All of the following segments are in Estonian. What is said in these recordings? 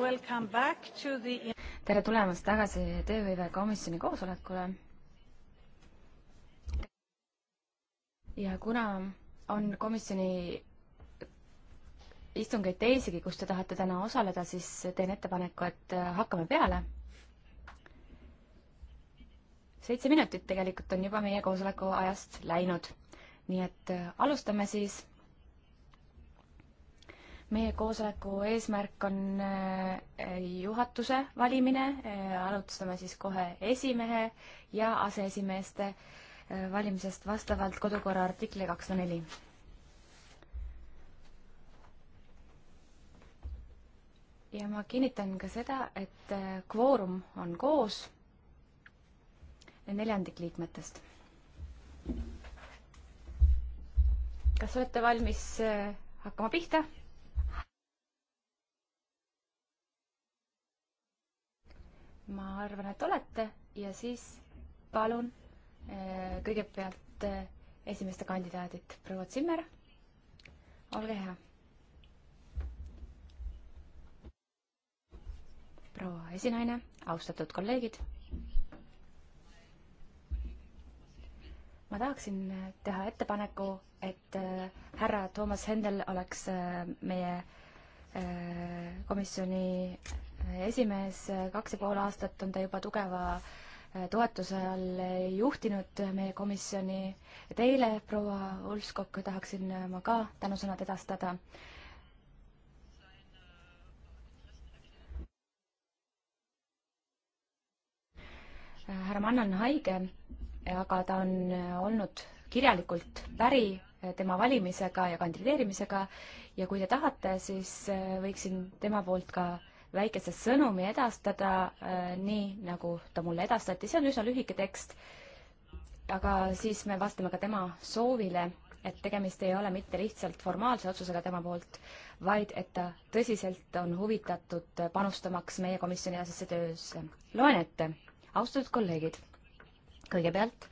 The... tere tulemast tagasi tööhõive komisjoni koosolekule. ja kuna on komisjoni istungeid teisigi, kus te tahate täna osaleda, siis teen ettepaneku, et hakkame peale. seitse minutit tegelikult on juba meie koosoleku ajast läinud. nii et alustame siis meie koosoleku eesmärk on äh, juhatuse valimine, äh, alustame siis kohe esimehe ja aseesimeeste äh, valimisest vastavalt kodukorra artikli kakssada neli. ja ma kinnitan ka seda, et kvoorum on koos neljandik liikmetest. kas olete valmis hakkama pihta? ma arvan, et olete ja siis palun eh, kõigepealt eh, esimeste kandidaadit, proua Zimmer, olge hea. proua esinaine, austatud kolleegid. ma tahaksin teha ettepaneku, et eh, härra Toomas Hendel oleks meie komisjoni esimees, kaks ja pool aastat on ta juba tugeva äh, toetuse all juhtinud meie komisjoni. Teile, proua Ulfskog, tahaksin ma ka tänusõnad edastada. Äh, härra Mann on haige, aga ta on äh, olnud kirjalikult päri tema valimisega ja kandideerimisega ja kui te tahate, siis võiksin tema poolt ka väikese sõnumi edastada, äh, nii nagu ta mulle edastati, see on üsna lühike tekst. aga siis me vastame ka tema soovile, et tegemist ei ole mitte lihtsalt formaalse otsusega tema poolt, vaid et ta tõsiselt on huvitatud panustamaks meie komisjoni edasisse töösse. loen ette. austatud kolleegid, kõigepealt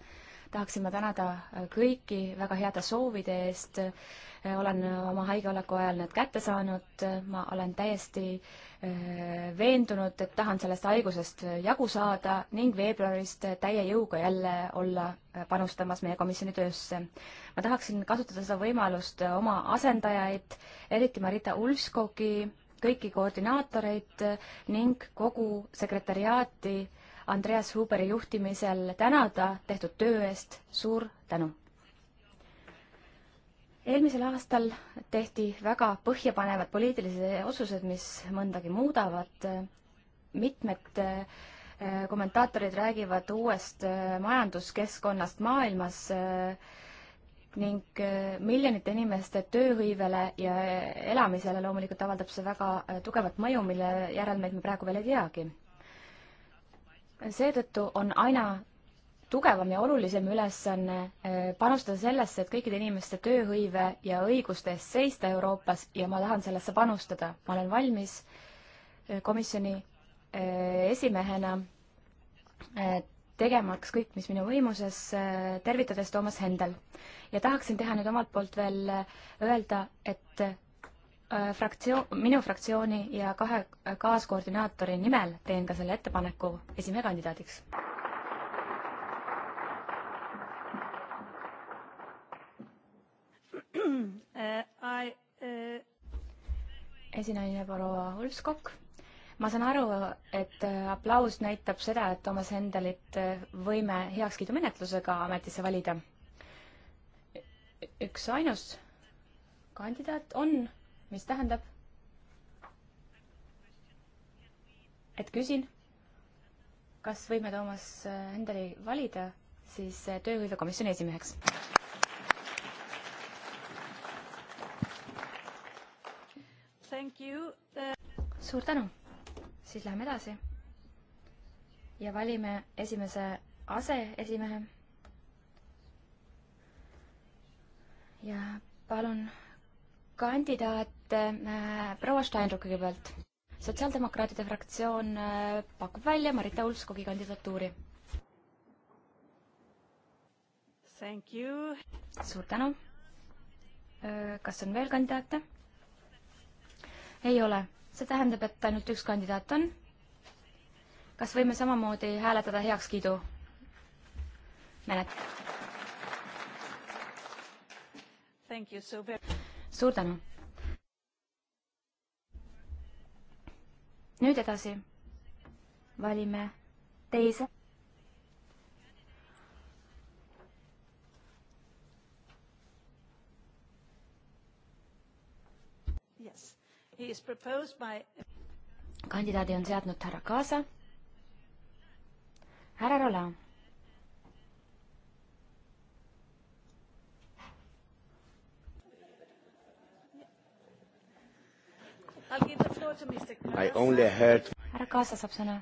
tahaksin ma tänada kõiki väga heade soovide eest Äh, olen äh, oma haigeoleku ajal need kätte saanud, äh, ma olen täiesti veendunud, et tahan sellest haigusest jagu saada ning veebruarist täie jõuga jälle olla panustamas meie komisjoni töösse. ma tahaksin kasutada seda võimalust oma asendajaid, eriti Marita Ulfskogi, kõiki koordinaatoreid ning kogu sekretäriaati Andreas Huberi juhtimisel tänada tehtud töö eest, suur tänu! eelmisel aastal tehti väga põhjapanevad poliitilised otsused, mis mõndagi muudavad. mitmed äh, kommentaatorid räägivad uuest äh, majanduskeskkonnast maailmas äh, ning miljonite inimeste tööhõivele ja elamisele loomulikult avaldab see väga tugevat mõju, mille järelmeid me praegu veel ei teagi. seetõttu on aina tugevam ja olulisem ülesanne eh, panustada sellesse, et kõikide inimeste tööhõive ja õiguste eest seista Euroopas ja ma tahan sellesse panustada. ma olen valmis eh, komisjoni eh, esimehena tegemaks kõik, mis minu võimuses, tervitades Toomas Hendel. ja tahaksin teha nüüd omalt poolt veel öelda, et fraktsioon, minu fraktsiooni ja kahe kaaskoordinaatori nimel teen ka selle ettepaneku esimehe kandidaadiks Uh, I, uh... esinaine proua Ulfskog, ma saan aru, et uh, aplaus näitab seda, et Toomas Hendelit uh, võime heakskiidumenetlusega ametisse valida. üksainus kandidaat on, mis tähendab, et küsin, kas võime Toomas Hendeli valida siis tööhõivekomisjoni esimeheks? suur tänu. siis läheme edasi. ja valime esimese aseesimehe. ja palun kandidaat äh, proua Steinruck kõigepealt. sotsiaaldemokraatide fraktsioon äh, pakub välja Marita Ulfskogi kandidatuuri. suur tänu. Äh, kas on veel kandidaate? ei ole. see tähendab, et ainult üks kandidaat on. kas võime samamoodi hääletada heakskiidu? menet-. suur tänu. nüüd edasi valime teise. Yes kandidaadi on seadnud härra Kaasa. härra Rola. härra Kaasa saab sõna.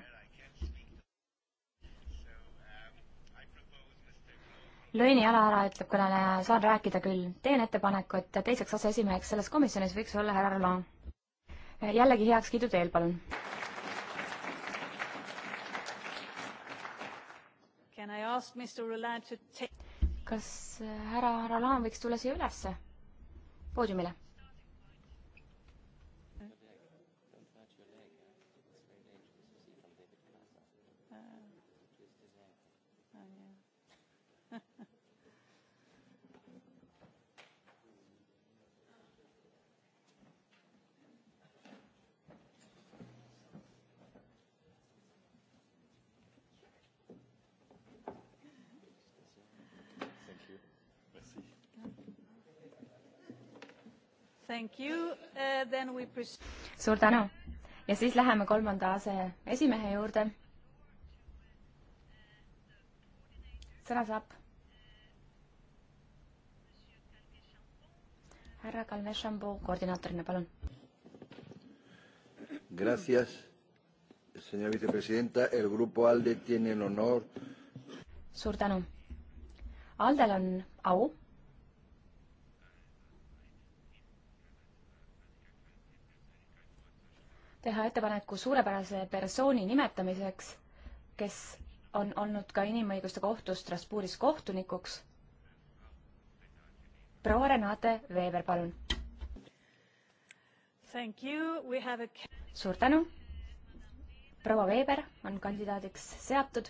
lööni jala ära, ütleb kõneleja, saan rääkida küll. teen ettepaneku, et teiseks aseesimeheks selles komisjonis võiks olla härra Roland Eh, jällegi heakskiidu teel, palun. kas eh, härra Roland võiks tulla siia ülesse, poodiumile? Uh, suur tänu ja siis läheme kolmanda aseesimehe juurde. sõna saab härra Kalme Šambu koordinaatorina, palun. Gracias, senor vicepresidenta, el grupo ALDE tiene el honor. suur tänu. Aldel on au teha ettepaneku suurepärase persooni nimetamiseks, kes on olnud ka Inimõiguste Kohtus Strasbourgis kohtunikuks. proua Renate Veeber, palun. A... suur tänu. proua Veeber on kandidaadiks seatud.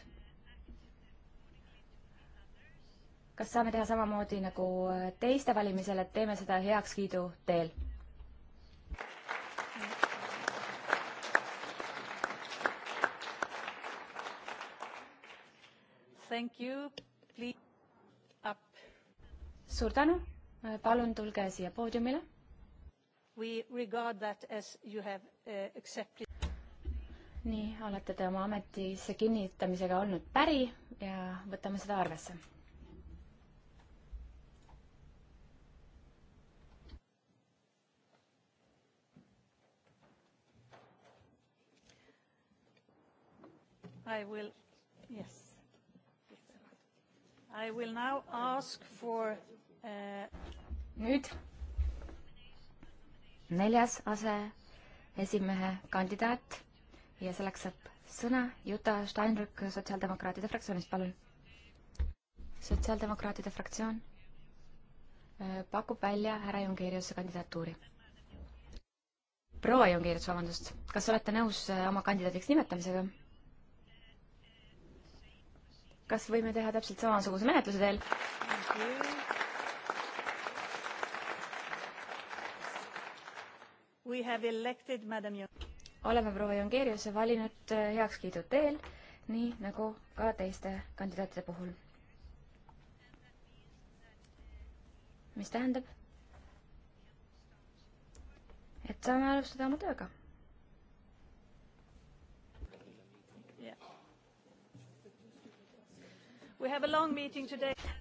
kas saame teha samamoodi nagu teiste valimisel, et teeme seda heakskiidu teel? Thank you. Please up. suur tänu, palun tulge siia poodiumile. We regard that as you have eh, accepted. nii, olete te oma ametisse kinnitamisega olnud päri ja võtame seda arvesse I will, yes. I will now ask for uh... nüüd neljas aseesimehe kandidaat ja selleks saab sõna Juta Steinrück Sotsiaaldemokraatide fraktsioonist, palun. sotsiaaldemokraatide fraktsioon äh, pakub välja härra Jongeeriusse kandidatuuri. proua Jongeerius, vabandust, kas olete nõus äh, oma kandidaadiks nimetamisega? kas võime teha täpselt samasuguse menetluse teel? oleme proua Jongeeriusse valinud äh, heakskiidu teel, nii nagu ka teiste kandidaatide puhul. mis tähendab, et saame alustada oma tööga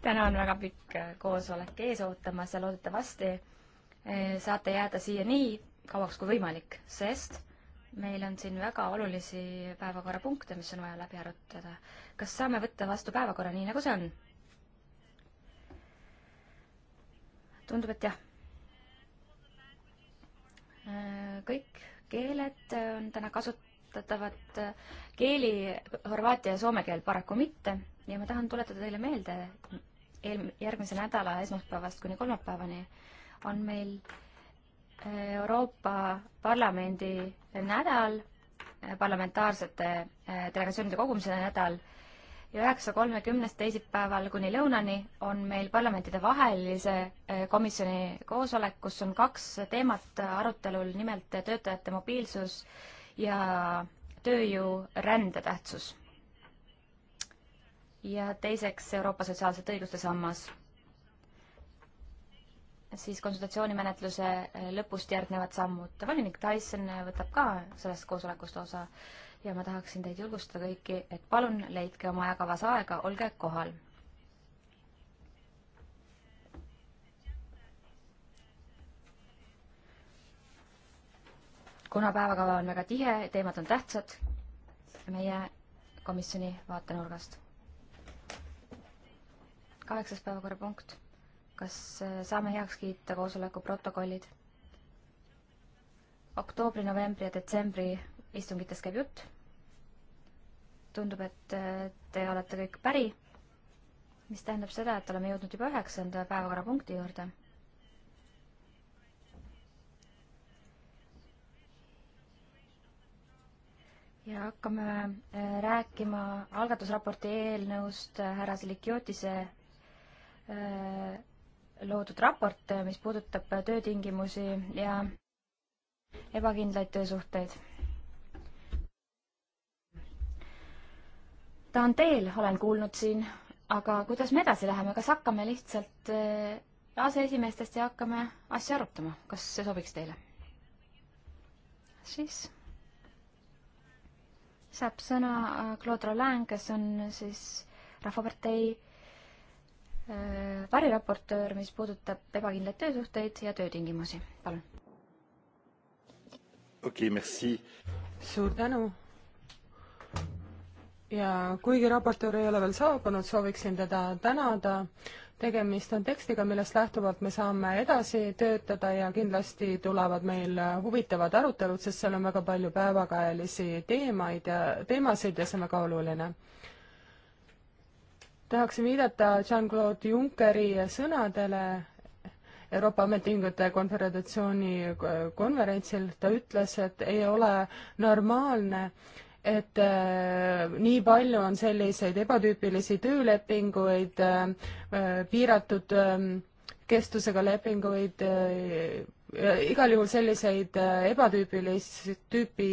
täna on väga pikk äh, koosolek ees ootamas ja loodetavasti äh, saate jääda siia nii kauaks kui võimalik, sest meil on siin väga olulisi päevakorrapunkte, mis on vaja läbi arutada. kas saame võtta vastu päevakorra nii, nagu see on? tundub, et jah. Äh, kõik keeled on täna kasut-, kasutatavat äh, keeli horvaatia ja soome keel paraku mitte ja ma tahan tuletada teile meelde, eel-, järgmise nädala esmaspäevast kuni kolmapäevani on meil äh, Euroopa Parlamendi nädal, äh, parlamentaarsete delegatsioonide kogumise nädal ja üheksa kolmekümnest teisipäeval kuni lõunani on meil parlamentide vahelise komisjoni koosolek, kus on kaks teemat arutelul, nimelt töötajate mobiilsus ja tööjõurände tähtsus. ja teiseks Euroopa sotsiaalsete õiguste sammas. siis konsultatsioonimenetluse lõpust järgnevad sammud. volinik Tyson võtab ka sellest koosolekust osa ja ma tahaksin teid julgustada kõiki, et palun leidke oma ajakavas aega, olge kohal kuna päevakava on väga tihe, teemad on tähtsad meie komisjoni vaatenurgast. kaheksas päevakorrapunkt. kas äh, saame heaks kiita koosoleku protokollid? oktoobri, novembri ja detsembri istungitest käib jutt. tundub, et äh, te olete kõik päri, mis tähendab seda, et oleme jõudnud juba üheksanda päevakorrapunkti juurde ja hakkame äh, rääkima algatusraporti eelnõust äh, härra Silikiotise äh, loodud raport, mis puudutab töötingimusi ja ebakindlaid töösuhteid. ta on teel, olen kuulnud siin, aga kuidas me edasi läheme, kas hakkame lihtsalt aseesimeestest ja hakkame asja arutama, kas see sobiks teile? siis saab sõna äh, Claude Roland, kes on siis Rahvapartei äh, variraportöör, mis puudutab ebakindlaid töösuhteid ja töötingimusi. palun. okei okay,, merci. suur tänu. ja kuigi raportöör ei ole veel saabunud, sooviksin teda tänada tegemist on tekstiga, millest lähtuvalt me saame edasi töötada ja kindlasti tulevad meil huvitavad arutelud, sest seal on väga palju päevakajalisi teemaid ja teemasid ja see on väga oluline. tahaksin viidata Jean-Claude Junckeri sõnadele Euroopa Ametiühingute Konföderatsiooni konverentsil, ta ütles, et ei ole normaalne, et äh, nii palju on selliseid ebatüüpilisi töölepinguid äh,, äh piiratud äh, kestusega lepinguid äh, äh,, igal juhul selliseid äh, ebatüüpilisi tüüpi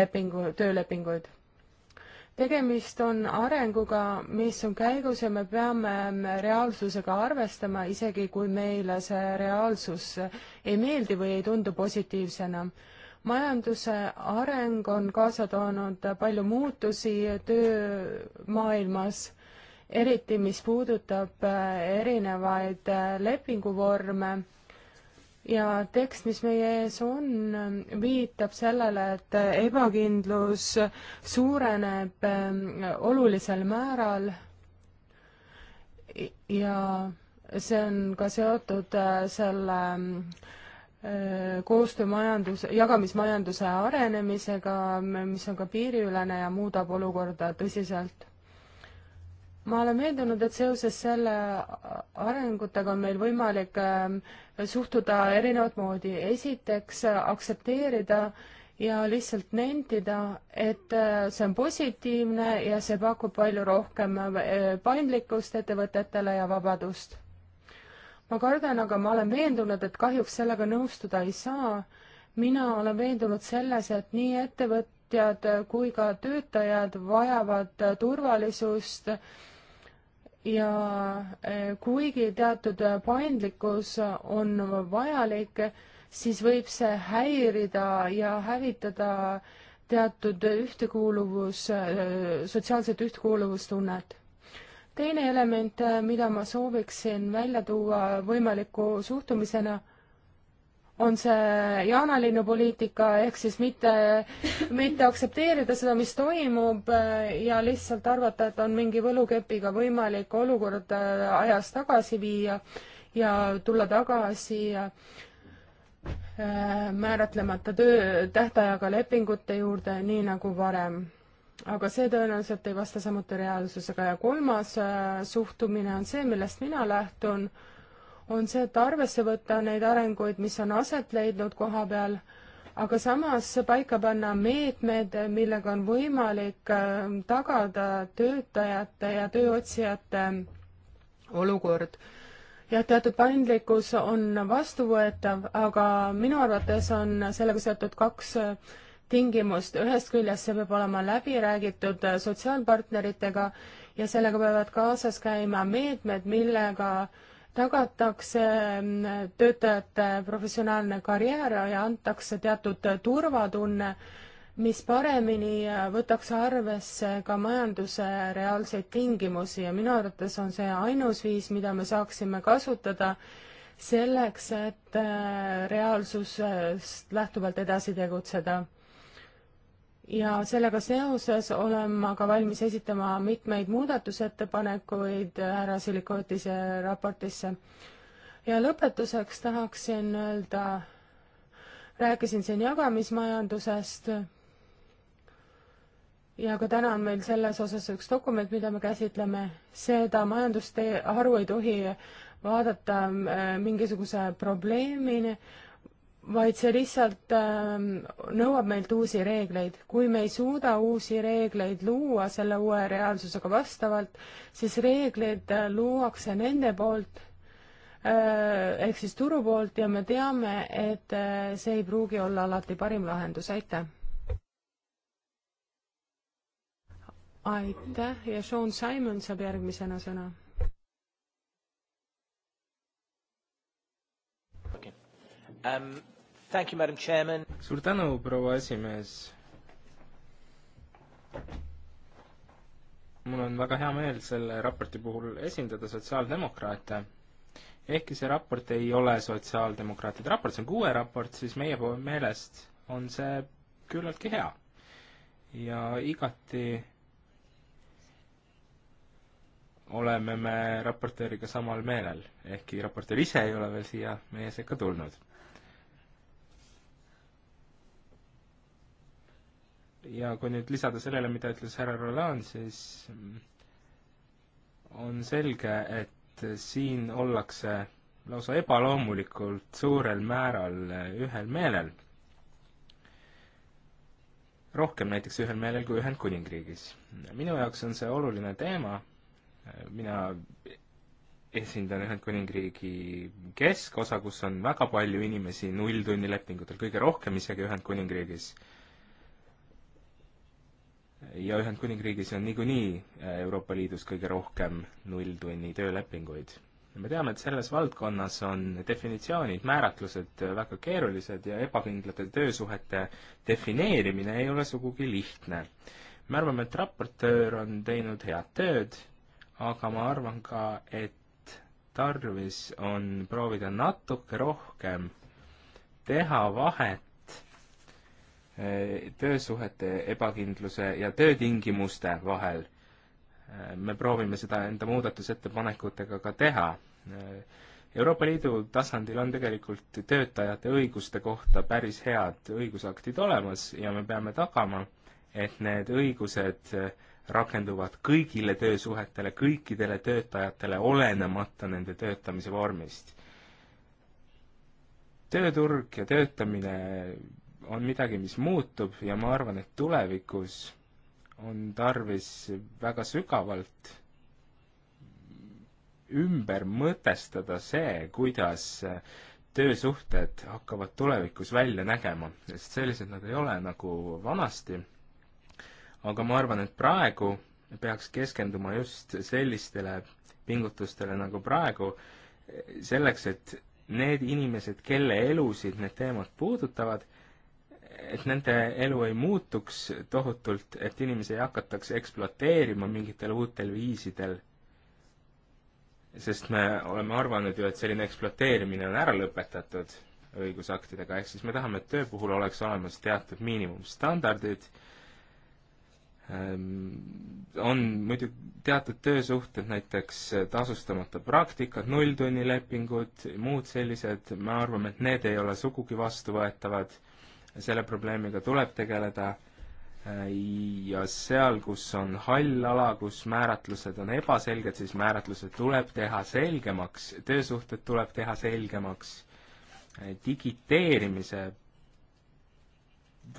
lepingu, töölepinguid. tegemist on arenguga, mis on käigus ja me peame ähm, reaalsusega arvestama, isegi kui meile see reaalsus ei meeldi või ei tundu positiivsena majanduse areng on kaasa toonud palju muutusi töömaailmas, eriti mis puudutab äh, erinevaid äh, lepinguvorme ja tekst, mis meie ees on, äh, viitab sellele, et ebakindlus suureneb ähm, olulisel määral ja see on ka seotud selle koostöömajandus, jagamismajanduse arenemisega, mis on ka piiriülene ja muudab olukorda tõsiselt. ma olen veendunud, et seoses selle arengutega on meil võimalik ähm, suhtuda erinevat moodi. esiteks äh, aktsepteerida ja lihtsalt nentida, et äh, see on positiivne ja see pakub palju rohkem äh, paindlikkust ettevõtetele ja vabadust ma kardan, aga ma olen veendunud, et kahjuks sellega nõustuda ei saa. mina olen veendunud selles, et nii ettevõtjad kui ka töötajad vajavad turvalisust ja eh, kuigi teatud paindlikkus on vajalik, siis võib see häirida ja hävitada teatud ühtekuuluvus, eh, sotsiaalset ühtekuuluvustunnet teine element, äh, mida ma sooviksin välja tuua võimaliku suhtumisena, on see jaanalinnu poliitika, ehk siis mitte, mitte aktsepteerida seda, mis toimub äh, ja lihtsalt arvata, et on mingi võlukepiga võimalik olukord äh, ajas tagasi viia ja tulla tagasi määratlemata töö tähtajaga lepingute juurde, nii nagu varem aga see tõenäoliselt ei vasta samuti reaalsusega ja kolmas äh, suhtumine on see, millest mina lähtun, on see, et arvesse võtta neid arenguid, mis on aset leidnud koha peal, aga samas paika panna meetmed, millega on võimalik äh, tagada töötajate ja tööotsijate olukord. jah, teatud paindlikkus on vastuvõetav, aga minu arvates on sellega seotud kaks äh, tingimust, ühest küljest see peab olema läbi räägitud äh, sotsiaalpartneritega ja sellega peavad kaasas käima meetmed, millega tagatakse mm, töötajate professionaalne karjäär ja antakse teatud äh, turvatunne, mis paremini äh, võtaks arvesse ka majanduse reaalseid tingimusi ja minu arvates on see ainus viis, mida me saaksime kasutada selleks, et reaalsusest lähtuvalt edasi tegutseda ja sellega seoses olen ma ka valmis esitama mitmeid muudatusettepanekuid härra Silikotise raportisse. ja lõpetuseks tahaksin öelda, rääkisin siin jagamismajandusest ja ka täna on meil selles osas üks dokument, mida me käsitleme, seda majandust haru ei tohi vaadata äh, mingisuguse probleemini, vaid see lihtsalt ähm, nõuab meilt uusi reegleid. kui me ei suuda uusi reegleid luua selle uue reaalsusega vastavalt, siis reegleid äh, luuakse nende poolt äh, ehk siis turu poolt ja me teame, et äh, see ei pruugi olla alati parim lahendus, aitäh. aitäh ja Sean Simon saab järgmisena sõna okay.. Um, suur tänu, proua esimees. mul on väga hea meel selle raporti puhul esindada sotsiaaldemokraate. ehkki see raport ei ole sotsiaaldemokraatide raport, see on kuue raport, siis meie meelest on see küllaltki hea ja igati oleme me raportööriga samal meelel, ehkki raportöör ise ei ole veel siia meie sekka tulnud. ja kui nüüd lisada sellele, mida ütles härra Roland, siis on selge, et siin ollakse lausa ebaloomulikult suurel määral ühel meelel. rohkem näiteks ühel meelel kui Ühendkuningriigis. minu jaoks on see oluline teema, mina esindan Ühendkuningriigi keskosa, kus on väga palju inimesi nulltunnilepingutel, kõige rohkem isegi Ühendkuningriigis ja Ühendkuningriigis on niikuinii äh, Euroopa Liidus kõige rohkem nulltunni töölepinguid. me teame, et selles valdkonnas on definitsioonid, määratlused äh, väga keerulised ja ebakindlate töösuhete defineerimine ei ole sugugi lihtne. me arvame, et raportöör on teinud head tööd, aga ma arvan ka, et tarvis on proovida natuke rohkem teha vahet Eh, töösuhete ebakindluse ja töötingimuste vahel. Eh, me proovime seda enda muudatusettepanekutega ka teha. Eh, Euroopa Liidu tasandil on tegelikult töötajate õiguste kohta päris head õigusaktid olemas ja me peame tagama, et need õigused rakenduvad kõigile töösuhetele, kõikidele töötajatele, olenemata nende töötamise vormist. tööturg ja töötamine on midagi, mis muutub ja ma arvan, et tulevikus on tarvis väga sügavalt ümber mõtestada see, kuidas töösuhted hakkavad tulevikus välja nägema, sest sellised nad ei ole nagu vanasti. aga ma arvan, et praegu peaks keskenduma just sellistele pingutustele nagu praegu, selleks, et need inimesed, kelle elusid need teemad puudutavad, et nende elu ei muutuks tohutult, et inimesi ei hakataks ekspluateerima mingitel uutel viisidel. sest me oleme arvanud ju, et selline ekspluateerimine on ära lõpetatud õigusaktidega, ehk siis me tahame, et töö puhul oleks olemas teatud miinimumstandardid, ehm, on muidu teatud töösuhted, näiteks tasustamata praktikad, nulltunnilepingud, muud sellised, me arvame, et need ei ole sugugi vastuvõetavad selle probleemiga tuleb tegeleda ja seal, kus on hall ala, kus määratlused on ebaselged, siis määratlused tuleb teha selgemaks, töösuhted tuleb teha selgemaks. digiteerimise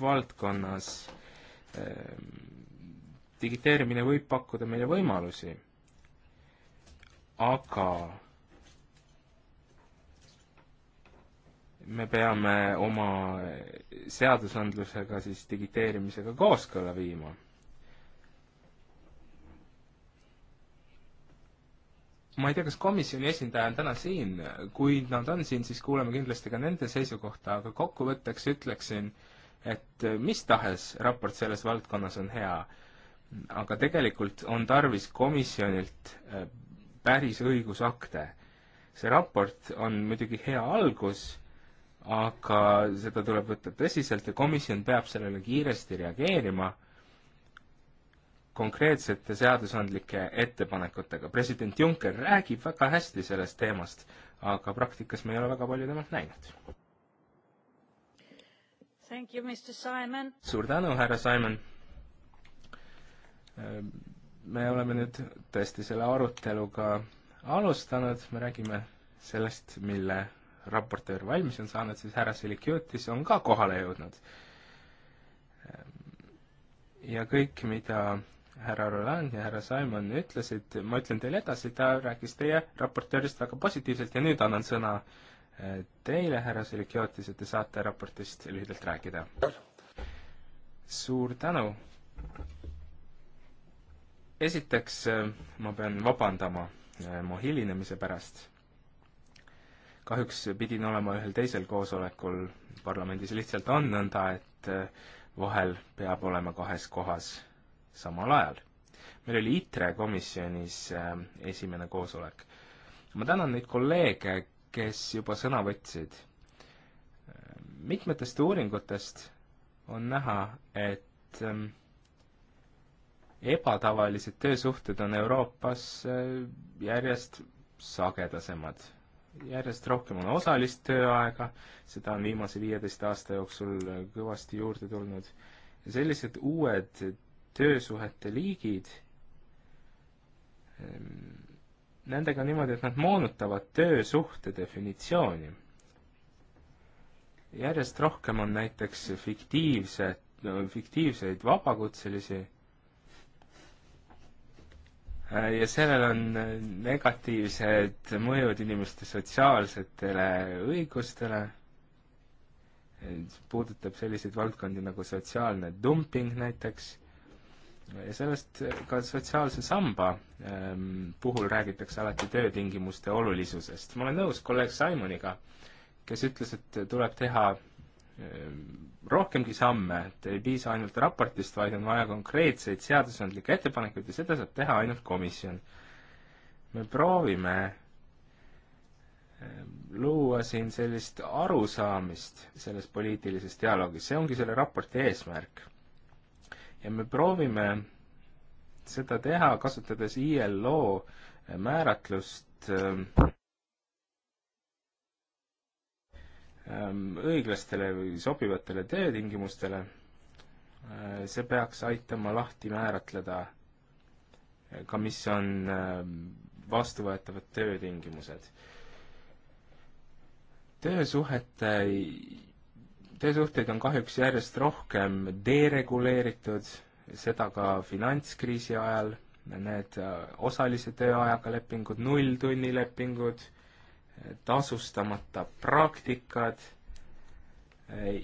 valdkonnas ehm, digiteerimine võib pakkuda meile võimalusi, aga me peame oma seadusandlusega siis digiteerimisega kooskõlla viima. ma ei tea, kas komisjoni esindaja on täna siin, kui nad on siin, siis kuuleme kindlasti ka nende seisukohta, aga kokkuvõtteks ütleksin, et mis tahes raport selles valdkonnas on hea, aga tegelikult on tarvis komisjonilt äh, päris õigusakte. see raport on muidugi hea algus aga seda tuleb võtta tõsiselt ja komisjon peab sellele kiiresti reageerima konkreetsete seadusandlike ettepanekutega. president Juncker räägib väga hästi sellest teemast, aga praktikas me ei ole väga palju temalt näinud. suur tänu, härra Simon! me oleme nüüd tõesti selle aruteluga alustanud, me räägime sellest, mille raportöör valmis on saanud, siis härra Silikiotis on ka kohale jõudnud. ja kõik, mida härra Roland ja härra Simon ütlesid, ma ütlen teile edasi, ta rääkis teie raportöörist väga positiivselt ja nüüd annan sõna eh, teile, härra Silikiotis, et te saate raportist lühidalt rääkida. suur tänu! esiteks eh, ma pean vabandama eh, mu hilinemise pärast kahjuks pidin olema ühel teisel koosolekul parlamendis, lihtsalt on nõnda, et äh, vahel peab olema kahes kohas samal ajal. meil oli ITRE komisjonis äh, esimene koosolek. ma tänan neid kolleege, kes juba sõna võtsid. mitmetest uuringutest on näha, et ähm, ebatavalised töösuhted on Euroopas äh, järjest sagedasemad järjest rohkem on osalist tööaega, seda on viimase viieteist aasta jooksul kõvasti juurde tulnud. ja sellised uued töösuhete liigid, ehm, nendega on niimoodi, et nad moonutavad töösuhte definitsiooni. järjest rohkem on näiteks fiktiivse, fiktiivseid vabakutselisi Äh, ja sellel on äh, negatiivsed mõjud inimeste sotsiaalsetele õigustele, äh, puudutab selliseid valdkondi nagu sotsiaalne dumping näiteks, ja sellest ka sotsiaalse samba ähm, puhul räägitakse alati töötingimuste olulisusest. ma olen nõus kolleeg Simoniga, kes ütles, et tuleb teha rohkemgi samme, et ei piisa ainult raportist, vaid on vaja konkreetseid seadusandlikke ettepanekuid ja seda saab teha ainult komisjon. me proovime ehm, luua siin sellist arusaamist selles poliitilises dialoogis, see ongi selle raporti eesmärk. ja me proovime seda teha, kasutades ILO määratlust äh, Ähm, õiglastele või sobivatele töötingimustele, äh, see peaks aitama lahti määratleda äh, ka, mis on ähm, vastuvõetavad töötingimused. töösuhete, töösuhteid on kahjuks järjest rohkem dereguleeritud, seda ka finantskriisi ajal, need äh, osalise tööajaga lepingud, nulltunnilepingud tasustamata praktikad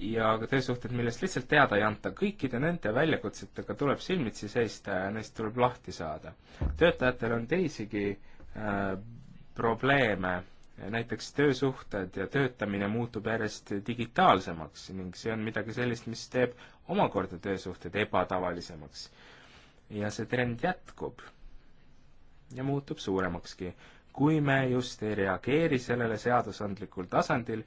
ja ka töösuhted, millest lihtsalt teada ei anta. kõikide nende väljakutsetega tuleb silmitsi seista ja neist tuleb lahti saada. töötajatel on teisigi äh, probleeme, näiteks töösuhted ja töötamine muutub järjest digitaalsemaks ning see on midagi sellist, mis teeb omakorda töösuhted ebatavalisemaks. ja see trend jätkub ja muutub suuremakski kui me just ei reageeri sellele seadusandlikul tasandil,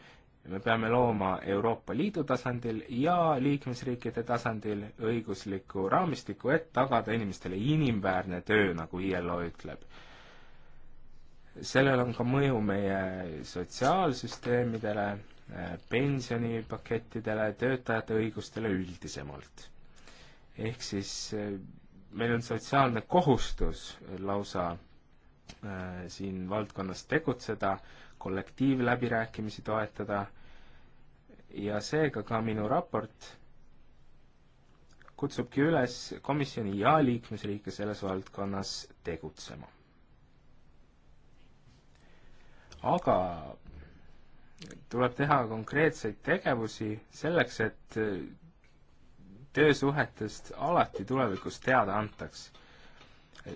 me peame looma Euroopa Liidu tasandil ja liikmesriikide tasandil õigusliku raamistiku, et tagada inimestele inimväärne töö, nagu ILO ütleb. sellel on ka mõju meie sotsiaalsüsteemidele, pensionipakettidele, töötajate õigustele üldisemalt. ehk siis eh, meil on sotsiaalne kohustus lausa Äh, siin valdkonnas tegutseda, kollektiivläbirääkimisi toetada ja seega ka minu raport kutsubki üles komisjoni ja liikmesriike selles valdkonnas tegutsema. aga tuleb teha konkreetseid tegevusi selleks, et töösuhetest alati tulevikus teada antaks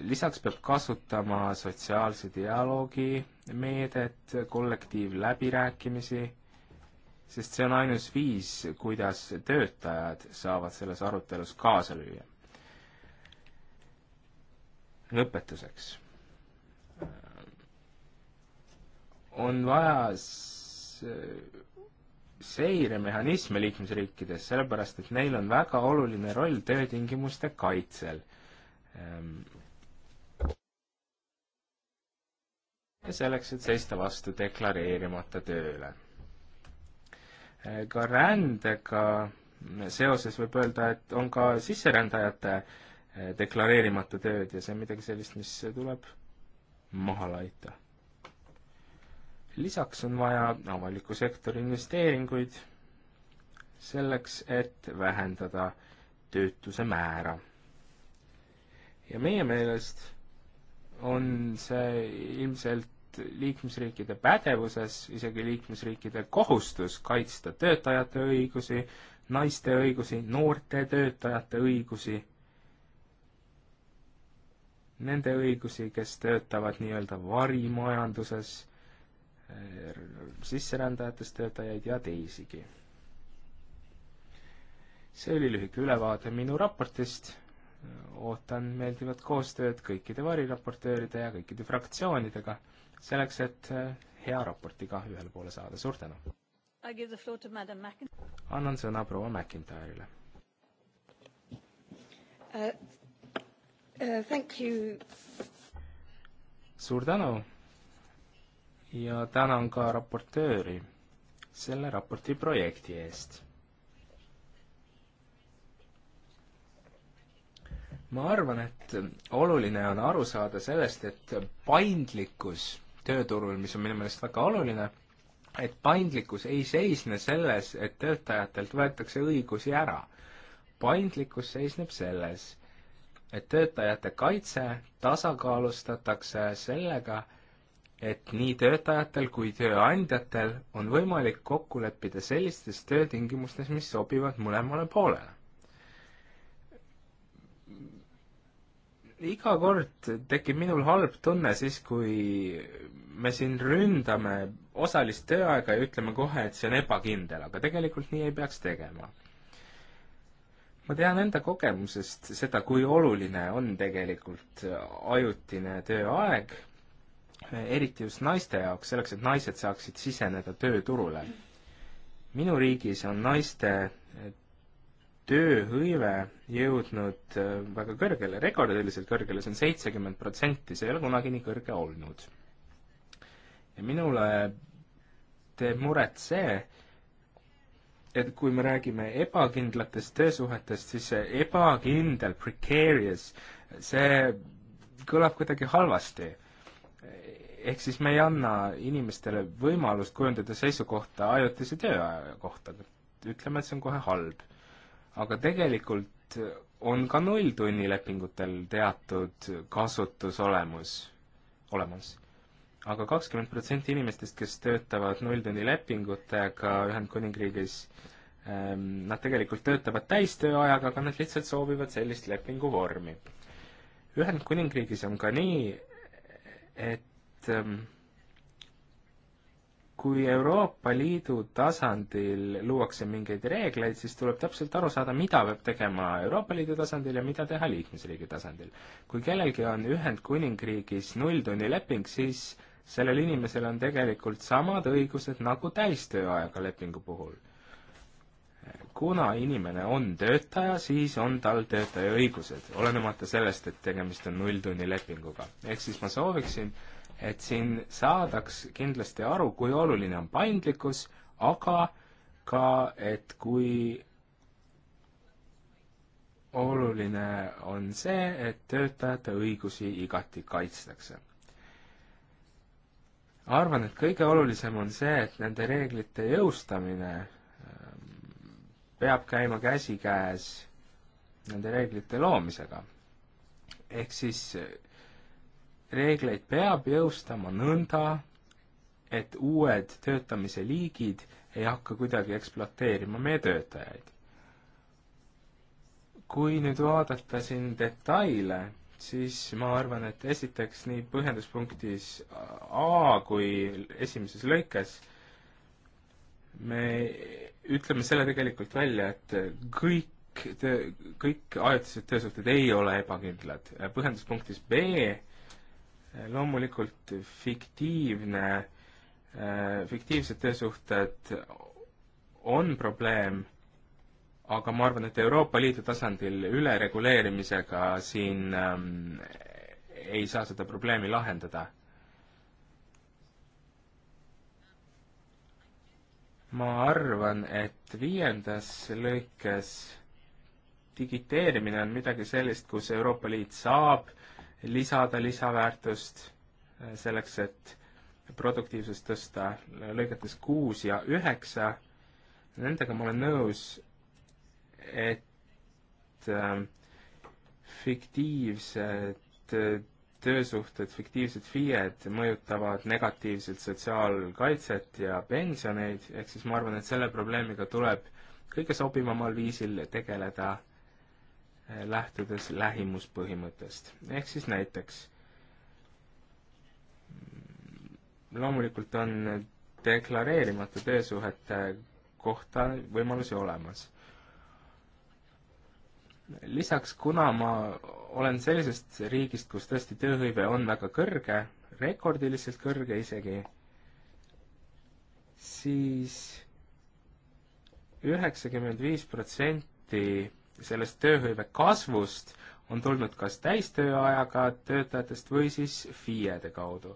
lisaks peab kasutama sotsiaalse dialoogi meedet, kollektiivläbirääkimisi, sest see on ainus viis, kuidas töötajad saavad selles arutelus kaasa lüüa. lõpetuseks. on vaja seiremehhanisme liikmesriikides, sellepärast et neil on väga oluline roll töötingimuste kaitsel ehm, selleks, et seista vastu deklareerimata tööle. Äh, ka rändega seoses võib öelda, et on ka sisserändajate äh, deklareerimata tööd ja see on midagi sellist, mis tuleb maha laita. lisaks on vaja avaliku sektori investeeringuid selleks, et vähendada töötuse määra. ja meie meelest on see ilmselt liikmesriikide pädevuses, isegi liikmesriikide kohustus kaitsta töötajate õigusi, naiste õigusi, noorte töötajate õigusi, nende õigusi, kes töötavad nii-öelda varimajanduses, eh, sisserändajatest töötajaid ja teisigi. see oli lühike ülevaade minu raportist, ootan meeldivat koostööd kõikide variraportööride ja kõikide fraktsioonidega selleks, et äh, hea raportiga ühele poole saada, suur tänu! annan sõna proua McIntyre'ile uh,. Uh, suur tänu ja tänan ka raportööri selle raporti projekti eest ma arvan, et oluline on aru saada sellest, et paindlikkus tööturul, mis on minu meelest väga oluline, et paindlikkus ei seisne selles, et töötajatelt võetakse õigusi ära. paindlikkus seisneb selles, et töötajate kaitse tasakaalustatakse sellega, et nii töötajatel kui tööandjatel on võimalik kokku leppida sellistes töötingimustes, mis sobivad mõlemale poolele. iga kord tekib minul halb tunne siis, kui me siin ründame osalist tööaega ja ütleme kohe, et see on ebakindel, aga tegelikult nii ei peaks tegema. ma tean enda kogemusest seda, kui oluline on tegelikult ajutine tööaeg, eriti just naiste jaoks, selleks, et naised saaksid siseneda tööturule. minu riigis on naiste tööhõive jõudnud äh, väga kõrgele, rekordiliselt kõrgele, see on seitsekümmend protsenti, see ei ole kunagi nii kõrge olnud. ja minule teeb muret see, et kui me räägime ebakindlatest töösuhetest, siis see ebakindel, precarious, see kõlab kuidagi halvasti. ehk siis me ei anna inimestele võimalust kujundada seisukohta ajutise tööaja kohta, ütleme, et see on kohe halb aga tegelikult on ka nulltunnilepingutel teatud kasutus olemus, olemas aga kakskümmend protsenti inimestest, kes töötavad nulltunnilepingutega Ühendkuningriigis, ehm, nad tegelikult töötavad täistööajaga, aga nad lihtsalt soovivad sellist lepinguvormi. Ühendkuningriigis on ka nii, et ähm, kui Euroopa Liidu tasandil luuakse mingeid reegleid, siis tuleb täpselt aru saada, mida peab tegema Euroopa Liidu tasandil ja mida teha liikmesriigi tasandil. kui kellelgi on Ühendkuningriigis nulltunnileping, siis sellel inimesel on tegelikult samad õigused nagu täistööajaga lepingu puhul. kuna inimene on töötaja, siis on tal töötaja õigused, olenemata sellest, et tegemist on nulltunnilepinguga. ehk siis ma sooviksin, et siin saadaks kindlasti aru, kui oluline on paindlikkus, aga ka, et kui oluline on see, et töötajate õigusi igati kaitstakse arvan, et kõige olulisem on see, et nende reeglite jõustamine ähm, peab käima käsikäes nende reeglite loomisega. ehk siis äh, reegleid peab jõustama nõnda, et uued töötamise liigid ei hakka kuidagi ekspluateerima meie töötajaid. kui nüüd vaadata siin detaile, siis ma arvan, et esiteks nii põhjenduspunktis A kui esimeses lõikes me ütleme selle tegelikult välja, et kõik töö, kõik ajutised töösuhted ei ole ebakindlad. põhjenduspunktis B loomulikult fiktiivne, äh, fiktiivsed töösuhted on probleem, aga ma arvan, et Euroopa Liidu tasandil ülereguleerimisega siin ähm, ei saa seda probleemi lahendada. ma arvan, et viiendas lõikes digiteerimine on midagi sellist, kus Euroopa Liit saab äh, lisada lisaväärtust äh, selleks, et produktiivsust tõsta lõigetes kuus ja üheksa. Nendega ma olen nõus, et äh, fiktiivsed äh, töösuhted, fiktiivsed FIE-d mõjutavad negatiivselt sotsiaalkaitset ja pensioneid, ehk siis ma arvan, et selle probleemiga tuleb kõige sobivamal viisil tegeleda Eh, lähtudes lähimuspõhimõttest. ehk siis näiteks mm, loomulikult on deklareerimata töösuhete kohta võimalusi olemas. lisaks, kuna ma olen sellisest riigist, kus tõesti tööhõive on väga kõrge, rekordiliselt kõrge isegi, siis üheksakümmend viis protsenti sellest tööhõive kasvust on tulnud kas täistööajaga töötajatest või siis FIE-de kaudu.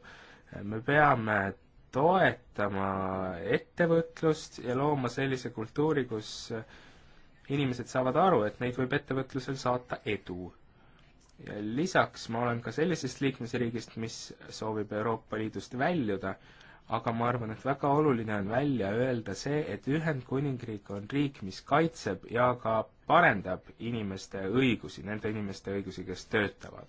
me peame toetama ettevõtlust ja looma sellise kultuuri, kus inimesed saavad aru, et neid võib ettevõtlusel saata edu. ja lisaks ma olen ka sellisest liikmesriigist, mis soovib Euroopa Liidust väljuda aga ma arvan, et väga oluline on välja öelda see, et Ühendkuningriik on riik, mis kaitseb ja ka parendab inimeste õigusi, nende inimeste õigusi, kes töötavad.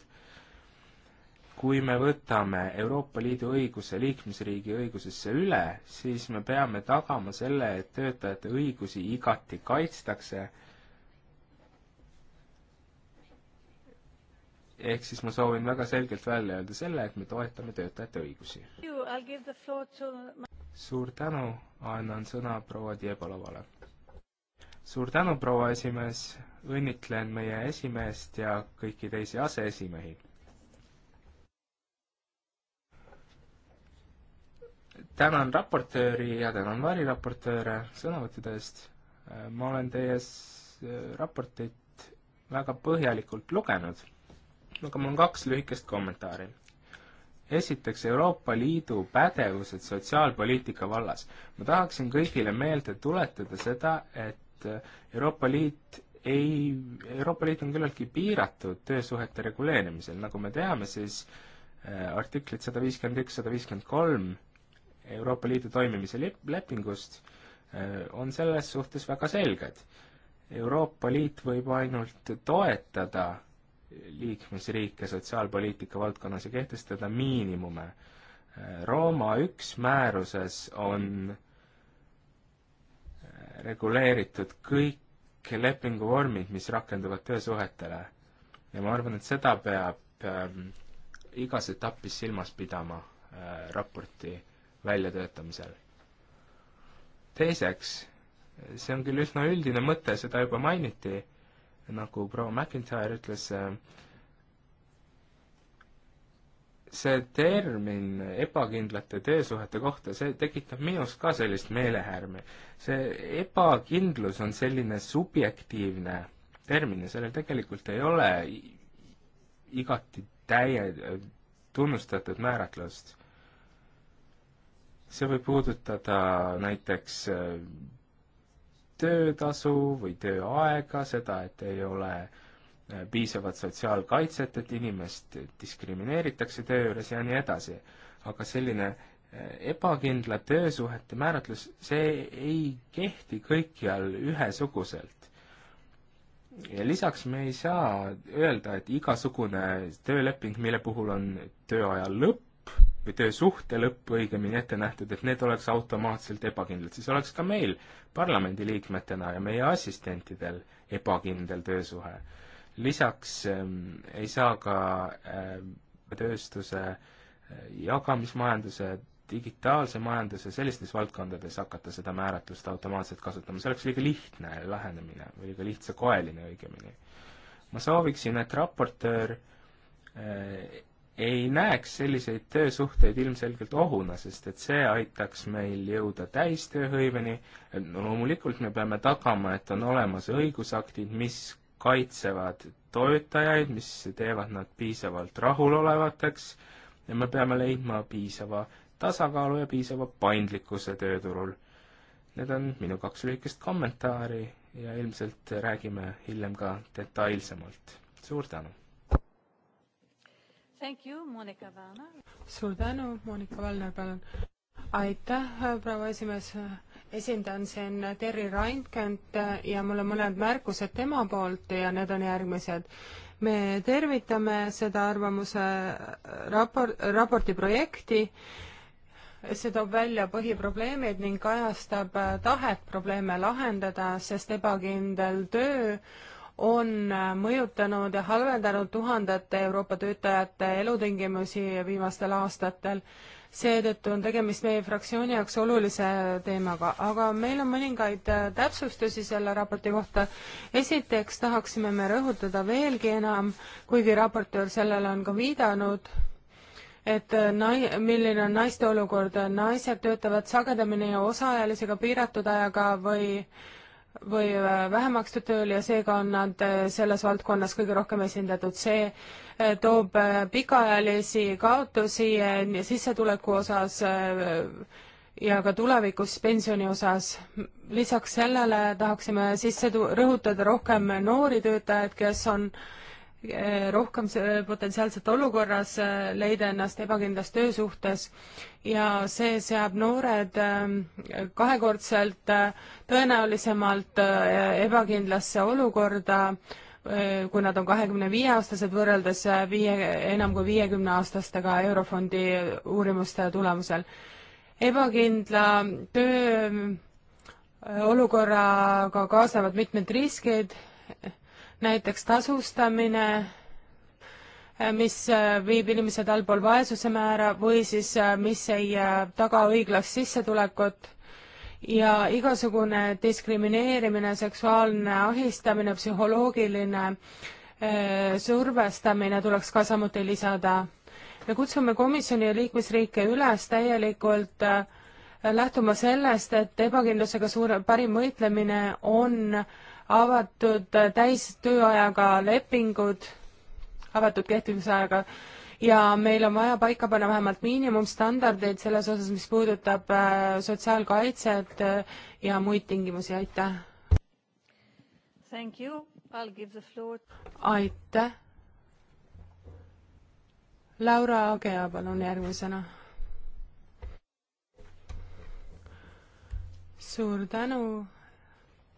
kui me võtame Euroopa Liidu õiguse liikmesriigi õigusesse üle, siis me peame tagama selle, et töötajate õigusi igati kaitstakse ehk siis ma soovin väga selgelt välja öelda selle, et me toetame töötajate õigusi. To... suur tänu, annan sõna proua Diebolovale. suur tänu, proua esimees, õnnitlen meie esimeest ja kõiki teisi aseesimehi. tänan raportööri ja tänan variraportööre sõnavõttude eest. ma olen teie raportit väga põhjalikult lugenud aga mul on kaks lühikest kommentaari. esiteks, Euroopa Liidu pädevused sotsiaalpoliitika vallas. ma tahaksin kõigile meelde tuletada seda, et Euroopa Liit ei, Euroopa Liit on küllaltki piiratud töösuhete reguleerimisel, nagu me teame, siis äh, artiklid sada viiskümmend üks, sada viiskümmend kolm Euroopa Liidu toimimise lep-, lepingust äh, on selles suhtes väga selged. Euroopa Liit võib ainult toetada liikmesriike sotsiaalpoliitika valdkonnas ja kehtestada miinimume. Rooma üks määruses on äh, reguleeritud kõik lepinguvormid, mis rakenduvad töösuhetele. ja ma arvan, et seda peab ähm, igas etapis silmas pidama äh, raporti väljatöötamisel. teiseks, see on küll üsna üldine mõte, seda juba mainiti nagu proua McIntyre ütles, eh, see termin ebakindlate töösuhete kohta, see tekitab minus ka sellist meelehärmi. see ebakindlus on selline subjektiivne termin ja sellel tegelikult ei ole igati täie, tunnustatud määratlust. see võib puudutada näiteks eh, töötasu või tööaega, seda, et ei ole eh, piisavat sotsiaalkaitset, et inimest diskrimineeritakse töö juures ja nii edasi. aga selline eh, ebakindla töösuhete määratlus, see ei kehti kõikjal ühesuguselt. ja lisaks me ei saa öelda, et igasugune tööleping, mille puhul on tööaja lõpp, lõpp või töösuhte lõpp õigemini ette nähtud, et need oleks automaatselt ebakindlad, siis oleks ka meil parlamendiliikmetena ja meie assistentidel ebakindel töösuhe. lisaks ähm, ei saa ka ähm, tööstuse äh, jagamismajanduse digitaalse majanduse sellistes valdkondades hakata seda määratlust automaatselt kasutama, see oleks liiga lihtne lähenemine või liiga lihtsakoeline õigemini. ma sooviksin, et raportöör äh, ei näeks selliseid töösuhteid ilmselgelt ohuna, sest et see aitaks meil jõuda täistööhõiveni no,. loomulikult me peame tagama, et on olemas õigusaktid, mis kaitsevad töötajaid, mis teevad nad piisavalt rahulolevateks ja me peame leidma piisava tasakaalu ja piisava paindlikkuse tööturul. Need on minu kaks lühikest kommentaari ja ilmselt räägime hiljem ka detailsemalt. suur tänu! suur tänu, Monika Valner, palun. aitäh, proua esimees, esindan siin Terri Randkent ja mul on mõned märkused tema poolt ja need on järgmised. me tervitame seda arvamuse rapor-, raporti projekti, see toob välja põhiprobleemid ning kajastab tahet probleeme lahendada, sest ebakindel töö on äh, mõjutanud ja halvendanud tuhandete Euroopa töötajate elutingimusi viimastel aastatel. seetõttu on tegemist meie fraktsiooni jaoks olulise teemaga, aga meil on mõningaid äh, täpsustusi selle raporti kohta. esiteks tahaksime me rõhutada veelgi enam, kuigi raportöör sellele on ka viidanud, et äh, nai-, milline on naiste olukord, naised töötavad sagedamini osaajalisega piiratud ajaga või äh, või äh, vähem makstud tööl ja seega on nad äh, selles valdkonnas kõige rohkem esindatud. see äh, toob pikaajalisi kaotusi sissetuleku osas ja ka tulevikus pensioni osas. lisaks sellele tahaksime sisse rõhutada rohkem noori töötajaid, kes on äh, Eh, rohkem potentsiaalselt olukorras eh, leida ennast ebakindlas töösuhtes ja see seab noored eh, kahekordselt tõenäolisemalt ebakindlasse olukorda, kui nad on kahekümne viie aastased võrreldes viie, enam kui viiekümne aastastega Eurofondi uurimuste tulemusel. ebakindla töö olukorraga kaasnevad mitmed riskid näiteks tasustamine, mis äh, viib inimesed allpool vaesuse määra või siis äh, mis ei äh, taga õiglast sissetulekut ja igasugune diskrimineerimine, seksuaalne ahistamine, psühholoogiline survestamine tuleks ka samuti lisada. me kutsume komisjoni ja liikmesriike üles täielikult lähtuma sellest, et ebakindlusega suure, parim võitlemine on avatud täistööajaga lepingud, avatud kehtivusajaga, ja meil on vaja paika panna vähemalt miinimumstandardid selles osas, mis puudutab äh, sotsiaalkaitset äh, ja muid tingimusi, aitäh! aitäh! Laura Agea, palun järgmisena. suur tänu,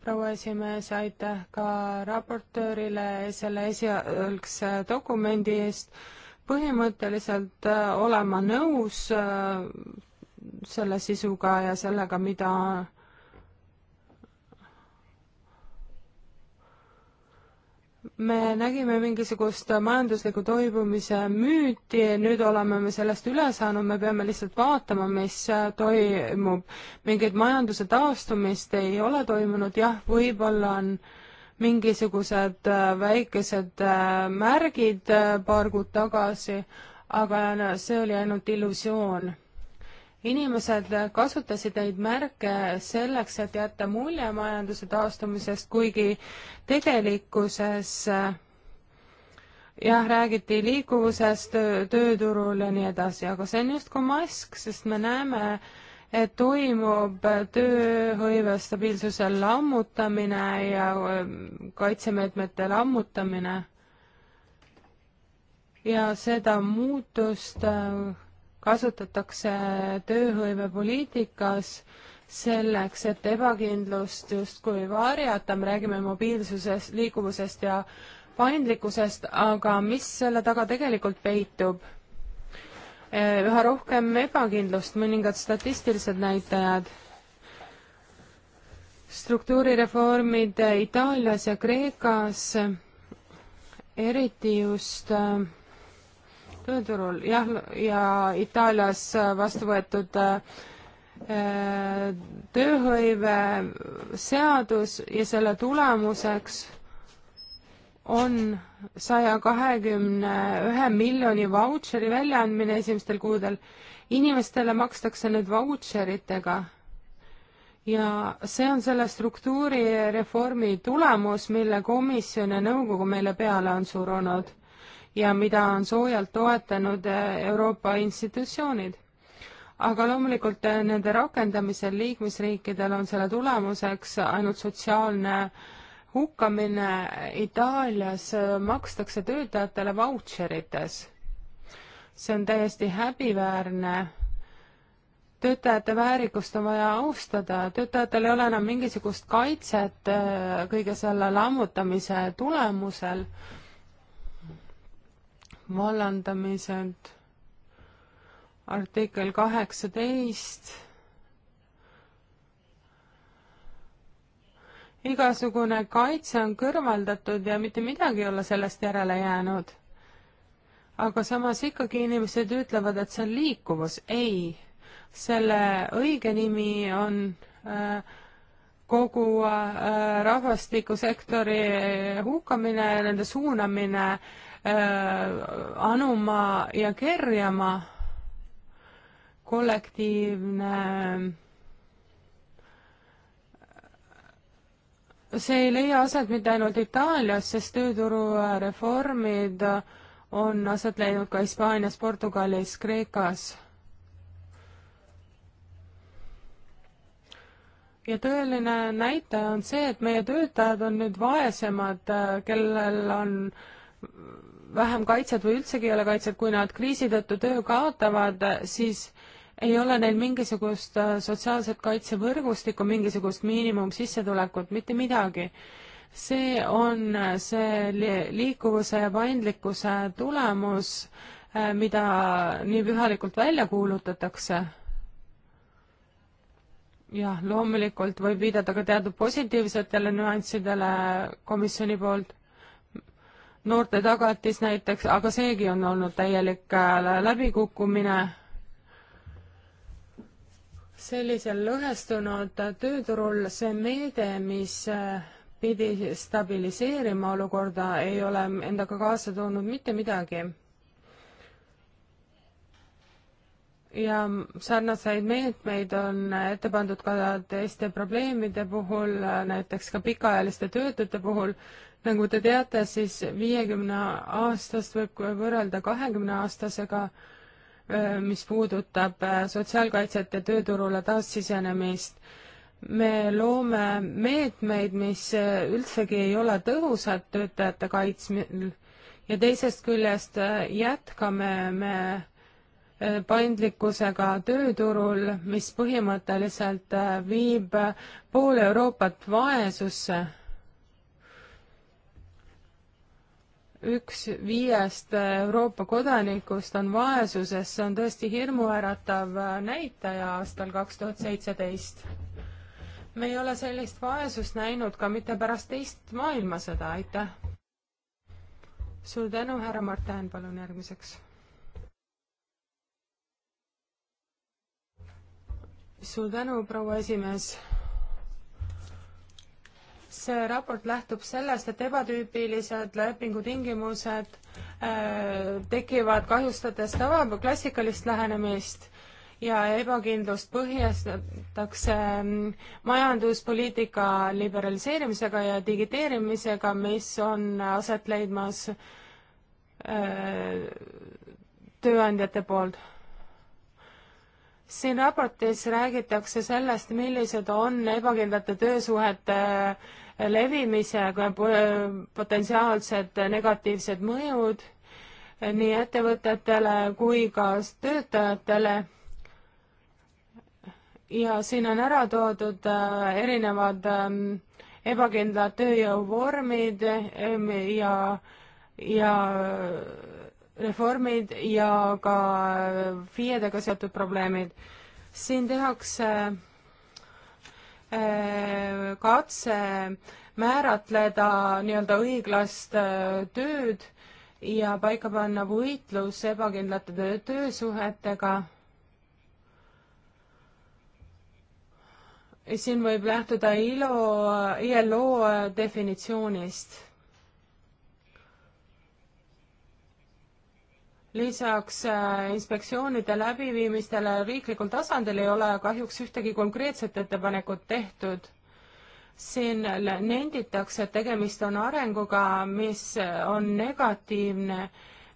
proua esimees, aitäh ka raportöörile selle esialgse dokumendi eest. põhimõtteliselt äh, olema nõus äh, selle sisuga ja sellega, mida me nägime mingisugust majandusliku toibumise müüti, nüüd oleme me sellest üle saanud, me peame lihtsalt vaatama, mis toimub. mingit majanduse taastumist ei ole toimunud, jah, võib-olla on mingisugused äh, väikesed äh, märgid äh, paar kuud tagasi, aga see oli ainult illusioon inimesed kasutasid neid märke selleks, et jätta mulje majanduse taastumisest, kuigi tegelikkuses jah, räägiti liikuvusest tööturul ja nii edasi, aga see on justkui mask, sest me näeme, et toimub tööhõive stabiilsuse lammutamine ja ähm, kaitsemeetmete lammutamine. ja seda muutust äh, kasutatakse tööhõivepoliitikas selleks, et ebakindlust justkui varjata, me räägime mobiilsusest, liikuvusest ja paindlikkusest, aga mis selle taga tegelikult peitub? Eh, üha rohkem ebakindlust, mõningad statistilised näitajad. struktuurireformid Itaalias ja Kreekas, eriti just äh, tööturul, jah, ja Itaalias vastu võetud äh, tööhõive seadus ja selle tulemuseks on saja kahekümne ühe miljoni vautšeri väljaandmine esimestel kuudel. inimestele makstakse need vautšeritega ja see on selle struktuurireformi tulemus, mille komisjon ja nõukogu meile peale on surunud ja mida on soojalt toetanud eh, Euroopa institutsioonid. aga loomulikult eh, nende rakendamisel liikmesriikidel on selle tulemuseks ainult sotsiaalne hukkamine, Itaalias eh, makstakse töötajatele vautšerites. see on täiesti häbiväärne töötajate väärikust on vaja austada, töötajatel ei ole enam mingisugust kaitset kõige selle lammutamise tulemusel vallandamised, artikkel kaheksateist, igasugune kaitse on kõrvaldatud ja mitte midagi ei ole sellest järele jäänud. aga samas ikkagi inimesed ütlevad, et see on liikuvus. ei, selle õige nimi on äh, kogu äh, rahvastikusektori hukkamine, nende suunamine Äh, anuma ja kerjama kollektiivne see ei leia aset mitte ainult Itaalias, sest tööturureformid äh, on aset leidnud ka Hispaanias, Portugalis, Kreekas. ja tõeline näitaja on see, et meie töötajad on nüüd vaesemad, äh, kellel on vähem kaitset või üldsegi ei ole kaitset, kui nad kriisi tõttu töö kaotavad, siis ei ole neil mingisugust äh, sotsiaalset kaitsevõrgustikku, mingisugust miinimumsissetulekut, mitte midagi. see on äh, see liikuvuse ja paindlikkuse tulemus, äh, mida nii pühalikult välja kuulutatakse. jah, loomulikult võib viidata ka teatud positiivsetele nüanssidele komisjoni poolt noorte tagatis näiteks, aga seegi on olnud täielik äh, läbikukkumine. sellisel lõhestunud tööturul see meede, mis äh, pidi stabiliseerima olukorda, ei ole endaga kaasa toonud mitte midagi ja sarnaseid meetmeid on ette pandud ka teiste probleemide puhul, näiteks ka pikaajaliste töötute puhul. nagu te teate, siis viiekümne aastast võib võrrelda kahekümne aastasega, mis puudutab äh, sotsiaalkaitset ja tööturule taassisenemist. me loome meetmeid, mis äh, üldsegi ei ole tõhusad töötajate kaitsmisel ja teisest küljest äh, jätkame me Äh, paindlikkusega tööturul, mis põhimõtteliselt äh, viib pool Euroopat vaesusse. üks viiest äh, Euroopa kodanikust on vaesuses, see on tõesti hirmuäratav näitaja aastal kaks tuhat seitseteist. me ei ole sellist vaesust näinud ka mitte pärast teist maailmasõda, aitäh! suur tänu, härra Mart Hään, palun järgmiseks suur tänu, proua esimees see raport lähtub sellest, et ebatüüpilised lepingutingimused äh, tekivad kahjustades tava klassikalist lähenemist ja ebakindlust põhjendatakse äh, majanduspoliitika liberaliseerimisega ja digiteerimisega, mis on aset leidmas äh, tööandjate poolt siin raportis räägitakse sellest, millised on ebakindlate töösuhete äh, levimisega potentsiaalsed negatiivsed mõjud äh, nii ettevõtetele kui ka töötajatele. ja siin on ära toodud äh, erinevad ähm, ebakindlad tööjõuvormid ähm, ja, ja reformid ja ka FIE-dega seotud probleemid. siin tehakse äh, katse määratleda nii-öelda õiglast äh, tööd ja paika panna võitlus ebakindlate töösuhetega siin võib lähtuda ILO, ILO definitsioonist. lisaks äh, inspektsioonide läbiviimistele riiklikul tasandil ei ole kahjuks ühtegi konkreetset ettepanekut tehtud. siin nenditakse, et tegemist on arenguga, mis on negatiivne,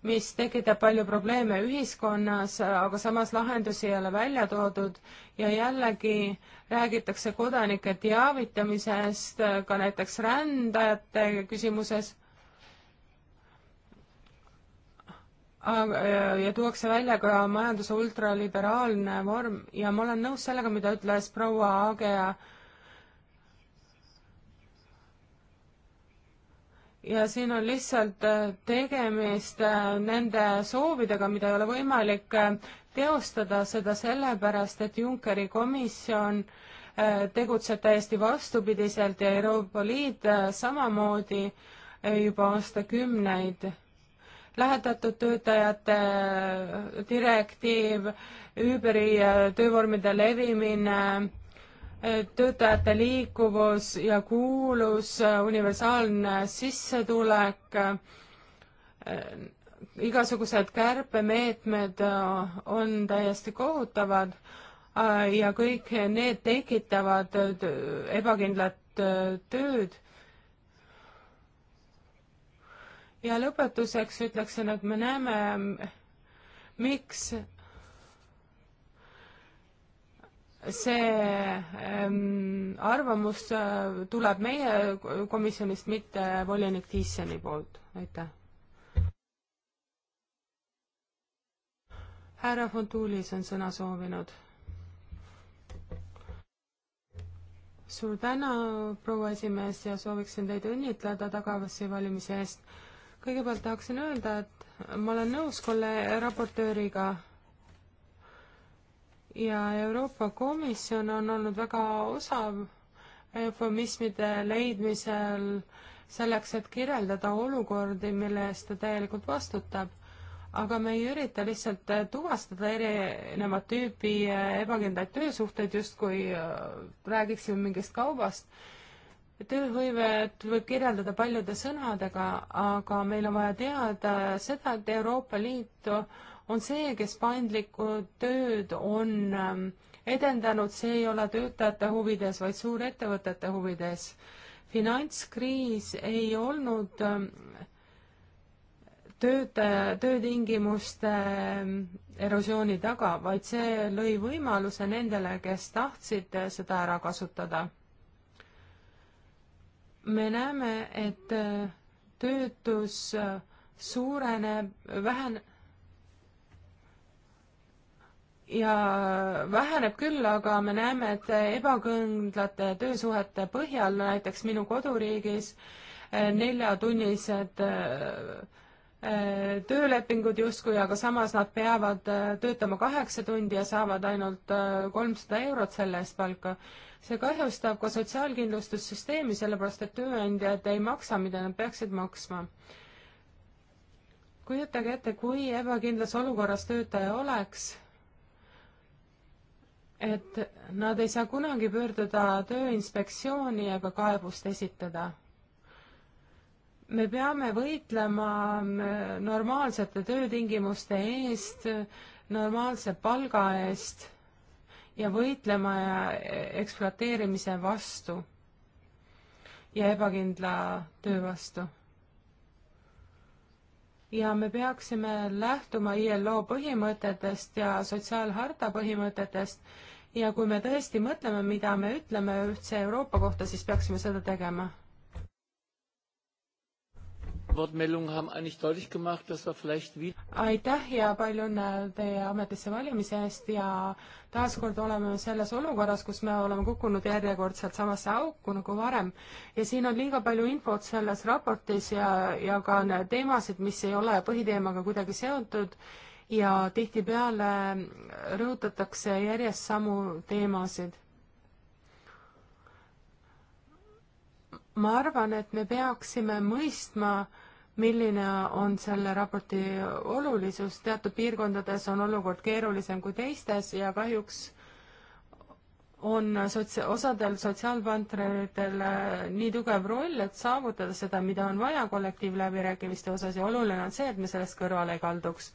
mis tekitab palju probleeme ühiskonnas, aga samas lahendusi ei ole välja toodud ja jällegi räägitakse kodanike teavitamisest ka näiteks rändajate küsimuses ja tuuakse välja ka majanduse ultraliberaalne vorm ja ma olen nõus sellega, mida ütles proua Agea. ja siin on lihtsalt äh, tegemist äh, nende soovidega, mida ei ole võimalik äh, teostada, seda sellepärast, et Junckeri komisjon tegutseb täiesti vastupidiselt ja Euroopa Liit samamoodi juba aastakümneid lähetatud töötajate äh, direktiiv, Uberi äh, töövormide levimine, äh, töötajate liikuvus ja kuulus, universaalne sissetulek, igasugused kärpemeetmed on täiesti kohutavad ja kõik need tekitavad ebakindlat tööd ja lõpetuseks ütleksin, et me näeme, miks see ähm, arvamus äh, tuleb meie komisjonist, mitte volinik Thyssen'i poolt, aitäh. härra Fontulis on sõna soovinud. suur tänu, proua esimees, ja sooviksin teid õnnitleda tagasivalimise eest kõigepealt tahaksin öelda, et ma olen nõus kolle-, raportööriga ja Euroopa Komisjon on olnud väga osav eufemismide leidmisel selleks, et kirjeldada olukordi, mille eest ta täielikult vastutab. aga me ei ürita lihtsalt tuvastada erinevat tüüpi ebakindlaid töösuhteid, justkui äh, räägiksime mingist kaubast tööhõivet võib kirjeldada paljude sõnadega, aga meil on vaja teada seda, et Euroopa Liit on see, kes paindlikku tööd on ähm, edendanud, see ei ole töötajate huvides, vaid suurettevõtete huvides. finantskriis ei olnud ähm, töötaja, töötingimuste ähm, erosiooni taga, vaid see lõi võimaluse nendele, kes tahtsid seda ära kasutada me näeme, et äh, töötus äh, suureneb, vähen- ja äh, väheneb küll, aga me näeme, et ebakõndlate töösuhete põhjal, näiteks minu koduriigis, neljatunnised äh, Äh, töölepingud justkui, aga samas nad peavad äh, töötama kaheksa tundi ja saavad ainult äh, kolmsada eurot selle eest palka. see kahjustab ka sotsiaalkindlustussüsteemi, sellepärast et tööandjad ei maksa, mida nad peaksid maksma. kujutage ette, kui ebakindlas olukorras töötaja oleks, et nad ei saa kunagi pöörduda Tööinspektsiooni ega kaebust esitada me peame võitlema mm, normaalsete töötingimuste eest, normaalse palga eest ja võitlema ekspluateerimise vastu ja ebakindla töö vastu. ja me peaksime lähtuma ILO põhimõtetest ja sotsiaalharta põhimõtetest ja kui me tõesti mõtleme, mida me ütleme ühtse Euroopa kohta, siis peaksime seda tegema aitäh ja palju õnne teie ametisse valimise eest ja taaskord oleme selles olukorras, kus me oleme kukkunud järjekordselt samasse auku nagu varem. ja siin on liiga palju infot selles raportis ja, ja ka teemasid, mis ei ole põhiteemaga kuidagi seotud ja tihtipeale rõhutatakse järjest samu teemasid ma arvan, et me peaksime mõistma, milline on selle raporti olulisus, teatud piirkondades on olukord keerulisem kui teistes ja kahjuks on sots-, osadel sotsiaalpartneritel äh, nii tugev roll, et saavutada seda, mida on vaja kollektiivläbirääkimiste osas ja oluline on see, et me sellest kõrvale ei kalduks.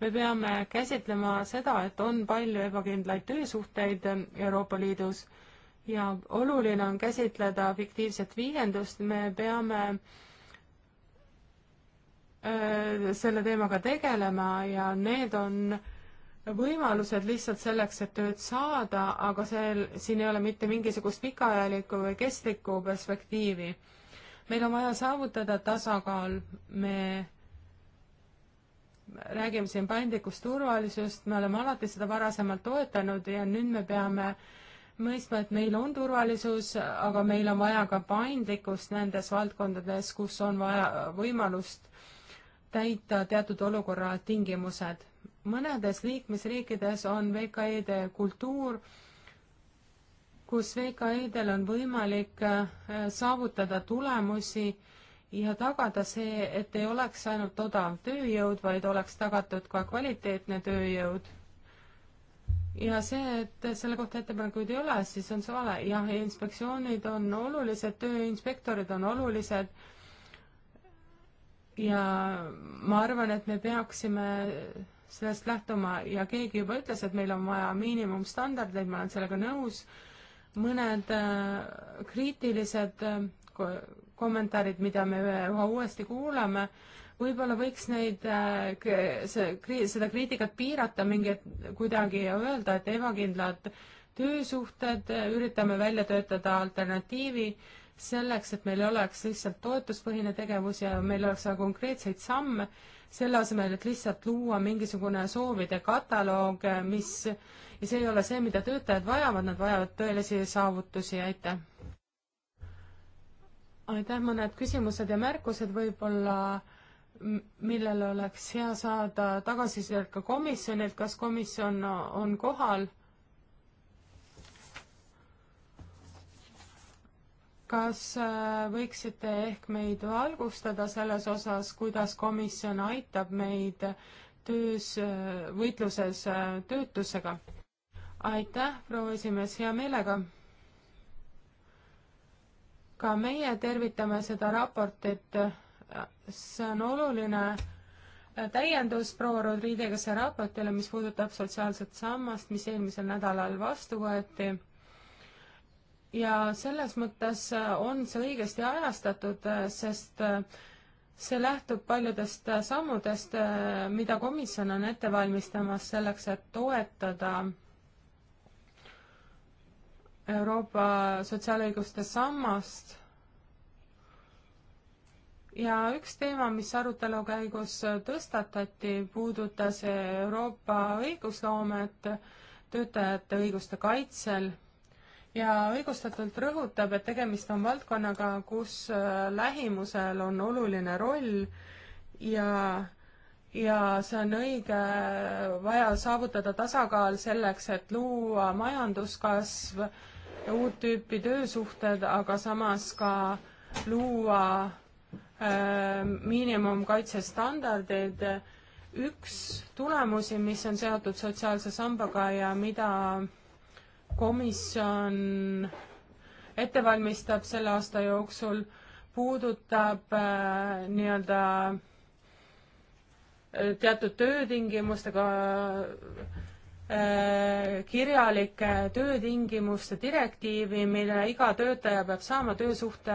me peame käsitlema seda, et on palju ebakindlaid töösuhteid Euroopa Liidus ja oluline on käsitleda fiktiivset viiendust, me peame äh, selle teemaga tegelema ja need on võimalused lihtsalt selleks, et tööd saada, aga seal, siin ei ole mitte mingisugust pikaajalikku või kestlikku perspektiivi. meil on vaja saavutada tasakaal, me räägime siin paindlikust turvalisust, me oleme alati seda varasemalt toetanud ja nüüd me peame äh, mõistma, et meil on turvalisus, aga meil on vaja ka paindlikkust nendes valdkondades, kus on vaja võimalust täita teatud olukorra tingimused. mõnedes liikmesriikides on VKE-de kultuur, kus VKE-del on võimalik äh, saavutada tulemusi ja tagada see, et ei oleks ainult odav tööjõud, vaid oleks tagatud ka kvaliteetne tööjõud ja see, et selle kohta ettepanekuid ei ole, siis on see vale. jah, inspektsioonid on olulised, tööinspektorid on olulised ja ma arvan, et me peaksime sellest lähtuma ja keegi juba ütles, et meil on vaja miinimumstandardeid, ma olen sellega nõus, mõned äh, kriitilised äh, kommentaarid, mida me üha uuesti kuulame, võib-olla võiks neid, äh, seda kriitikat piirata mingi, kuidagi ja öelda, et ebakindlad töösuhted, äh, üritame välja töötada alternatiivi selleks, et meil oleks lihtsalt toetuspõhine tegevus ja meil oleks ka konkreetseid samme, selle asemel, et lihtsalt luua mingisugune soovide kataloog, äh, mis, ja see ei ole see, mida töötajad vajavad, nad vajavad tõelisi saavutusi, aitäh. aitäh, mõned küsimused ja märkused võib-olla millel oleks hea saada tagasisidet ka komisjonilt, kas komisjon on kohal? kas äh, võiksite ehk meid valgustada selles osas, kuidas komisjon aitab meid töös, äh, võitluses äh, töötusega? aitäh, proua esimees, hea meelega. ka meie tervitame seda raportit see on oluline täiendus proua Rodriguez'e raportile, mis puudutab sotsiaalset sammast, mis eelmisel nädalal vastu võeti. ja selles mõttes on see õigesti ajastatud, sest see lähtub paljudest sammudest, mida komisjon on ette valmistamas selleks, et toetada Euroopa sotsiaalõiguste sammast ja üks teema, mis arutelu käigus tõstatati, puudutas Euroopa õigusloomet töötajate õiguste kaitsel ja õigustatult rõhutab, et tegemist on valdkonnaga, kus äh, lähimusel on oluline roll ja, ja see on õige, äh, vaja saavutada tasakaal selleks, et luua majanduskasv, uut tüüpi töösuhted, aga samas ka luua miinimumkaitsestandardid, üks tulemusi, mis on seotud sotsiaalse sambaga ja mida komisjon ette valmistab selle aasta jooksul, puudutab äh, nii-öelda teatud töötingimustega Äh, kirjalike töötingimuste direktiivi, mille iga töötaja peab saama töösuhte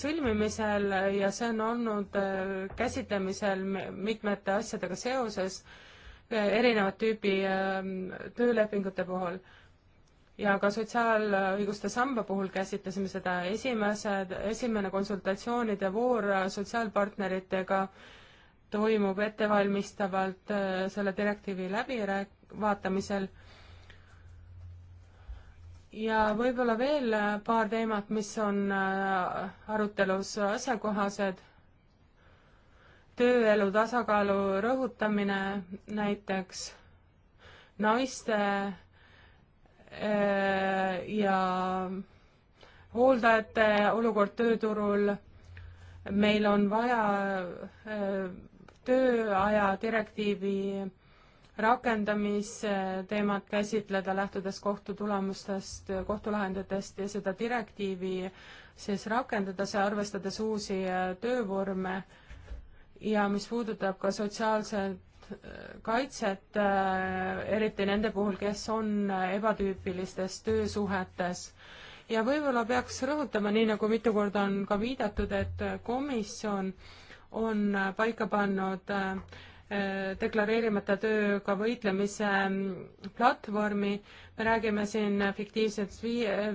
sõlmimisel ja see on olnud äh, käsitlemisel mitmete asjadega seoses äh, erinevat tüüpi ähm, töölepingute puhul. ja ka sotsiaalõiguste samba puhul käsitlesime seda esimese, esimene konsultatsioonide voor sotsiaalpartneritega toimub ettevalmistavalt selle direktiivi läbirääk-, vaatamisel. ja võib-olla veel äh, paar teemat, mis on äh, arutelus asjakohased. tööelu tasakaalu rõhutamine näiteks, naiste äh, ja hooldajate olukord tööturul, meil on vaja tööaja direktiivi rakendamisteemat käsitleda, lähtudes kohtutulemustest, kohtulahenditest ja seda direktiivi siis rakendada, see arvestades uusi äh, töövorme ja mis puudutab ka sotsiaalset äh, kaitset, äh, eriti nende puhul, kes on ebatüüpilistes töösuhetes. ja võib-olla peaks rõhutama, nii nagu mitu korda on ka viidatud, et komisjon on paika pannud äh, Äh, deklareerimata tööga võitlemise mm, platvormi, me räägime siin fiktiivsetest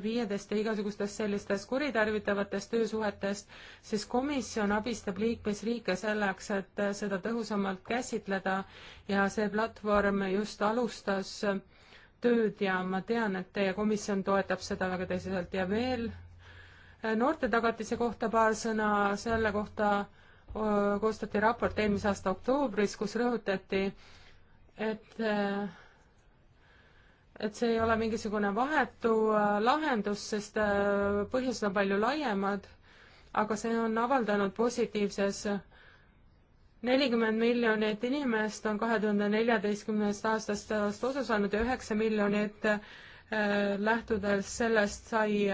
viiedest ja igasugustest sellistest kuritarvitavatest töösuhetest, siis komisjon abistab liikmesriike selleks, et äh, seda tõhusamalt käsitleda ja see platvorm just alustas äh, tööd ja ma tean, et teie komisjon toetab seda väga tõsiselt ja veel noorte tagatise kohta paar sõna, selle kohta koostati raport eelmise aasta oktoobris, kus rõhutati, et et see ei ole mingisugune vahetu äh, lahendus, sest äh, põhjused on palju laiemad, aga see on avaldanud positiivses nelikümmend miljonit inimest on kahe tuhande neljateistkümnendast aastast osa saanud ja üheksa miljonit äh, lähtudes sellest sai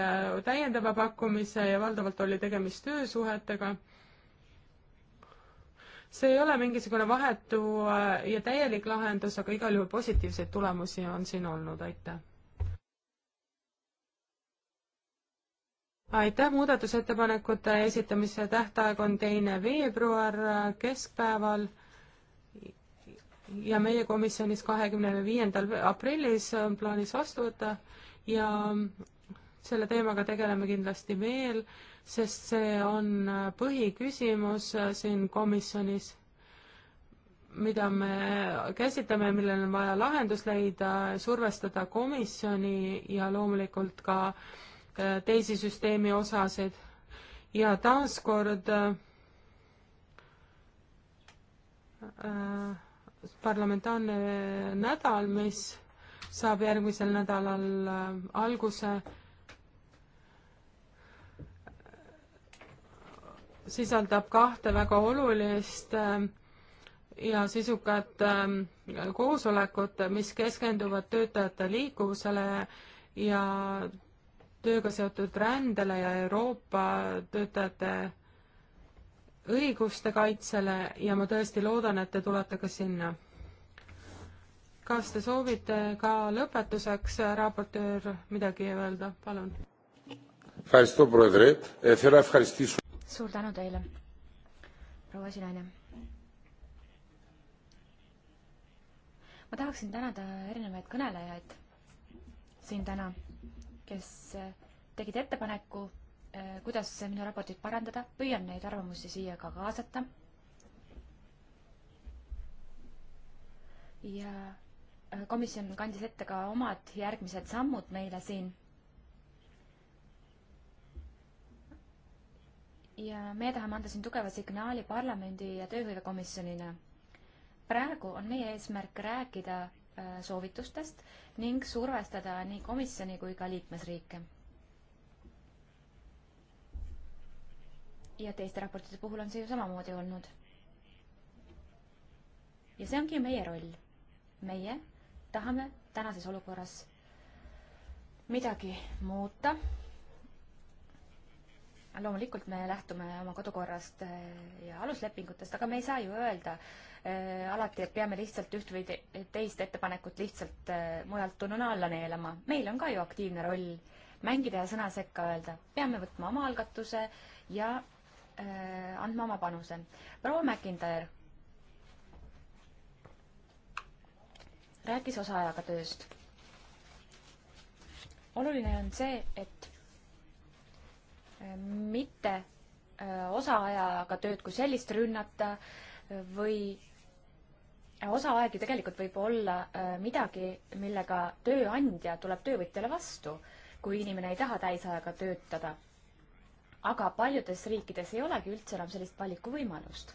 täiendava pakkumise ja valdavalt oli tegemist töösuhetega see ei ole mingisugune vahetu äh, ja täielik lahendus, aga igal juhul positiivseid tulemusi on siin olnud, aitäh. aitäh, muudatusettepanekute esitamise tähtaeg on teine veebruar äh, keskpäeval ja meie komisjonis kahekümne viiendal aprillis on plaanis vastu võtta ja selle teemaga tegeleme kindlasti veel sest see on äh, põhiküsimus äh, siin komisjonis, mida me käsitleme, millel on vaja lahendus leida, survestada komisjoni ja loomulikult ka äh, teisi süsteemi osasid. ja taaskord äh, parlamentaarne nädal, mis saab järgmisel nädalal alguse sisaldab kahte väga olulist ähm, ja sisukat ähm, koosolekut, mis keskenduvad töötajate liikuvusele ja tööga seotud rändele ja Euroopa töötajate õiguste kaitsele ja ma tõesti loodan, et te tulete ka sinna. kas te soovite ka lõpetuseks, äh, raportöör, midagi öelda, palun? suur tänu teile, proua esinaine. ma tahaksin tänada erinevaid kõnelejaid siin täna, kes tegid ettepaneku, eh, kuidas minu raportit parandada, püüan neid arvamusi siia ka kaasata. ja eh, komisjon kandis ette ka omad järgmised sammud meile siin ja me tahame anda siin tugeva signaali parlamendi ja tööhõivekomisjonina. praegu on meie eesmärk rääkida äh, soovitustest ning survestada nii komisjoni kui ka liikmesriike. ja teiste raportite puhul on see ju samamoodi olnud. ja see ongi meie roll. meie tahame tänases olukorras midagi muuta loomulikult me lähtume oma kodukorrast eh, ja aluslepingutest, aga me ei saa ju öelda eh, alati, et peame lihtsalt üht või teist ettepanekut lihtsalt eh, mujalt tulnuna alla neelama. meil on ka ju aktiivne roll mängida ja sõna sekka öelda. peame võtma oma algatuse ja andma oma panuse. proua McIntyre rääkis osaajaga tööst. oluline on see, et mitte äh, osaajaga tööd kui sellist rünnata või äh, osaaeg ju tegelikult võib olla äh, midagi, millega tööandja tuleb töövõtjale vastu, kui inimene ei taha täisajaga töötada. aga paljudes riikides ei olegi üldse enam sellist valikuvõimalust.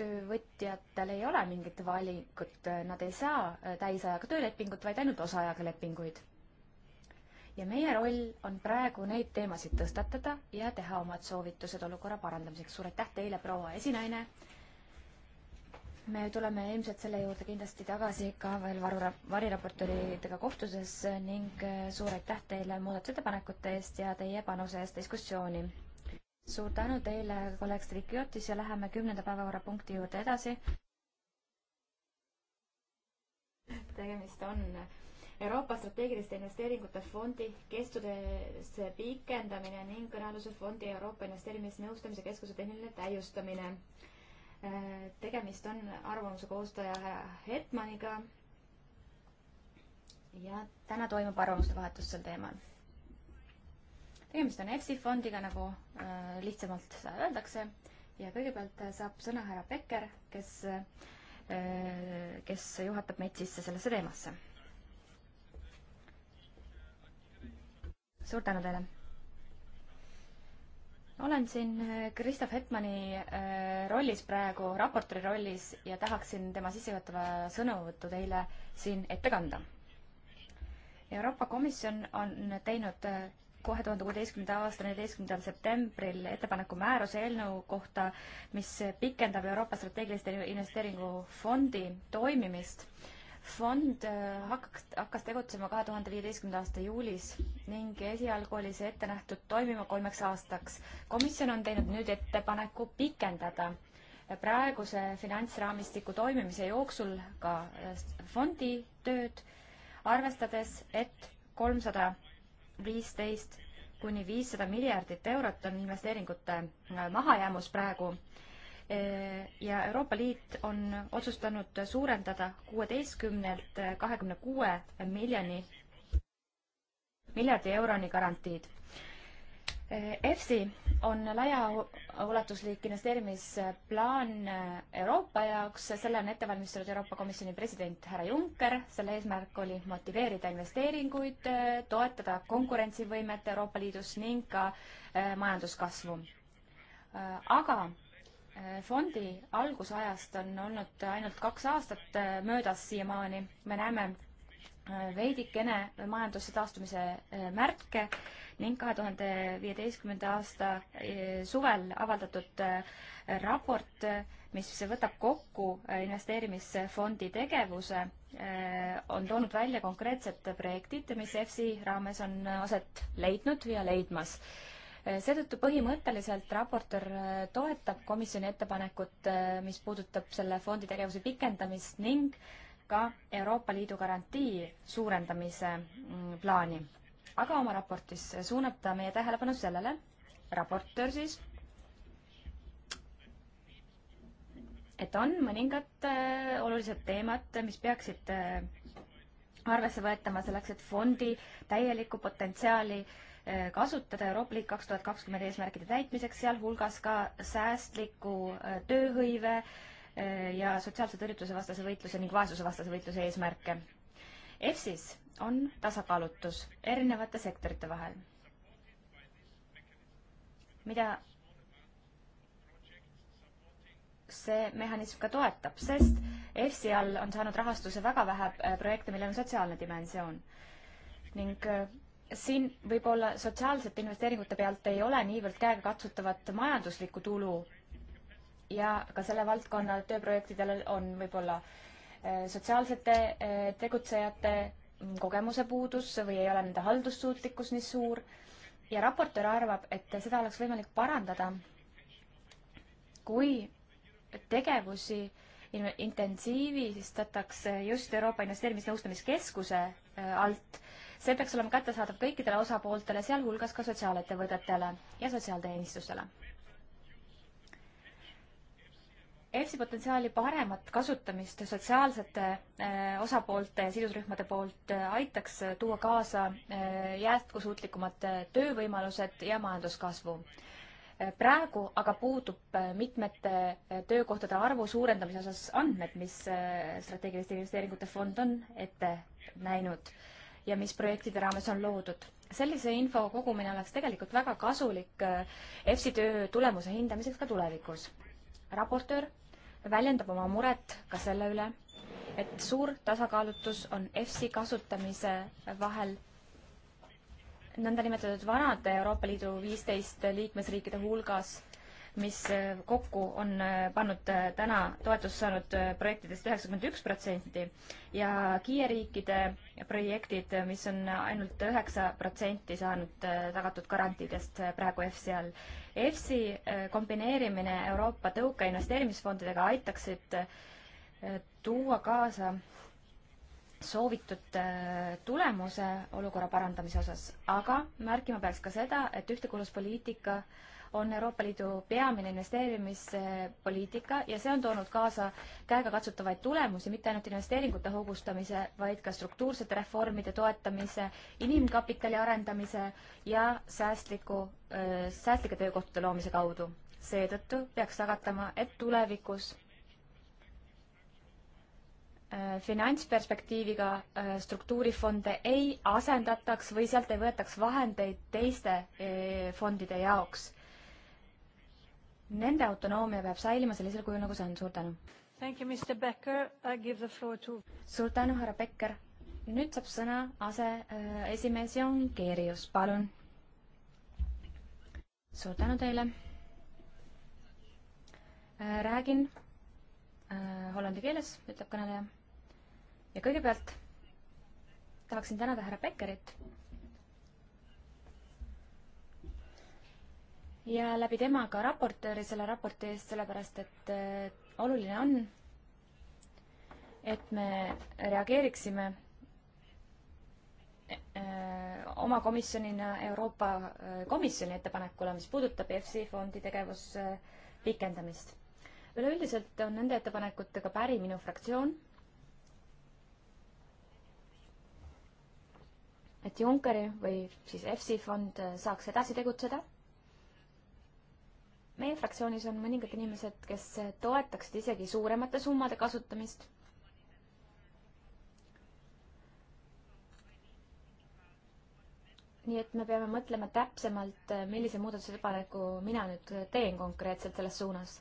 töövõtjatel ei ole mingit valikut, nad ei saa täisajaga töölepingut, vaid ainult osaajaga lepinguid ja meie roll on praegu neid teemasid tõstatada ja teha omad soovitused olukorra parandamiseks. suur aitäh teile, proua esinaine! me tuleme ilmselt selle juurde kindlasti tagasi ka veel varu, variraportööridega kohtuses ning äh, suur aitäh teile muudatusettepanekute eest ja teie panuse eest diskussiooni. suur tänu teile, kolleeg Strikiotis ja läheme kümnenda päevakorrapunkti juurde edasi. tegemist on Euroopa strateegiliste investeeringute fondi kestudesse pikendamine ning kõnealuse fondi Euroopa Investeerimisnõustamise Keskuse tehniline täiustamine. Äh, tegemist on arvamuse koostaja Hetmaniga. ja täna toimub arvamuste vahetus sel teemal. tegemist on EFSI fondiga, nagu äh, lihtsamalt öeldakse ja kõigepealt saab sõna härra Becker, kes, äh, kes juhatab meid sisse sellesse teemasse suur tänu teile! olen siin Kristof äh, Hetmani äh, rollis praegu, raportööri rollis ja tahaksin tema sissejuhatava sõnavõttu teile siin ette kanda. Euroopa Komisjon on teinud äh, kahe tuhande kuueteistkümnenda aasta neljateistkümnendal septembril ettepaneku määruse eelnõu kohta, mis pikendab Euroopa strateegiliste investeeringufondi toimimist äh, fond äh, hakk-, hakkas tegutsema kahe tuhande viieteistkümnenda aasta juulis ning esialgu oli see ette nähtud toimima kolmeks aastaks. komisjon on teinud nüüd ettepaneku pikendada praeguse finantsraamistiku toimimise jooksul ka äh, fondi tööd, arvestades, et kolmsada viisteist kuni viissada miljardit eurot on investeeringute äh, mahajäämus praegu Äh, ja Euroopa Liit on otsustanud suurendada kuueteistkümnelt kahekümne kuue miljoni, miljardi euroni garantiid. Äh, EFSI on laiaulatuslik investeerimisplaan Euroopa jaoks, selle on ette valmistanud Euroopa Komisjoni president härra Juncker, selle eesmärk oli motiveerida investeeringuid, äh, toetada konkurentsivõimet Euroopa Liidus ning ka majanduskasvu. aga fondi algusajast on olnud ainult kaks aastat äh, möödas siiamaani. me näeme äh, veidikene majanduse taastumise äh, märke ning kahe tuhande viieteistkümnenda aasta suvel avaldatud raport, mis võtab kokku investeerimisfondi tegevuse, on toonud välja konkreetsed projektid, mis EFSI raames on aset leidnud ja leidmas Äh, seetõttu põhimõtteliselt raportöör äh, toetab komisjoni ettepanekut, äh, mis puudutab selle fondi tegevuse pikendamist ning ka Euroopa Liidu garantii suurendamise mm, plaani. aga oma raportis suunab ta meie tähelepanu sellele, raportöör siis, et on mõningad olulised teemad, mis peaksid arvesse võetama selleks, et fondi täielikku potentsiaali äh, Eh, kasutada Euroopa Liit kaks tuhat kakskümmend eesmärkide täitmiseks, sealhulgas ka säästliku eh, tööhõive eh, ja sotsiaalse tõrjutuse vastase võitluse ning vaesuse vastase võitluse eesmärke. EFSis on tasakaalutus erinevate sektorite vahel, mida see mehhanism ka toetab, sest EFSI all on saanud rahastuse väga vähe projekte, millel on sotsiaalne dimensioon. ning siin võib-olla sotsiaalsete investeeringute pealt ei ole niivõrd käegakatsutavat majanduslikku tulu ja ka selle valdkonna tööprojektidel on võib-olla äh, sotsiaalsete äh, tegutsejate mm, kogemuse puudus või ei ole nende haldussuutlikkus nii suur ja raportöör arvab, et seda oleks võimalik parandada, kui tegevusi intensiivistatakse just Euroopa Investeerimisnõustamiskeskuse äh, alt see peaks olema kättesaadav kõikidele osapooltele, sealhulgas ka sotsiaalettevõtetele ja sotsiaalteenistusele. EFSi potentsiaali paremat kasutamist sotsiaalsete eh, osapoolte ja sidusrühmade poolt eh, aitaks tuua kaasa eh, jätkusuutlikumad töövõimalused ja majanduskasvu praegu aga puudub mitmete töökohtade arvu suurendamise osas andmed, mis strateegiliste investeeringute fond on ette näinud ja mis projektide raames on loodud. sellise info kogumine oleks tegelikult väga kasulik äh, EFSI töö tulemuse hindamiseks ka tulevikus. raportöör väljendab oma muret ka selle üle, et suur tasakaalutus on EFSI kasutamise vahel nõndanimetatud vanade Euroopa Liidu viisteist liikmesriikide hulgas mis äh, kokku on äh, pannud äh, täna toetust saanud projektidest üheksakümmend üks protsenti ja Kiie riikide projektid, mis on ainult üheksa protsenti saanud tagatud garantiidest praegu EFSI all. EFSI kombineerimine Euroopa tõuke investeerimisfondidega aitaksid tuua kaasa soovitud tulemuse olukorra parandamise osas, aga märkima peaks ka seda, et ühtekuuluvuspoliitika äh, on Euroopa Liidu peamine investeerimispoliitika ja see on toonud kaasa käegakatsutavaid tulemusi, mitte ainult investeeringute hoogustamise, vaid ka struktuursete reformide toetamise, inimkapitali arendamise ja säästliku, säästlike töökohtade loomise kaudu. seetõttu peaks tagatama, et tulevikus finantsperspektiiviga struktuurifonde ei asendataks või sealt ei võetaks vahendeid teiste fondide jaoks nende autonoomia peab säilima sellisel kujul, nagu see on, suur tänu. To... suur tänu, härra Becker. nüüd saab sõna aseesimees Jan Keerius, palun. suur tänu teile. Äh, räägin äh, hollandi keeles, ütleb kõneleja. ja kõigepealt tahaksin tänada härra Beckerit ja läbi tema ka raportööri selle raporti eest, sellepärast et äh, oluline on, et me reageeriksime äh, oma komisjonina Euroopa äh, Komisjoni ettepanekule, mis puudutab EFSI fondi tegevuse pikendamist. üleüldiselt on nende ettepanekutega päri minu fraktsioon. et Junckeri või siis EFSI fond saaks edasi tegutseda meie fraktsioonis on mõningad inimesed, kes toetaksid isegi suuremate summade kasutamist. nii et me peame mõtlema täpsemalt, millise muudatusettepaneku mina nüüd teen konkreetselt selles suunas.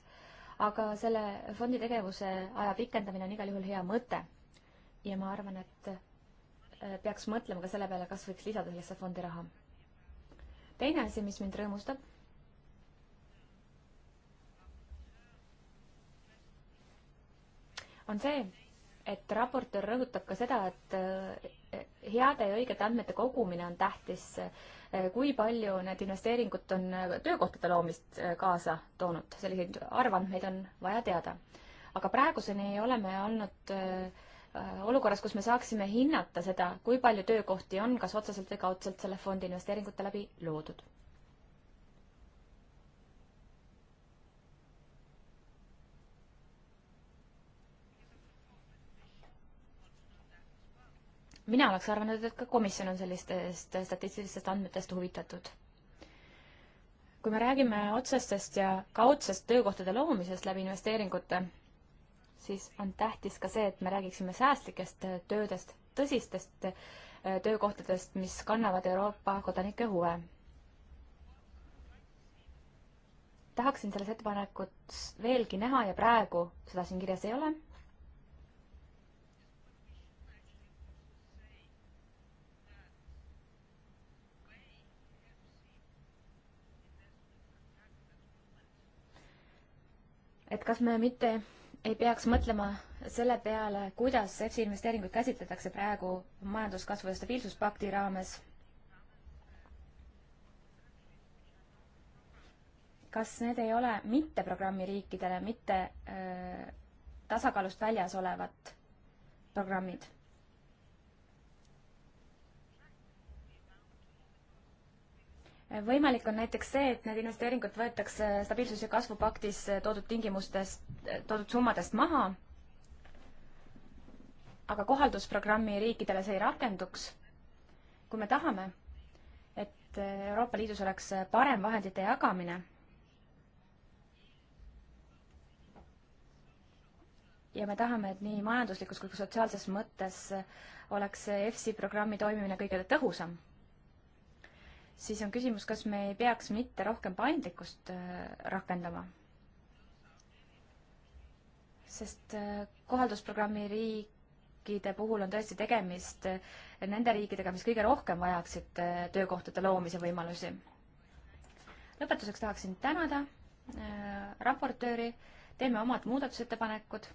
aga selle fondi tegevuse aja pikendamine on igal juhul hea mõte. ja ma arvan, et äh, peaks mõtlema ka selle peale, kas võiks lisada sellesse fondi raha. teine asi, mis mind rõõmustab on see, et raportöör rõhutab ka seda, et äh, heade ja õigete andmete kogumine on tähtis. Äh, kui palju need investeeringud on äh, töökohtade loomist kaasa toonud, selliseid arvandmeid on vaja teada. aga praeguseni oleme olnud olukorras, kus me saaksime hinnata seda, kui palju töökohti on kas otseselt või kaudselt selle fondi investeeringute läbi loodud. mina oleks arvanud, et ka komisjon on sellistest statistilistest andmetest huvitatud. kui me räägime otsestest ja kaudsest töökohtade loomisest läbi investeeringute, siis on tähtis ka see, et me räägiksime säästlikest töödest, tõsistest äh, töökohtadest, mis kannavad Euroopa kodanike huve. tahaksin selles ettepanekus veelgi näha ja praegu seda siin kirjas ei ole et kas me mitte ei peaks mõtlema selle peale, kuidas EFSI investeeringuid käsitletakse praegu majanduskasvu ja stabiilsuspakti raames. kas need ei ole mitte programmi riikidele, mitte öö, tasakaalust väljas olevad programmid? võimalik on näiteks see, et need investeeringud võetakse stabiilsus- ja kasvupaktis toodud tingimustest, toodud summadest maha, aga kohaldusprogrammi riikidele see ei rakenduks. kui me tahame, et Euroopa Liidus oleks parem vahendite jagamine ja me tahame, et nii majanduslikus kui ka sotsiaalses mõttes oleks EFSI programmi toimimine kõige tõhusam siis on küsimus, kas me ei peaks mitte rohkem paindlikkust äh, rakendama? sest äh, kohaldusprogrammi riikide puhul on tõesti tegemist äh, nende riikidega, mis kõige rohkem vajaksid töökohtade loomise võimalusi. lõpetuseks tahaksin tänada raportööri, teeme omad muudatusettepanekud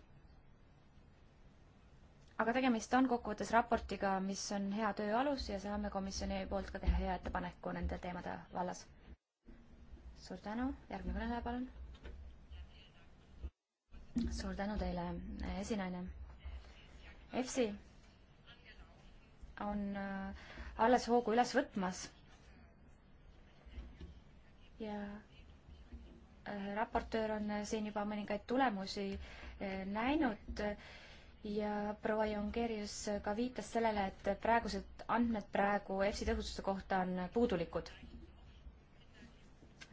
aga tegemist on kokkuvõttes raportiga, mis on hea töö alus ja saame komisjoni poolt ka teha hea ettepaneku nende teemade vallas. suur tänu, järgmine kõneleja, palun. suur tänu teile, esinaine. EFSI on äh, alles hoogu üles võtmas ja äh, raportöör on äh, siin juba mõningaid tulemusi näinud ja proua Jongerius ka viitas sellele, et praegused andmed praegu EFSi tõhususe kohta on puudulikud.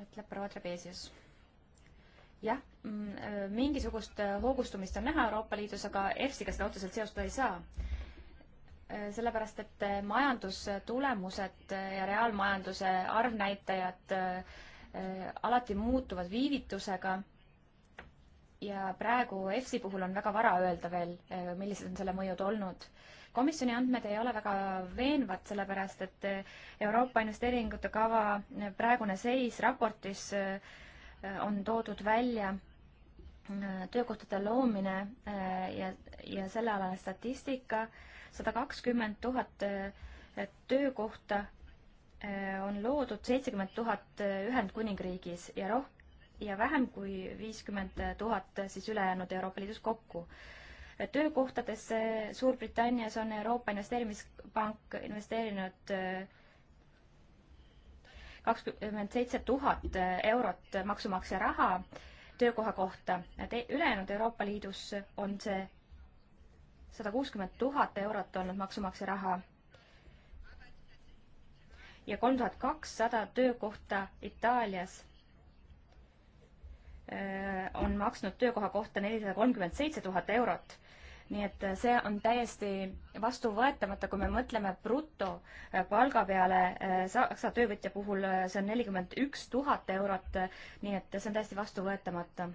ütleb proua Trebesius. jah, mm, äh, mingisugust äh, hoogustumist on näha Euroopa Liidus, aga EFSiga seda otseselt seostada ei saa. Äh, sellepärast, et majandustulemused ja reaalmajanduse arvnäitajad alati muutuvad viivitusega ja praegu EFSi puhul on väga vara öelda veel, äh, millised on selle mõjud olnud. komisjoni andmed ei ole väga veenvad, sellepärast et äh, Euroopa investeeringute kava äh, praegune seis raportis on toodud välja töökohtade loomine ja, ja sellealane statistika, sada kakskümmend tuhat töökohta on loodud seitsekümmend tuhat Ühendkuningriigis ja roh-, ja vähem kui viiskümmend tuhat siis ülejäänud Euroopa Liidus kokku. töökohtadesse Suurbritannias on Euroopa Investeerimispank investeerinud äh, kakskümmend seitse tuhat eurot maksumaksja raha töökoha kohta. ülejäänud Euroopa Liidus on see sada kuuskümmend tuhat eurot olnud maksumaksja raha ja kolm tuhat kakssada töökohta Itaalias Äh, on maksnud töökoha kohta nelisada kolmkümmend seitse tuhat eurot. nii et äh, see on täiesti vastuvõetamata, kui me mõtleme brutopalga äh, peale Saksa töövõtja puhul, see on nelikümmend üks tuhat eurot, nii et see on täiesti vastuvõetamata.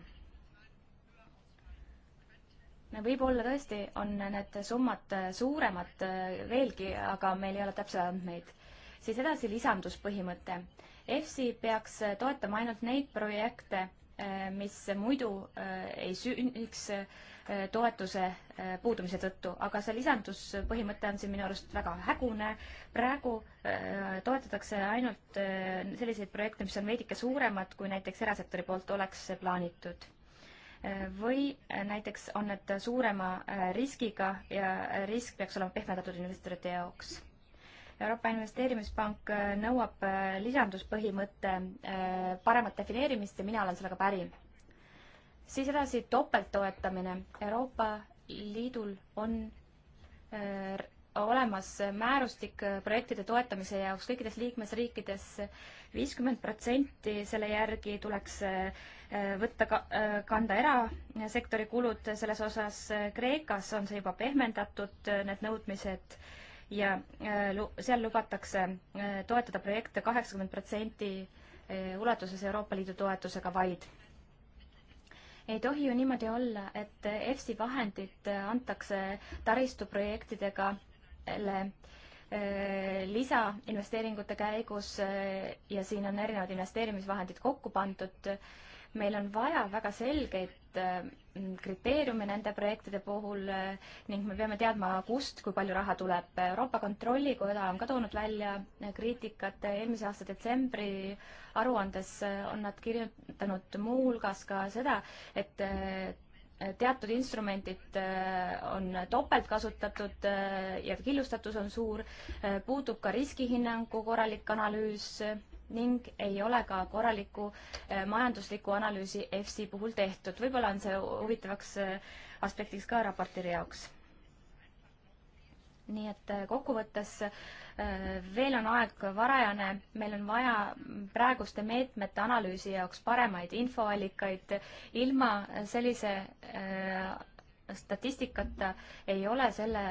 võib-olla tõesti on need summad suuremad veelgi, aga meil ei ole täpseid andmeid. siis edasi lisanduspõhimõte. EFSI peaks toetama ainult neid projekte, Äh, mis muidu äh, ei sünniks äh, toetuse puudumise tõttu, aga see lisanduspõhimõte on siin minu arust väga hägune. praegu toetatakse ainult selliseid projekte, mis on veidike suuremad, kui näiteks erasektori poolt oleks plaanitud või näiteks on need suurema riskiga ja risk peaks olema pehmendatud investorite jaoks Euroopa Investeerimispank äh, nõuab äh, lisanduspõhimõtte äh, paremat defineerimist ja mina olen sellega päri. siis edasi topelttoetamine. Euroopa Liidul on olemas määrustik projektide toetamise jaoks kõikides liikmesriikides. viiskümmend protsenti selle järgi tuleks võtta ka,, kanda erasektori kulud selles osas. Kreekas on see juba pehmendatud, need nõudmised ja äh, seal lubatakse äh, toetada projekte kaheksakümmend protsenti äh, ulatuses Euroopa Liidu toetusega vaid. ei tohi ju niimoodi olla, et EFSI vahendid antakse taristuprojektidega lisainvesteeringute käigus ja siin on erinevad investeerimisvahendid kokku pandud meil on vaja väga selgeid ühtset mm, kriteeriumi nende projektide puhul eh, ning me peame teadma, kust kui palju raha tuleb. Euroopa Kontrollikoda on ka toonud välja eh, kriitikat, eelmise aasta detsembri aruandes eh, on nad kirjutanud muuhulgas ka seda, et teatud instrumendid on topeltkasutatud ja killustatus on suur, puudub ka riskihinnangu korralik analüüs ning ei ole ka korralikku äh, majanduslikku analüüsi EFSI puhul tehtud. võib-olla on see huvitavaks äh, aspektiks ka raportile jaoks. nii et äh, kokkuvõttes veel on aeg varajane, meil on vaja praeguste meetmete analüüsi jaoks paremaid infoallikaid, ilma sellise statistikata ei ole selle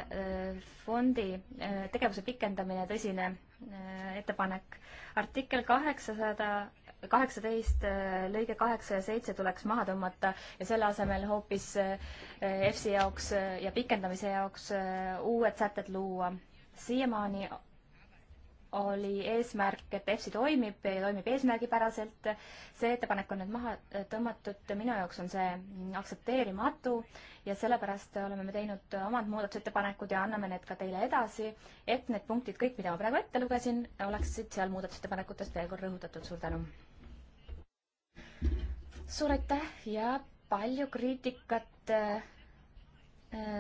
fondi tegevuse pikendamine tõsine Äh, ettepanek. artikkel kaheksasada kaheksateist äh, lõige kaheksa ja seitse tuleks maha tõmmata ja selle asemel hoopis EFSi äh, jaoks ja pikendamise jaoks uued sätted luua. siiamaani oli eesmärk, et EFSI toimib ja toimib eesmärgipäraselt. see ettepanek on nüüd maha tõmmatud, minu jaoks on see aktsepteerimatu ja sellepärast oleme me teinud omad muudatusettepanekud ja anname need ka teile edasi, et need punktid, kõik, mida ma praegu ette lugesin, oleksid seal muudatusettepanekutest veel kord rõhutatud. suur tänu! suur aitäh ja palju kriitikat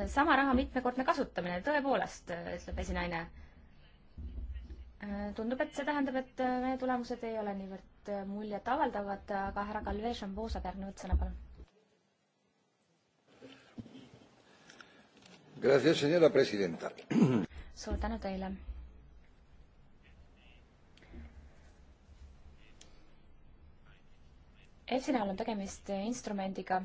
sama raha mitmekordne kasutamine, tõepoolest, ütleb esinaine Äh, tundub, et see tähendab, et äh, meie tulemused ei ole niivõrd äh, muljetavaldavad, aga härra Kalvi Šamboo saab järgnevalt sõna, palun. suur tänu teile. EFSi näol on tegemist instrumendiga,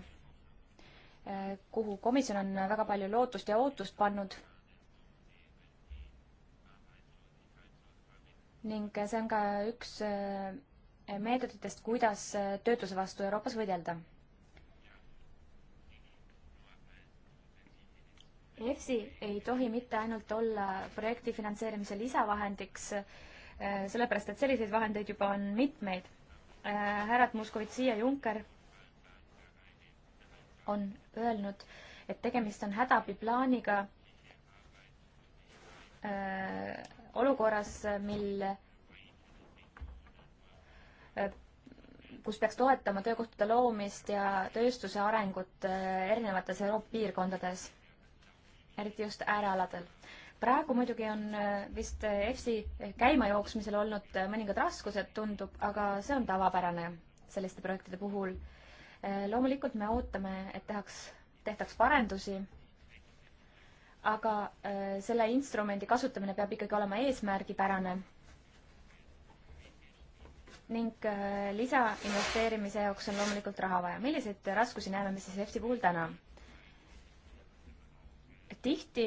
kuhu komisjon on väga palju lootust ja ootust pannud ning see on ka üks äh, meetoditest, kuidas äh, töötuse vastu Euroopas võidelda. EFSI ei tohi mitte ainult olla projekti finantseerimise lisavahendiks, äh, sellepärast et selliseid vahendeid juba on mitmeid. härrad Moskovitš ja Juncker on öelnud, et tegemist on hädaabiplaaniga olukorras, mil eh, kus peaks toetama töökohtade loomist ja tööstuse arengut eh, erinevates Euroopa piirkondades, eriti just äärealadel. praegu muidugi on eh, vist EFSI käimajooksmisel olnud mõningad raskused, tundub, aga see on tavapärane selliste projektide puhul. loomulikult me ootame, et tehaks, tehtaks parendusi aga äh, selle instrumendi kasutamine peab ikkagi olema eesmärgipärane. ning äh, lisainvesteerimise jaoks on loomulikult raha vaja. milliseid raskusi näeme me siis EFSi puhul täna? tihti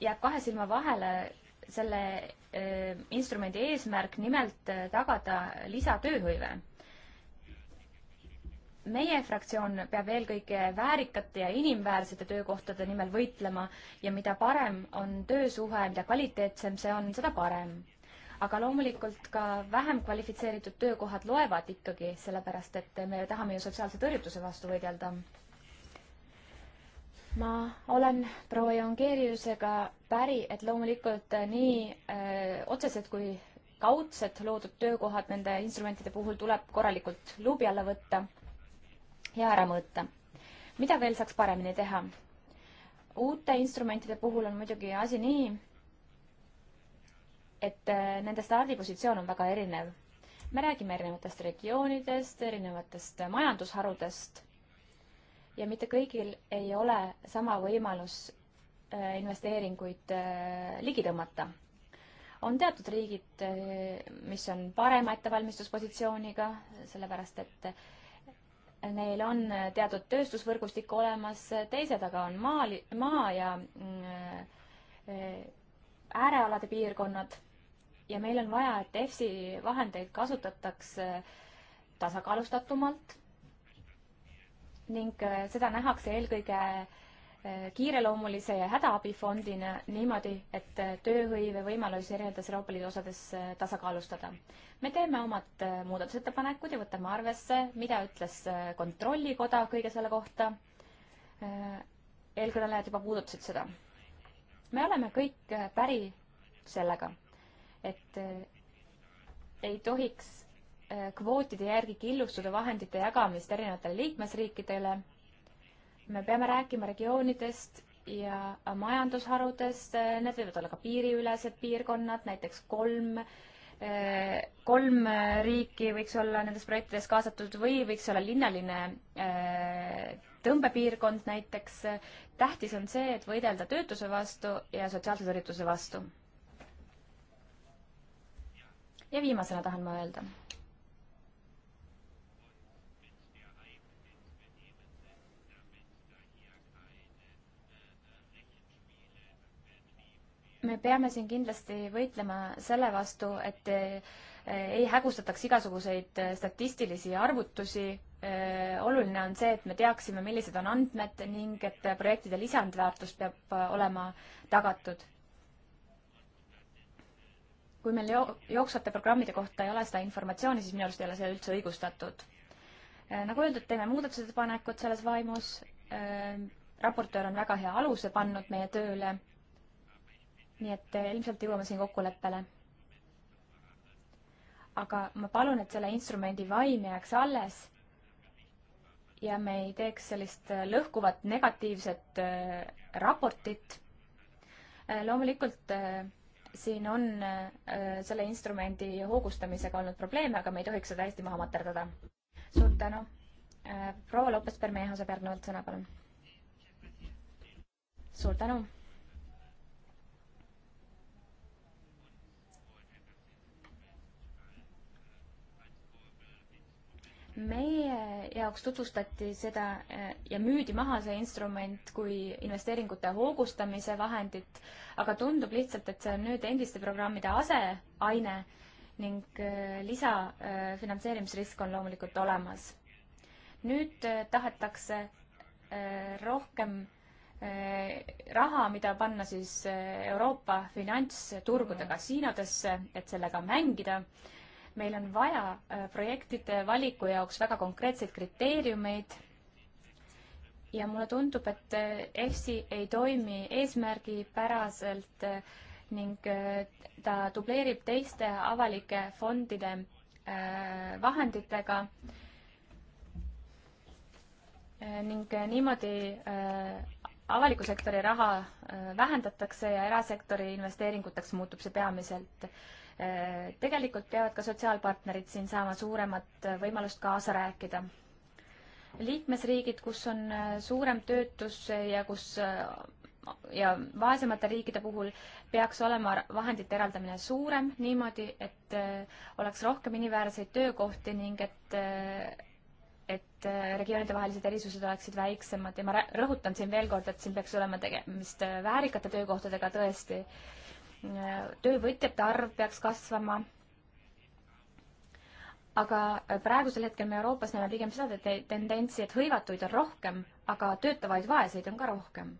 jääb kahe silma vahele selle äh, instrumendi eesmärk, nimelt tagada lisatööhõive meie fraktsioon peab eelkõige väärikate ja inimväärsete töökohtade nimel võitlema ja mida parem on töösuhe, mida kvaliteetsem see on, seda parem. aga loomulikult ka vähem kvalifitseeritud töökohad loevad ikkagi, sellepärast et me tahame ju sotsiaalse tõrjutuse vastu võidelda. ma olen proua Jongeeriusega päri, et loomulikult nii öö, äh, otsesed kui kaudsed loodud töökohad nende instrumentide puhul tuleb korralikult luubi alla võtta ja ära mõõta. mida veel saaks paremini teha? uute instrumentide puhul on muidugi asi nii, et äh, nende stardipositsioon on väga erinev. me räägime erinevatest regioonidest, erinevatest majandusharudest ja mitte kõigil ei ole sama võimalus äh, investeeringuid äh, ligi tõmmata. on teatud riigid, mis on parema ettevalmistuspositsiooniga, sellepärast et neil on äh, teatud tööstusvõrgustik olemas, teised aga on maal, maa ja mm, äh, äh, äärealade piirkonnad ja meil on vaja, et EFSI vahendeid kasutataks tasakaalustatumalt ning seda nähakse eelkõige Eh, kiireloomulise ja hädaabifondina niimoodi, et eh, tööhõive võimalusi erinevates Euroopa Liidu osades eh, tasakaalustada. me teeme omad muudatusettepanekud ja võtame arvesse, mida ütles Kontrollikoda kõige selle kohta. eelkõnelejad juba puudutasid seda. me oleme kõik päri sellega, et ei tohiks kvootide järgi killustuda vahendite jagamist erinevatele liikmesriikidele me peame rääkima regioonidest ja majandusharudest, need võivad olla ka piiriülesed piirkonnad, näiteks kolm, eh, kolm riiki võiks olla nendes projektides kaasatud või võiks olla linnaline eh, tõmbepiirkond näiteks. tähtis on see, et võidelda töötuse vastu ja sotsiaalse tõrjutuse vastu. ja viimasena tahan ma öelda me peame siin kindlasti võitlema selle vastu, et eh, ei hägustataks igasuguseid eh, statistilisi arvutusi. Eh, oluline on see, et me teaksime, millised on andmed ning et projektide lisandväärtus peab olema tagatud. kui meil jooksvate programmide kohta ei ole seda informatsiooni, siis minu arust ei ole see üldse õigustatud. nagu öeldud, teeme muudatusettepanekud selles vaimus. raportöör on väga hea aluse pannud meie tööle nii et äh, ilmselt jõuame siin kokkuleppele. aga ma palun, et selle instrumendi vaim jääks alles ja me ei teeks sellist äh, lõhkuvat negatiivset äh, raportit. loomulikult siin on selle instrumendi hoogustamisega olnud probleeme, aga me ei tohiks seda hästi maha materdada. suur tänu. proua Lopes-Permeho saab järgnevalt sõna, palun. suur tänu meie jaoks tutvustati seda eh, ja müüdi maha see instrument kui investeeringute hoogustamise vahendit, aga tundub lihtsalt, et see on nüüd endiste programmide aseaine ning eh, lisafinantseerimisrisk eh, on loomulikult olemas. nüüd tahetakse rohkem raha, mida panna siis Euroopa finantsturgude kasiinodesse, et sellega mängida meil on vaja äh, projektide valiku jaoks väga konkreetseid kriteeriumeid ja mulle tundub, et EFSI äh, ei toimi eesmärgipäraselt äh, ning ta dubleerib teiste avalike fondide vahenditega ning niimoodi avaliku sektori raha vähendatakse ja erasektori investeeringuteks muutub see peamiselt tegelikult peavad ka sotsiaalpartnerid siin saama suuremat võimalust kaasa rääkida. liikmesriigid, kus on äh, suurem töötus ja kus äh, ja vaesemate riikide puhul peaks olema vahendite eraldamine suurem niimoodi, et äh, oleks rohkem inimväärseid töökohti ning et, et regioonidevahelised erisused oleksid väiksemad ja ma rõhutan siin veel kord, et siin peaks olema tegemist väärikate töökohtadega tõesti äh, töövõtjate arv peaks kasvama. aga praegusel hetkel me Euroopas näeme pigem seda tendentsi, et hõivatuid on rohkem, aga töötavaid vaeseid on ka rohkem.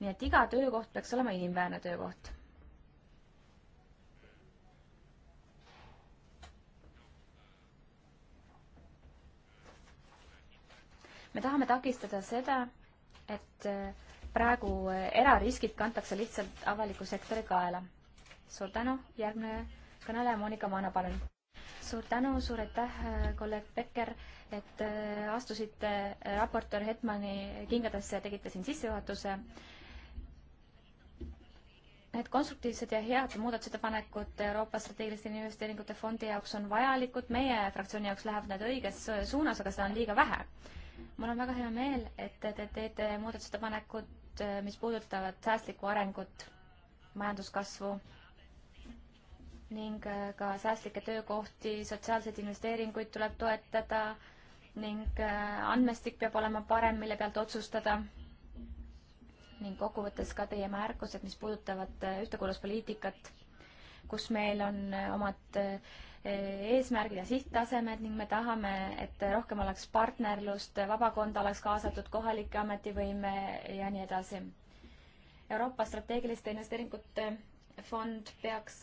nii et iga töökoht peaks olema inimväärne töökoht me tahame takistada seda, et praegu erariskid kantakse lihtsalt avaliku sektori kaela. suur tänu, järgmine kõneleja Monika Maana, palun. suur tänu, suur aitäh, kolleeg Becker, et äh, astusite äh, raportöör Hetmani kingadesse ja tegite siin sissejuhatuse. Need konstruktiivsed ja head muudatusettepanekud Euroopa strateegiliste investeeringute fondi jaoks on vajalikud, meie fraktsiooni jaoks lähevad need õiges suunas, aga seda on liiga vähe mul on väga hea meel, et te teete muudatusettepanekud punktid, äh, mis puudutavad säästlikku arengut, majanduskasvu ning äh, ka säästlikke töökohti, sotsiaalseid investeeringuid tuleb toetada ning äh, andmestik peab olema parem, mille pealt otsustada. ning kokkuvõttes ka teie märkused, mis puudutavad ühtekuuluvuspoliitikat, kus meil on omad eesmärgid ja sihttasemed ning me tahame, et rohkem oleks partnerlust, vabakond oleks kaasatud, kohalike ametivõime ja nii edasi. Euroopa strateegiliste investeeringute fond peaks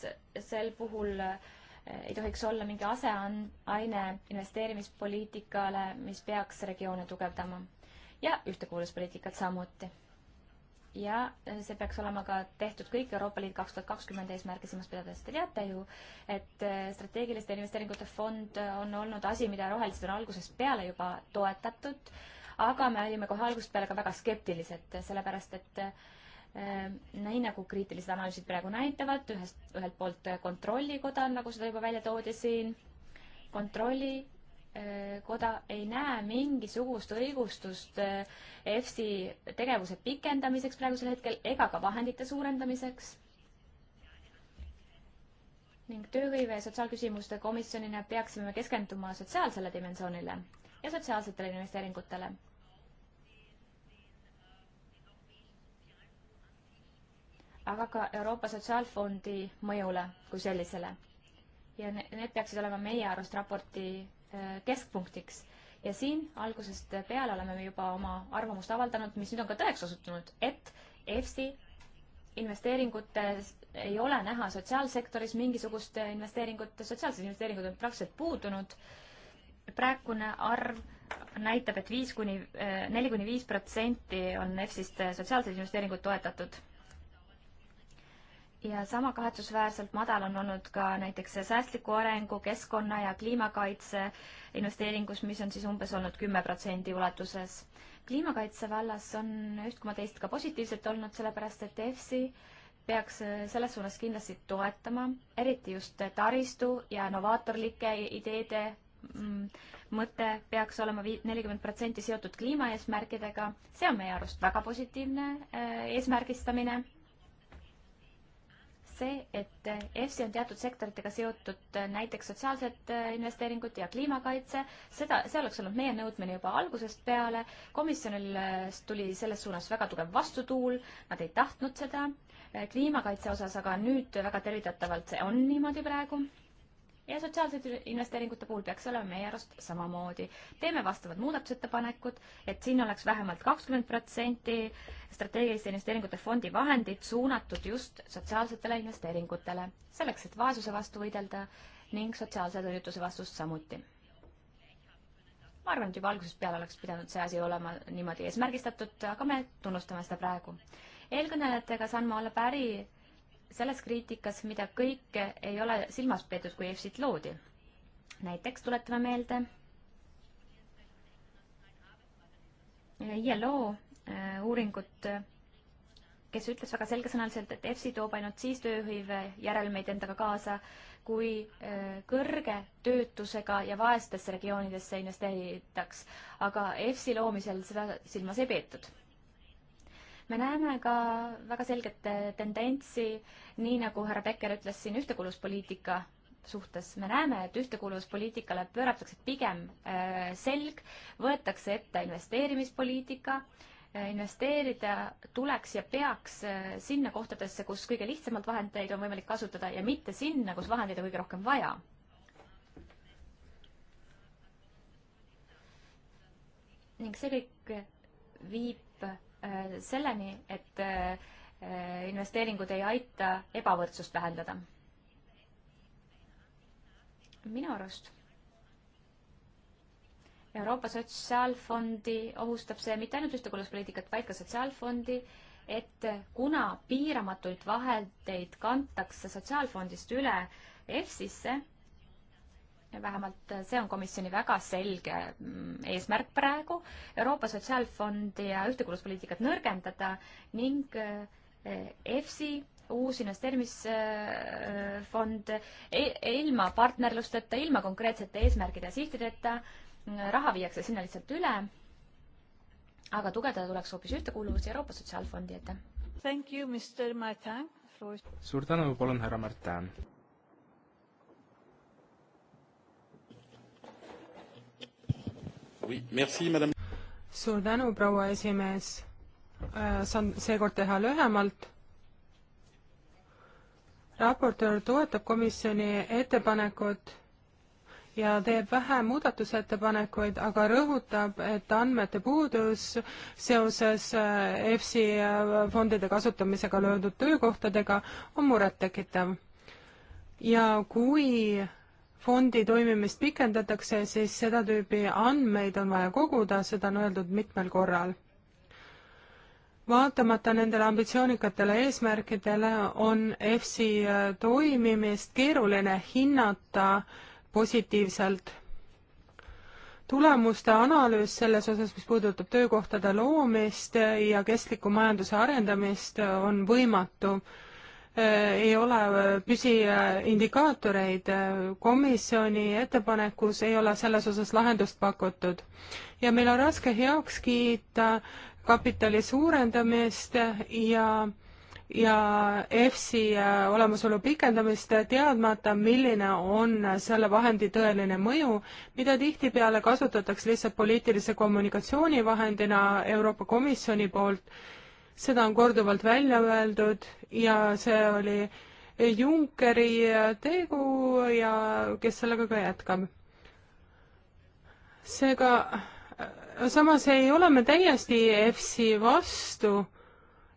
sel puhul eh, ei tohiks olla mingi aseaine investeerimispoliitikale, mis peaks regioone tugevdama ja ühtekuuluvuspoliitikat samuti ja äh, see peaks olema ka tehtud kõik Euroopa Liit kaks tuhat kakskümmend eesmärgi silmas pidades. Te teate ju, et äh, strateegiliste investeeringute fond äh, on olnud asi, mida rohelised on algusest peale juba toetatud, aga me olime kohe algusest peale ka väga skeptilised, sellepärast et nii nagu kriitilised analüüsid praegu näitavad, ühest, ühelt poolt kontrollikoda, nagu seda juba välja toodi siin, kontrolli koda ei näe mingisugust õigustust eh, EFSI tegevuse pikendamiseks praegusel hetkel ega ka vahendite suurendamiseks. ning tööhõive ja sotsiaalküsimuste komisjonina peaksime keskenduma sotsiaalsele dimensioonile ja sotsiaalsetele investeeringutele. aga ka Euroopa Sotsiaalfondi mõjule kui sellisele. ja need peaksid olema meie arust raporti keskpunktiks. ja siin algusest peale oleme me juba oma arvamust avaldanud, mis nüüd on ka tõeks osutunud, et EFSI investeeringutes ei ole näha sotsiaalsektoris mingisugust investeeringut, sotsiaalsed investeeringud on praktiliselt puudunud. praegune arv näitab et, et viis kuni, eh, neli kuni viis protsenti on EFSist sotsiaalseid investeeringuid toetatud ja sama kahetsusväärselt madal on olnud ka näiteks säästliku arengu, keskkonna ja kliimakaitse investeeringus, mis on siis umbes olnud kümme protsendi ulatuses. kliimakaitse vallas on üht koma teist ka positiivset olnud, sellepärast et EFSI peaks selles suunas kindlasti toetama, eriti just taristu ja novaatorlike ideede mm, mõte peaks olema vii-, nelikümmend protsenti seotud kliimaeesmärkidega, see on meie arust väga positiivne äh, eesmärgistamine see, et EFSI on teatud sektoritega seotud, äh, näiteks sotsiaalsed äh, investeeringud ja kliimakaitse, seda, see oleks olnud meie nõudmine juba algusest peale, komisjonil äh, tuli selles suunas väga tugev vastutuul, nad ei tahtnud seda, kliimakaitse osas aga nüüd väga tervitatavalt see on niimoodi praegu ja sotsiaalsete investeeringute puhul peaks olema meie arust samamoodi. teeme vastavad muudatusettepanekud, et siin oleks vähemalt kakskümmend protsenti strateegiliste investeeringute fondi vahendid suunatud just sotsiaalsetele investeeringutele, selleks et vaesuse vastu võidelda ning sotsiaalse tõrjutuse vastust samuti ma arvan, et juba algusest peale oleks pidanud see asi olema niimoodi eesmärgistatud, aga me tunnustame seda praegu. eelkõnelejatega saan ma olla päri selles kriitikas, mida kõike ei ole silmas peetud, kui EFSit loodi. näiteks tuletame meelde ILO äh, uuringut, kes ütles väga selgesõnaliselt, et EFSI toob ainult siis tööhõive järelmeid endaga kaasa, kui äh, kõrge töötusega ja vaestesse regioonidesse investeeritaks. aga EFSI loomisel seda silmas ei peetud me näeme ka väga selget äh, tendentsi, nii nagu härra Becker ütles siin ühtekuuluvuspoliitika suhtes, me näeme, et ühtekuuluvuspoliitikale pööratakse pigem äh, selg, võetakse ette investeerimispoliitika, äh, investeerida tuleks ja peaks sinna kohtadesse, kus kõige lihtsamalt vahendeid on võimalik kasutada ja mitte sinna, kus vahendeid on kõige rohkem vaja ning see kõik viib Äh, selleni, et äh, investeeringud ei aita ebavõrdsust vähendada. minu arust Euroopa Sotsiaalfondi ohustab see mitte ainult ühtekuuluvuspoliitikat, vaid ka Sotsiaalfondi, et kuna piiramatuid vahendeid kantakse Sotsiaalfondist üle EFSisse, vähemalt see on komisjoni väga selge mm, eesmärk praegu, Euroopa Sotsiaalfondi ja ühtekuuluvuspoliitikat nõrgendada ning eh, EFSI uus investeerimisfond eh, eh, ilma partnerlusteta, ilma konkreetsete eesmärgide ja sihtideta, mm, raha viiakse sinna lihtsalt üle, aga tugevdada tuleks hoopis ühtekuuluvust ja Euroopa Sotsiaalfondi, aitäh! suur tänu, palun härra Mart Tään! suur tänu, proua esimees. Äh, saan seekord teha lühemalt. raportöör toetab komisjoni ettepanekut ja teeb vähe muudatusettepanekuid, aga rõhutab, et andmete puudus seoses äh, EFSI äh, fondide kasutamisega löödud töökohtadega on murettekitav. ja kui fondi toimimist pikendatakse, siis seda tüüpi andmeid on vaja koguda, seda on öeldud mitmel korral. vaatamata nendele ambitsioonikatele eesmärkidele on EFSI äh, toimimist keeruline hinnata positiivselt. tulemuste analüüs selles osas, mis puudutab töökohtade loomist ja kestliku majanduse arendamist, on võimatu Äh, ei ole äh, püsiindikaatoreid, äh, komisjoni ettepanekus ei ole selles osas lahendust pakutud. ja meil on raske heaks kiita kapitali suurendamist ja ja EFSi olemasolu pikendamist, teadmata, milline on selle vahendi tõeline mõju, mida tihtipeale kasutatakse lihtsalt poliitilise kommunikatsiooni vahendina Euroopa Komisjoni poolt seda on korduvalt välja öeldud ja see oli Junckeri tegu ja kes sellega ka jätkab. seega samas ei ole me täiesti EFSi vastu,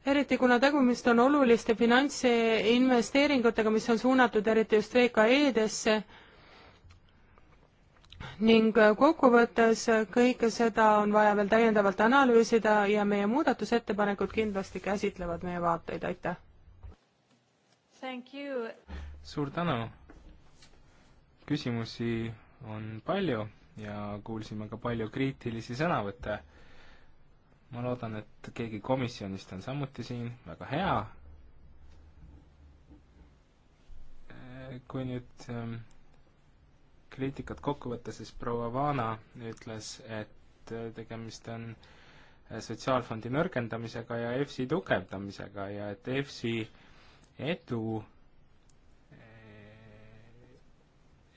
eriti kuna tegemist on oluliste finantsinvesteeringutega, mis on suunatud eriti just VKE-desse ning äh, kokkuvõttes äh, kõike seda on vaja veel täiendavalt analüüsida ja meie muudatusettepanekud kindlasti käsitlevad meie vaateid, aitäh! suur tänu! küsimusi on palju ja kuulsime ka palju kriitilisi sõnavõtte. ma loodan, et keegi komisjonist on samuti siin, väga hea. Äh, kui nüüd ähm, kriitikat kokku võtta, siis proua Vana ütles, et tegemist on sotsiaalfondi nõrgendamisega ja EFSi tugevdamisega ja et EFSi edu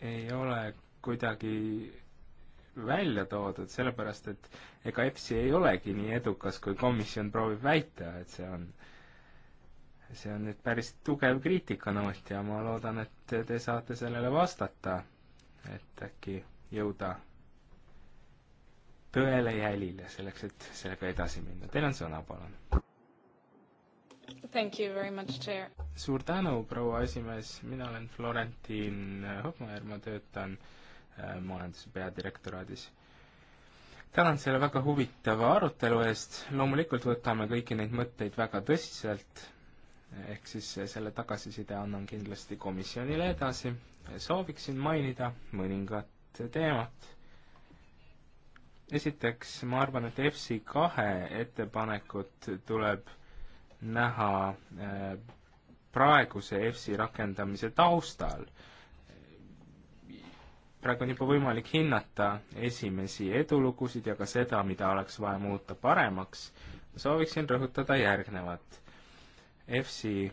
ei ole kuidagi välja toodud, sellepärast et ega EFSi ei olegi nii edukas, kui komisjon proovib väita, et see on. see on nüüd päris tugev kriitikanoot ja ma loodan, et te saate sellele vastata et äkki jõuda tõele jälile, selleks et sellega edasi minna. Teil on sõna, palun. suur tänu, proua esimees, mina olen Florentin Hõbmajärv, ma töötan äh, majanduse peadirektoraadis tänan selle väga huvitava arutelu eest, loomulikult võtame kõiki neid mõtteid väga tõsiselt, ehk siis selle tagasiside annan kindlasti komisjonile edasi sooviksin mainida mõningat teemat. esiteks, ma arvan, et FC kahe ettepanekut tuleb näha äh, praeguse EFSI rakendamise taustal. praegu on juba võimalik hinnata esimesi edulugusid ja ka seda, mida oleks vaja muuta paremaks. ma sooviksin rõhutada järgnevat. EFSI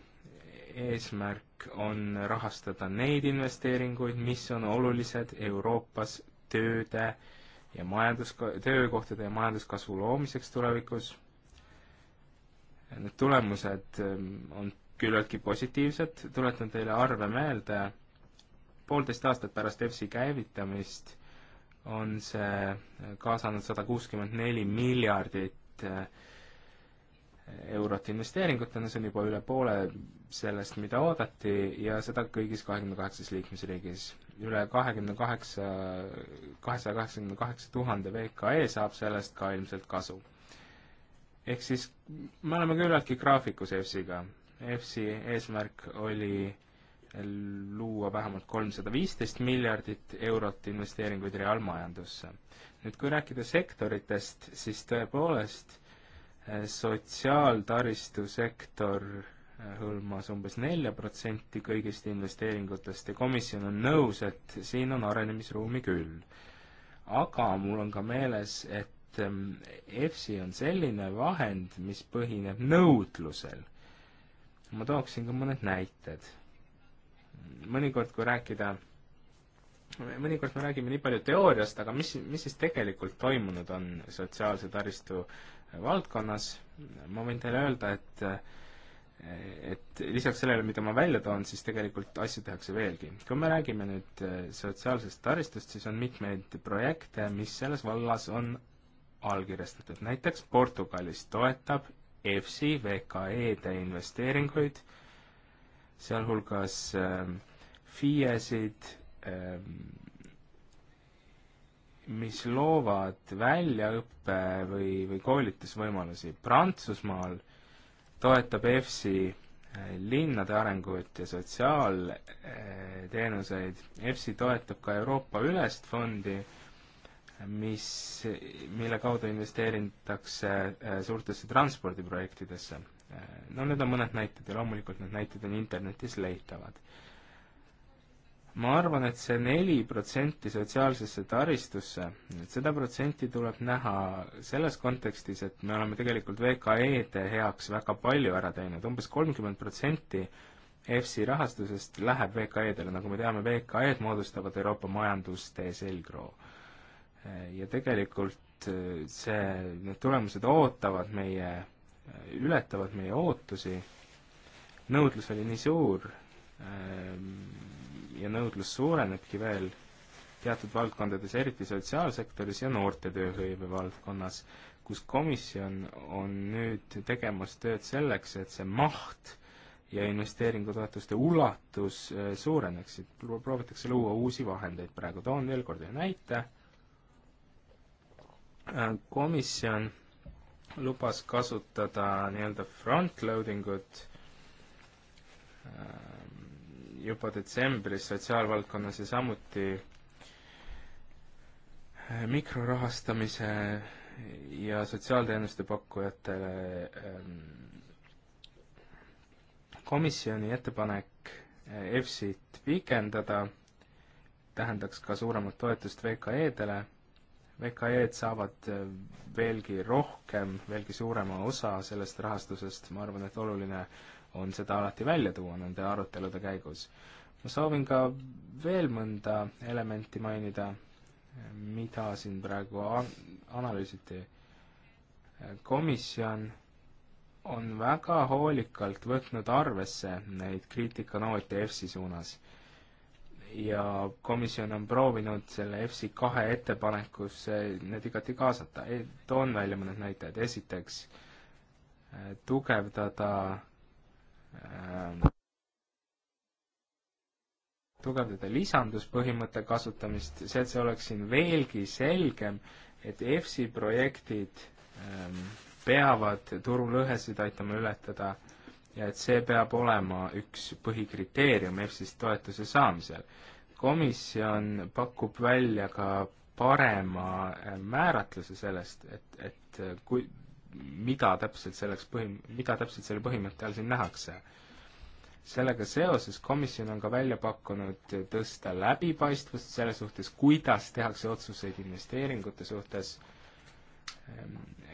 eesmärk on rahastada neid investeeringuid, mis on olulised Euroopas tööde ja majandus, töökohtade ja majanduskasvu loomiseks tulevikus. Need tulemused ähm, on küllaltki positiivsed, tuletan teile arve meelde, poolteist aastat pärast EFSi käivitamist on see kaasa andnud sada kuuskümmend neli miljardit äh, eurot investeeringutena, see on juba üle poole sellest, mida oodati ja seda kõigis kahekümne kaheksas liikmesriigis. üle kahekümne kaheksa, kahesaja kaheksakümne kaheksa tuhande VKE saab sellest ka ilmselt kasu. ehk siis me oleme küllaltki graafikus EFSiga. EFSi eesmärk oli luua vähemalt kolmsada viisteist miljardit eurot investeeringuid reaalmajandusse. nüüd, kui rääkida sektoritest, siis tõepoolest Eh, sotsiaaltaristusektor eh, hõlmas umbes nelja protsenti kõigist investeeringutest ja komisjon on nõus, et siin on arenemisruumi küll. aga mul on ka meeles, et ehm, EFSI on selline vahend, mis põhineb nõudlusel. ma tooksin ka mõned näited. mõnikord, kui rääkida, mõnikord me räägime nii palju teooriast, aga mis, mis siis tegelikult toimunud on sotsiaalse taristu äh, valdkonnas, ma võin teile öelda, et et lisaks sellele, mida ma välja toon, siis tegelikult asju tehakse veelgi. kui me räägime nüüd eh, sotsiaalsest taristust, siis on mitmeid projekte, mis selles vallas on allkirjastatud, näiteks Portugalis toetab EFSI VKE-de investeeringuid, sealhulgas äh, FIE-sid äh,, mis loovad väljaõppe või, või koolitusvõimalusi. Prantsusmaal toetab EFSI eh, linnade arengut ja sotsiaalteenuseid. EFSI toetab ka Euroopa ülest fondi, mis, mille kaudu investeeritakse eh, suurtesse transpordiprojektidesse. Eh, no need on mõned näited ja loomulikult need näited on internetis leitavad ma arvan, et see neli protsenti sotsiaalsesse taristusse, et seda protsenti tuleb näha selles kontekstis, et me oleme tegelikult VKE-de heaks väga palju ära teinud, umbes kolmkümmend protsenti EFSI rahastusest läheb VKE-dele, nagu me teame, VKE-d moodustavad Euroopa majandustee selgroo. ja tegelikult äh, see, need tulemused ootavad meie, ületavad meie ootusi, nõudlus oli nii suur, Ehm, ja nõudlus suurenebki veel teatud valdkondades, eriti sotsiaalsektoris ja noorte tööhõive valdkonnas, kus komisjon on nüüd tegemas tööd selleks, et see maht ja investeeringutoetuste ulatus eh, suureneksid, proovitakse luua uusi vahendeid praegu, toon veel kord ühe näite, äh, komisjon lubas kasutada nii-öelda front-loading ut äh, juba detsembris sotsiaalvaldkonnas ja samuti äh, mikrorahastamise ja sotsiaalteenuste pakkujatele ähm, komisjoni ettepanek äh, EFSit pikendada tähendaks ka suuremat toetust VKE-dele. VKE-d saavad äh, veelgi rohkem, veelgi suurema osa sellest rahastusest, ma arvan, et oluline on seda alati välja tuua nende arutelude käigus. ma soovin ka veel mõnda elementi mainida, mida siin praegu an-, analüüsiti. komisjon on väga hoolikalt võtnud arvesse neid kriitikanoote EFSi suunas. ja komisjon on proovinud selle EFSi kahe ettepanekusse need igati kaasata e,. toon välja mõned näited, esiteks tugevdada äh, Ähm, tugevdada lisanduspõhimõtte kasutamist, see, et see oleks siin veelgi selgem, et EFSI projektid ähm, peavad turulõhesid aitama ületada ja et see peab olema üks põhikriteerium EFSI-st toetuse saamisel. komisjon pakub välja ka parema äh, määratluse sellest, et, et kui mida täpselt selleks põhim-, mida täpselt selle põhimõtte all siin nähakse. sellega seoses komisjon on ka välja pakkunud tõsta läbipaistvust selle suhtes, kuidas tehakse otsuseid investeeringute suhtes,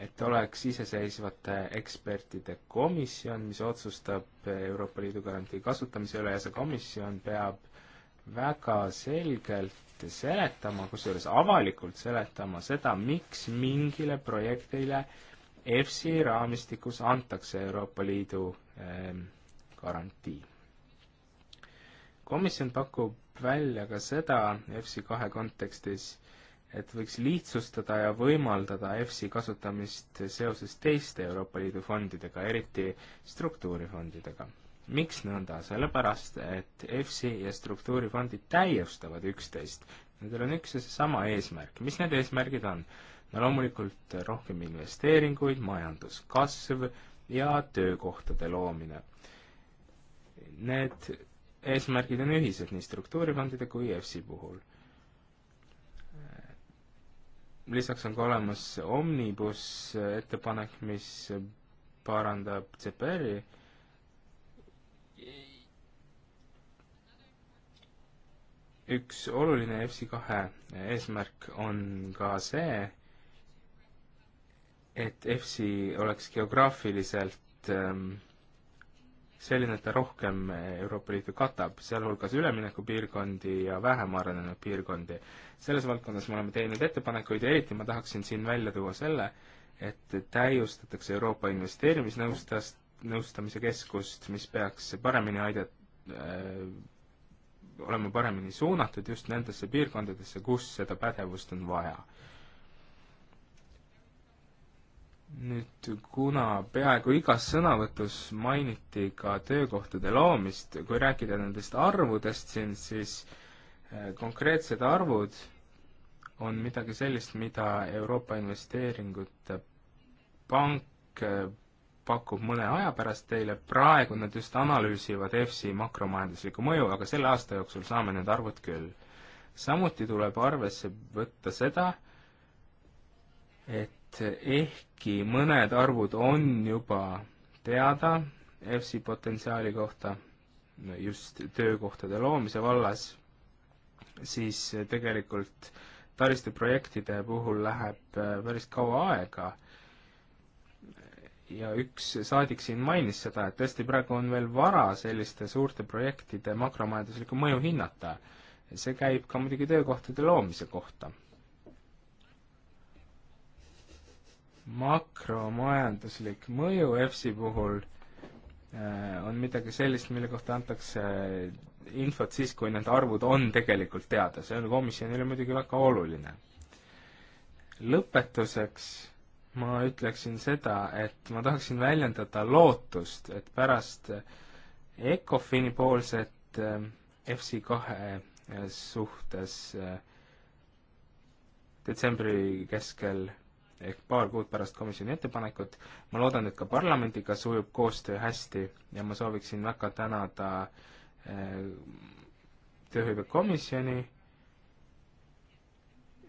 et oleks iseseisvate ekspertide komisjon, mis otsustab Euroopa Liidu garantii kasutamise üle ja see komisjon peab väga selgelt seletama, kusjuures avalikult seletama seda, miks mingile projektile äh, EFSI raamistikus antakse Euroopa Liidu ehm, garantii. komisjon pakub välja ka seda EFSI kahe kontekstis, et võiks lihtsustada ja võimaldada EFSI kasutamist seoses teiste Euroopa Liidu fondidega, eriti struktuurifondidega. miks nõnda? sellepärast, et EFSI ja struktuurifondid täiustavad üksteist. Nendel on üks ja seesama eesmärk. mis need eesmärgid on? loomulikult rohkem investeeringuid, majanduskasv ja töökohtade loomine. Need eesmärgid on ühised nii struktuurifondide kui EFSi puhul. lisaks on ka olemas Omnibus ettepanek, mis parandab CPR-i üks oluline FC kahe eesmärk on ka see, et EFSI oleks geograafiliselt ähm, selline, et ta rohkem Euroopa Liitu katab, sealhulgas üleminekupiirkondi ja vähem arenenud piirkondi. selles valdkonnas me oleme teinud ettepanekuid ja eriti ma tahaksin siin välja tuua selle, et täiustatakse Euroopa Investeerimisnõustast, nõustamise keskust, mis peaks paremini aidat- äh,, olema paremini suunatud just nendesse piirkondadesse, kus seda pädevust on vaja nüüd kuna peaaegu igas sõnavõtus mainiti ka töökohtade loomist, kui rääkida nendest arvudest siin, siis äh, konkreetsed arvud on midagi sellist, mida Euroopa Investeeringute Pank äh, pakub mõne aja pärast teile, praegu nad just analüüsivad EFSI makromajanduslikku mõju, aga selle aasta jooksul saame need arvud küll. samuti tuleb arvesse võtta seda, et et ehkki mõned arvud on juba teada EFSi potentsiaali kohta just töökohtade loomise vallas, siis tegelikult taristuprojektide puhul läheb äh, päris kaua aega. ja üks saadik siin mainis seda, et tõesti praegu on veel vara selliste suurte projektide makromajanduslikku mõju hinnata. see käib ka muidugi töökohtade loomise kohta makromajanduslik mõju EFSi puhul äh, on midagi sellist, mille kohta antakse äh, infot siis, kui need arvud on tegelikult teada, see on komisjonile muidugi väga oluline. lõpetuseks ma ütleksin seda, et ma tahaksin väljendada lootust, et pärast ECOFIN-i poolset äh, EFSI kahe äh, suhtes detsembri keskel ehk paar kuud pärast komisjoni ettepanekut. ma loodan, et ka parlamendiga sujub koostöö hästi ja ma sooviksin väga tänada eh, tööhõivekomisjoni,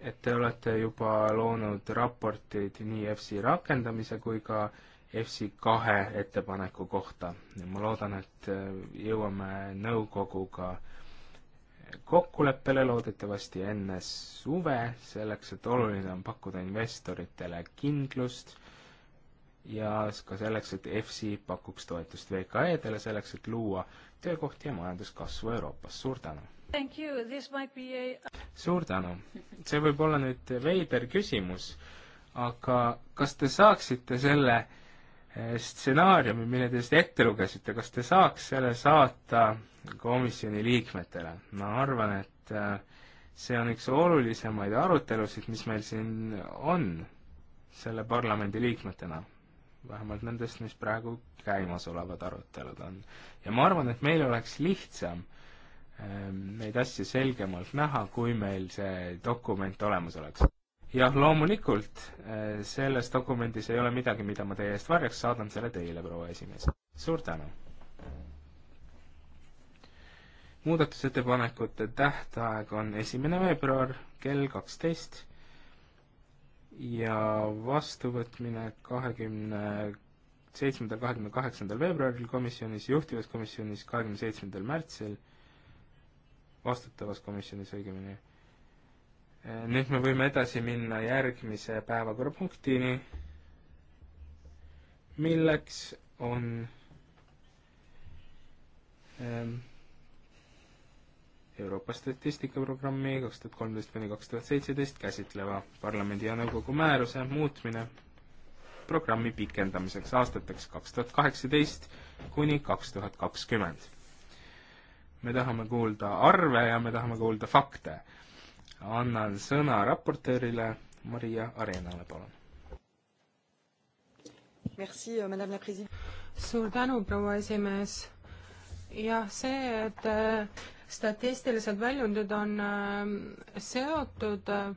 et te olete juba loonud raportid nii EFSI rakendamise kui ka EFSI kahe ettepaneku kohta ja ma loodan, et eh, jõuame nõukoguga äh, kokkuleppele loodetavasti enne suve, selleks et oluline on pakkuda investoritele kindlust ja ka selleks, et EFSI pakuks toetust VKE-dele, selleks et luua töökohti ja majanduskasvu Euroopas. suur tänu! A... suur tänu! see võib olla nüüd veider küsimus, aga kas te saaksite selle eh, stsenaariumi, mille te just ette lugesite, kas te saaks selle saata komisjoni liikmetele. ma arvan, et äh, see on üks olulisemaid arutelusid, mis meil siin on selle parlamendi liikmetena. vähemalt nendest, mis praegu käimasolevad arutelud on. ja ma arvan, et meil oleks lihtsam ähm, neid asju selgemalt näha, kui meil see dokument olemas oleks. jah, loomulikult, äh, selles dokumendis ei ole midagi, mida ma teie eest varjaks, saadan selle teile, proua esimees. suur tänu! muudatusettepanekute tähtaeg on esimene veebruar kell kaksteist ja vastuvõtmine kahekümne seitsmendal, kahekümne kaheksandal veebruaril komisjonis, juhtivas komisjonis kahekümne seitsmendal märtsil, vastutavas komisjonis õigemini. nüüd me võime edasi minna järgmise päevakorrapunktini, milleks on ähm, Euroopa statistikaprogrammi kaks tuhat kolmteist kuni kaks tuhat seitseteist käsitleva parlamendi ja nõukogu määruse muutmine programmi pikendamiseks aastateks kaks tuhat kaheksateist kuni kaks tuhat kakskümmend. me tahame kuulda arve ja me tahame kuulda fakte. annan sõna raportöörile Maria Arenale, palun. Euh, suur tänu, proua esimees. jah, see, et statistilised väljundid on äh, seotud äh,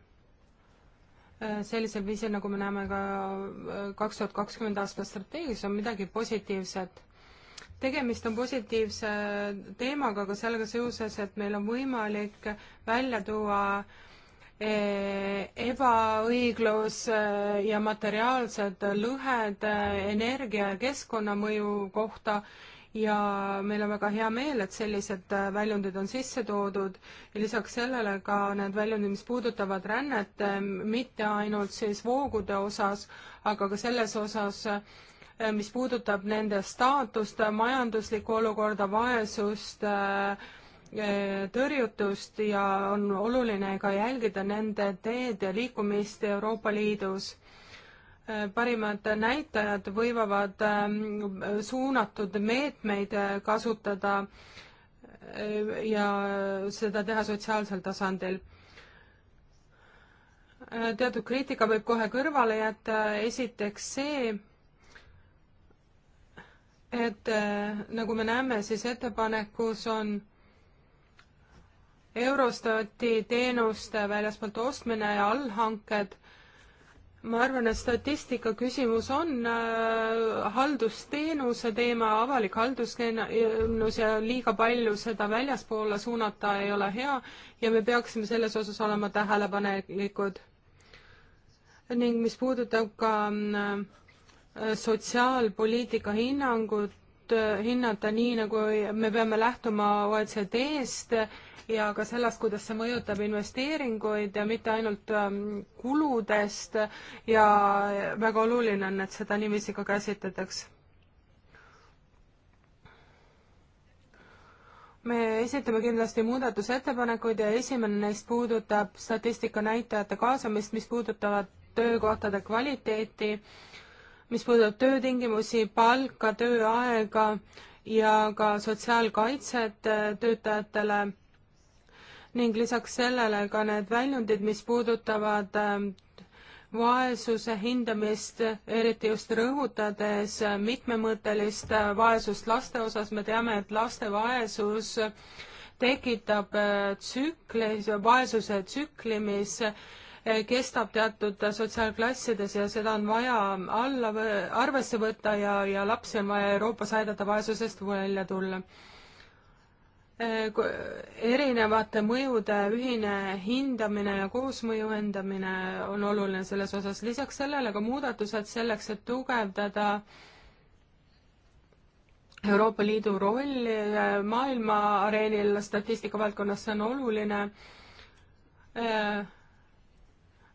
sellisel viisil, nagu me näeme ka äh, kaks tuhat kakskümmend aasta strateegias, on midagi positiivset. tegemist on positiivse teemaga ka sellega seoses, et meil on võimalik välja tuua ebaõiglus ja materiaalsed lõhed energia ja keskkonnamõju kohta ja meil on väga hea meel, et sellised äh, väljundid on sisse toodud ja lisaks sellele ka need väljundid, mis puudutavad rännet, äh, mitte ainult siis voogude osas, aga ka selles osas, äh, mis puudutab nende staatust, majanduslikku olukorda, vaesust, tõrjutust ja on oluline ka jälgida nende teed ja liikumist Euroopa Liidus parimad näitajad võivad ähm, suunatud meetmeid äh, kasutada äh, ja seda teha sotsiaalsel tasandil. Äh, teatud kriitika võib kohe kõrvale jätta, esiteks see, et nagu me näeme, siis ettepanekus on Eurostati teenuste väljaspoolt ostmine ja allhanked ma arvan, et statistika küsimus on äh, haldusteenuse teema, avalik haldusteenus ja liiga palju seda väljaspoole suunata ei ole hea ja me peaksime selles osas olema tähelepanelikud. ning mis puudutab ka äh, sotsiaalpoliitika hinnangut, äh, hinnata nii, nagu me peame lähtuma OECD-st äh,, ja ka sellest, kuidas see mõjutab investeeringuid ja mitte ainult ähm, kuludest ja väga oluline on, et seda niiviisi ka käsitletaks. me esitame kindlasti muudatusettepanekuid ja esimene neist puudutab statistikanäitajate kaasamist, mis puudutavad töökohtade kvaliteeti mis puudutab töötingimusi, palka, tööaega ja ka sotsiaalkaitset äh, töötajatele ning lisaks sellele ka need väljundid, mis puudutavad ähm, vaesuse hindamist, eriti just rõhutades mitmemõttelist äh, vaesust laste osas, me teame, et laste vaesus tekitab äh, tsükli, vaesuse tsükli, mis äh, kestab teatud sotsiaalklassides ja seda on vaja alla, arvesse võtta ja, ja lapsi on vaja Euroopas aidata vaesusest välja tulla Äh, erinevate mõjude ühine hindamine ja koosmõju hindamine on oluline selles osas, lisaks sellele ka muudatused selleks, et tugevdada Euroopa Liidu roll äh, maailma areenil statistika valdkonnas, see on oluline äh,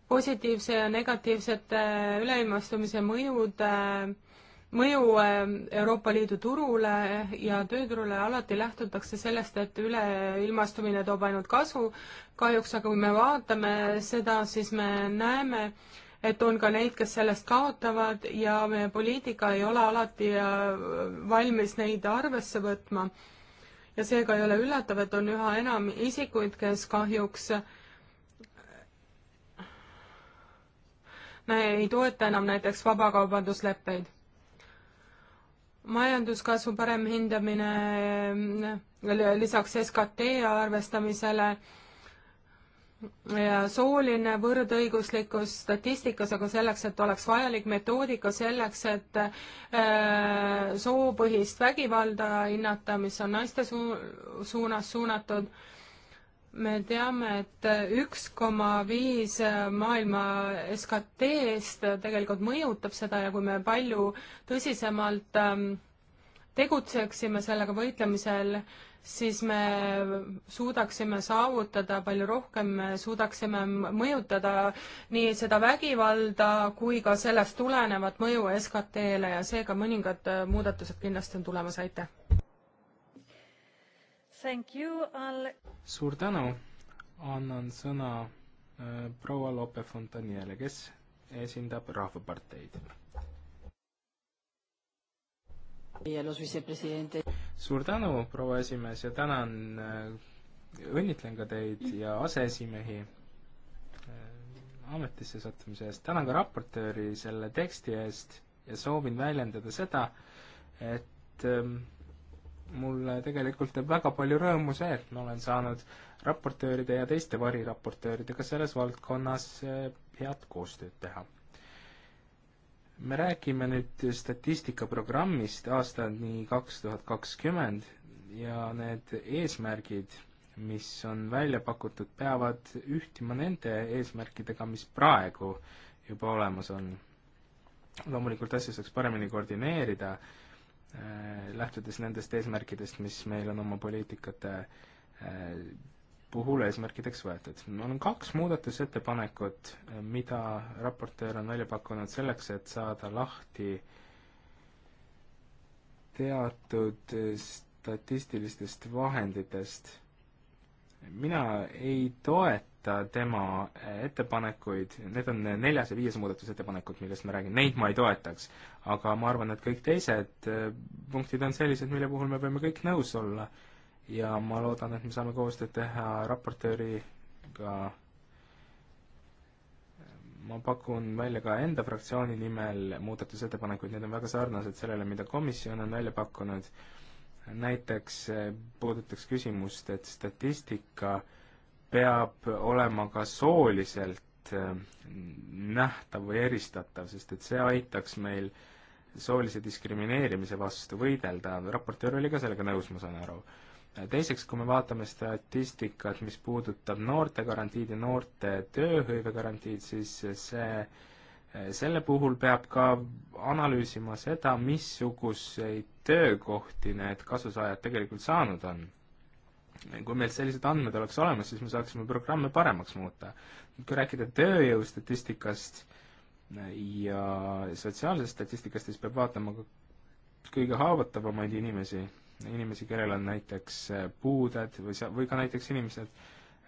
positiivse ja negatiivsete üleilmastumise mõjude mõju ähm, Euroopa Liidu turule ja tööturule alati lähtutakse sellest, et üleilmastumine toob ainult kasu, kahjuks aga kui me vaatame seda, siis me näeme, et on ka neid, kes sellest kaotavad ja meie poliitika ei ole alati äh, valmis neid arvesse võtma. ja seega ei ole üllatav, et on üha enam isikuid, kes kahjuks äh, me ei toeta enam näiteks vabakaubandusleppeid majanduskasvu parem hindamine mm, lisaks SKT arvestamisele ja sooline võrdõiguslikkus statistikas, aga selleks, et oleks vajalik metoodika selleks, et äh, soopõhist vägivalda hinnata, mis on naiste su suunas suunatud äh,, me teame, et üks koma viis maailma SKT-st tegelikult mõjutab seda ja kui me palju tõsisemalt ähm, tegutseksime sellega võitlemisel, siis me suudaksime saavutada palju rohkem, me suudaksime mõjutada nii seda vägivalda kui ka sellest tulenevat mõju SKT-le ja seega mõningad muudatused kindlasti on tulemas, aitäh! suur tänu, annan sõna äh, proua Lope Fontaniele, kes esindab Rahvaparteid. suur tänu, proua esimees, ja tänan äh,, õnnitlen ka teid ja aseesimehi äh, ametisse sattumise eest, tänan ka raportööri selle teksti eest ja soovin väljendada seda, et ähm, mulle tegelikult teeb väga palju rõõmu see, et ma olen saanud raportööride ja teiste variraportööridega selles valdkonnas eh, head koostööd teha. me räägime nüüd statistikaprogrammist aastani kaks tuhat kakskümmend ja need eesmärgid, mis on välja pakutud, peavad ühtima nende eesmärkidega, mis praegu juba olemas on. loomulikult asju saaks paremini koordineerida Äh, lähtudes nendest eesmärkidest, mis meil on oma poliitikate äh, puhul eesmärkideks võetud. mul on kaks muudatusettepanekut, äh, mida raportöör on välja pakkunud selleks, et saada lahti teatud statistilistest vahenditest. mina ei toeta kuulata äh, tema äh, ettepanekuid, need on neljas ja viies muudatusettepanekud, millest ma räägin, neid ma ei toetaks. aga ma arvan, et kõik teised äh, punktid on sellised, mille puhul me võime kõik nõus olla ja ma loodan, et me saame koostööd teha raportööriga. ma pakun välja ka enda fraktsiooni nimel muudatusettepanekuid, need on väga sarnased sellele, mida komisjon on välja pakkunud näiteks puudutaks küsimust, et statistika äh, peab olema ka sooliselt äh, nähtav või eristatav, sest et see aitaks meil soolise diskrimineerimise vastu võidelda, raportöör oli ka sellega nõus, ma saan aru. Äh, teiseks, kui me vaatame statistikat, mis puudutab noortegarantiid ja noorte tööhõivegarantiid, siis see, äh, selle puhul peab ka analüüsima seda, missuguseid töökohti need kasusaajad tegelikult saanud on kui meil sellised andmed oleks olemas, siis me saaksime programme paremaks muuta. kui rääkida tööjõustatistikast äh, ja sotsiaalsest statistikast, siis peab vaatama ka kõige haavatavamaid inimesi, inimesi, kellel on näiteks äh, puuded või sa-, või ka näiteks inimesed,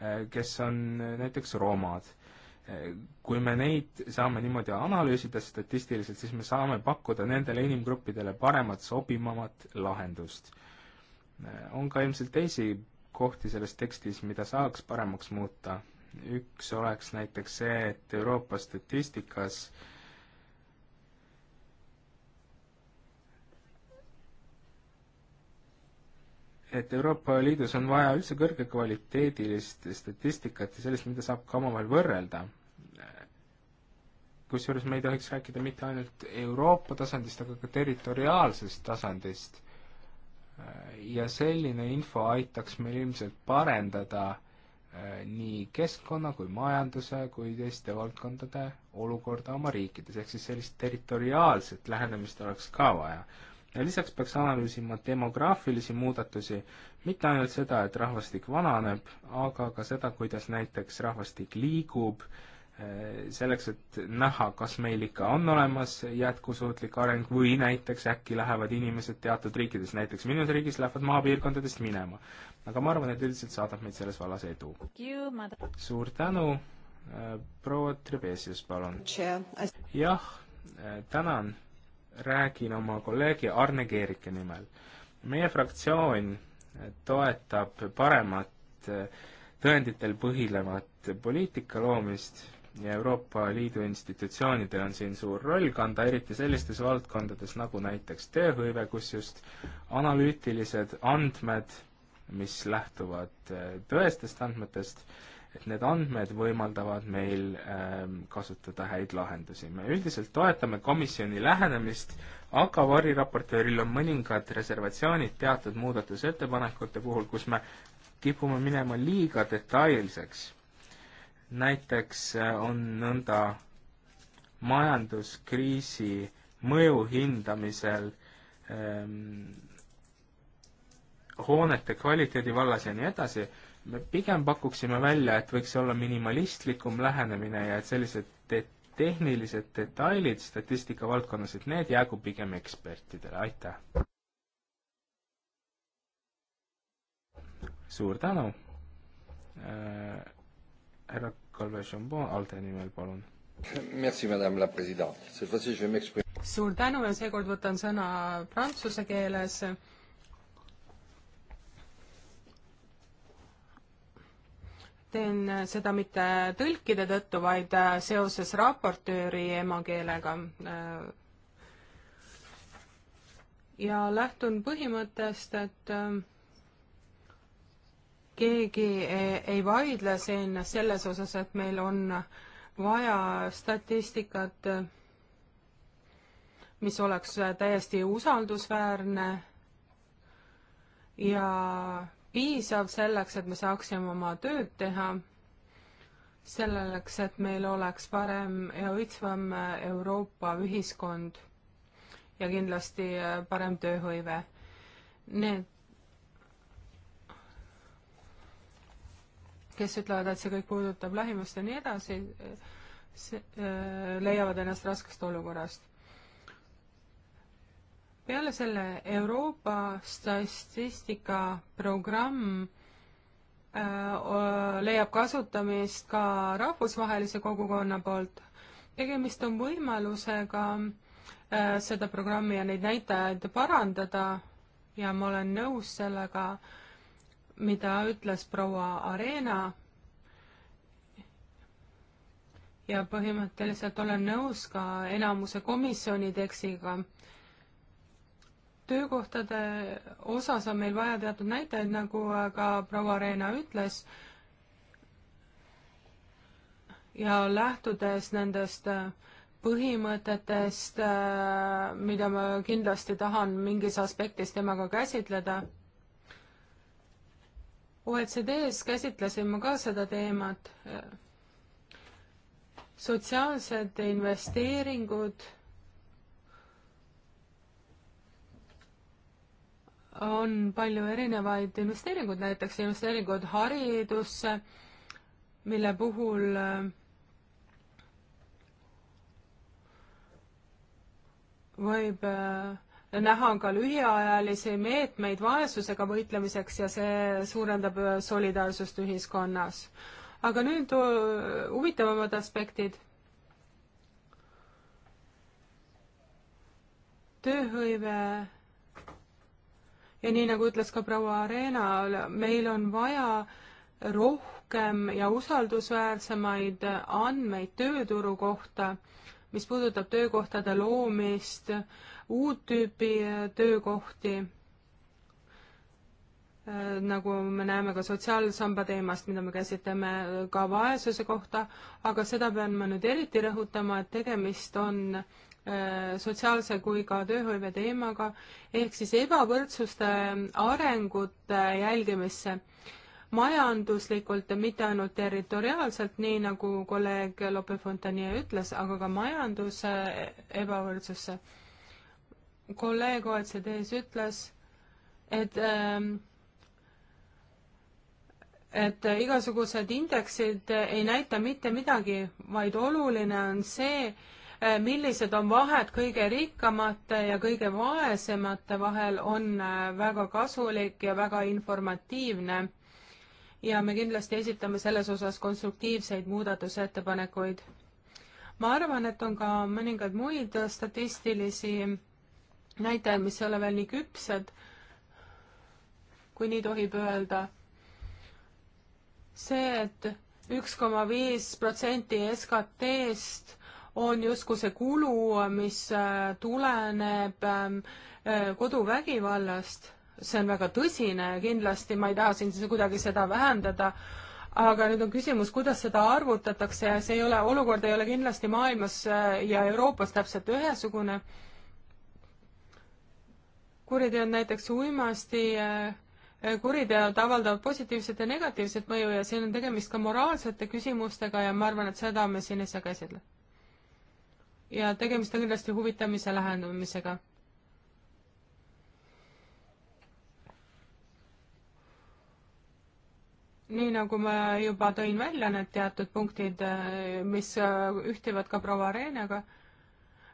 äh, kes on näiteks romad. Kui me neid saame niimoodi analüüsida statistiliselt, siis me saame pakkuda nendele inimgruppidele paremat, sobivamat lahendust. on ka ilmselt teisi kohti selles tekstis, mida saaks paremaks muuta. üks oleks näiteks see, et Euroopa statistikas et Euroopa Liidus on vaja üldse kõrgekvaliteedilist statistikat ja sellist, mida saab ka omavahel võrrelda. kusjuures me ei tohiks rääkida mitte ainult Euroopa tasandist, aga ka territoriaalsest tasandist ja selline info aitaks meil ilmselt parendada äh, nii keskkonna kui majanduse kui teiste valdkondade olukorda oma riikides, ehk siis sellist territoriaalset lähenemist oleks ka vaja. ja lisaks peaks analüüsima demograafilisi muudatusi, mitte ainult seda, et rahvastik vananeb, aga ka seda, kuidas näiteks rahvastik liigub äh, Eh, selleks, et näha, kas meil ikka on olemas jätkusuutlik areng või näiteks äkki lähevad inimesed teatud riikides, näiteks minu riigis, lähevad maapiirkondadest minema. aga ma arvan, et üldiselt saadab meid selles vallas edu. suur tänu, eh, proua Trebesius, palun. jah, eh, tänan, räägin oma kolleegi Arne Keerike nimel. meie fraktsioon toetab paremat tõenditel põhinevat poliitika loomist ja Euroopa Liidu institutsioonidel on siin suur roll kanda, eriti sellistes valdkondades nagu näiteks tööhõive, kus just analüütilised andmed, mis lähtuvad äh, tõestest andmetest, et need andmed võimaldavad meil ähm, kasutada häid lahendusi. me üldiselt toetame komisjoni lähenemist, aga variraportööril on mõningad reservatsioonid teatud muudatusettepanekute puhul, kus me kipume minema liiga detailseks näiteks äh, on nõnda majanduskriisi mõju hindamisel ähm, hoonete kvaliteedi vallas ja nii edasi, me pigem pakuksime välja, et võiks olla minimalistlikum lähenemine ja et sellised te tehnilised detailid statistika valdkonnas, et need jäägu pigem ekspertidele, aitäh! suur tänu äh,, härra Kalve Šambon ALDE nimel, palun. Merci, madame la president. suur tänu ja seekord võtan sõna prantsuse keeles teen seda mitte tõlkide tõttu, vaid seoses raportööri emakeelega. ja lähtun põhimõttest, et keegi ei vaidle siin selles osas, et meil on vaja statistikat, mis oleks täiesti usaldusväärne ja piisav selleks, et me saaksime oma tööd teha, selleks, et meil oleks parem ja õitsvam Euroopa ühiskond ja kindlasti parem tööhõive. Need kes ütlevad, et see kõik puudutab lähimust ja nii edasi, see, äh, leiavad ennast raskest olukorrast. peale selle Euroopa statistikaprogramm äh, leiab kasutamist ka rahvusvahelise kogukonna poolt. tegemist on võimalusega äh, seda programmi ja neid näitajaid parandada ja ma olen nõus sellega, mida ütles proua Arena. ja põhimõtteliselt olen nõus ka enamuse komisjoni tekstiga. töökohtade osas on meil vaja teatud näitajaid, nagu ka proua Arena ütles ja lähtudes nendest põhimõtetest, mida ma kindlasti tahan mingis aspektis temaga käsitleda, OECD-s käsitlesin ma ka seda teemat, sotsiaalsed investeeringud on palju erinevaid investeeringuid, näiteks investeeringud haridusse, mille puhul äh, võib äh, näha on ka lühiajalisi meetmeid vaesusega võitlemiseks ja see suurendab solidaarsust ühiskonnas. aga nüüd äh, huvitavamad aspektid. tööhõive ja nii nagu ütles ka proua Arena, meil on vaja rohkem ja usaldusväärsemaid andmeid tööturu kohta, mis puudutab töökohtade loomist äh, uut tüüpi äh, töökohti, äh, nagu me näeme ka sotsiaalsamba teemast, mida me käsitleme äh, ka vaesuse kohta, aga seda pean ma nüüd eriti rõhutama, et tegemist on sotsiaalse kui ka tööhõive teemaga, ehk siis ebavõrdsuste arengute jälgimisse majanduslikult ja mitte ainult territoriaalselt, nii nagu kolleeg Lope Fontanier ütles, aga ka majanduse ebavõrdsusse kolleeg OECD-s ütles, et ähm, et igasugused indeksid ei näita mitte midagi, vaid oluline on see, äh, millised on vahed kõige rikkamate ja kõige vaesemate vahel, on äh, väga kasulik ja väga informatiivne. ja me kindlasti esitame selles osas konstruktiivseid muudatusettepanekuid. ma arvan, et on ka mõningaid muid statistilisi näitajad, mis ei ole veel nii küpsed, kui nii tohib öelda. see, et üks koma viis protsenti SKT-st on justkui see kulu, mis äh, tuleneb ähm, äh, koduvägivallast, see on väga tõsine ja kindlasti ma ei taha siin kuidagi seda vähendada, aga nüüd on küsimus, kuidas seda arvutatakse ja see ei ole, olukord ei ole kindlasti maailmas äh, ja Euroopas täpselt ühesugune kuriteod, näiteks uimasti eh, eh, kuriteod avaldavad positiivset ja negatiivset mõju ja siin on tegemist ka moraalsete küsimustega ja ma arvan, et seda me siin ei saa käsitleda. ja tegemist on kindlasti huvitamise lähendamisega. nii nagu ma juba tõin välja need teatud punktid, eh, mis ühtivad ka proua Reenega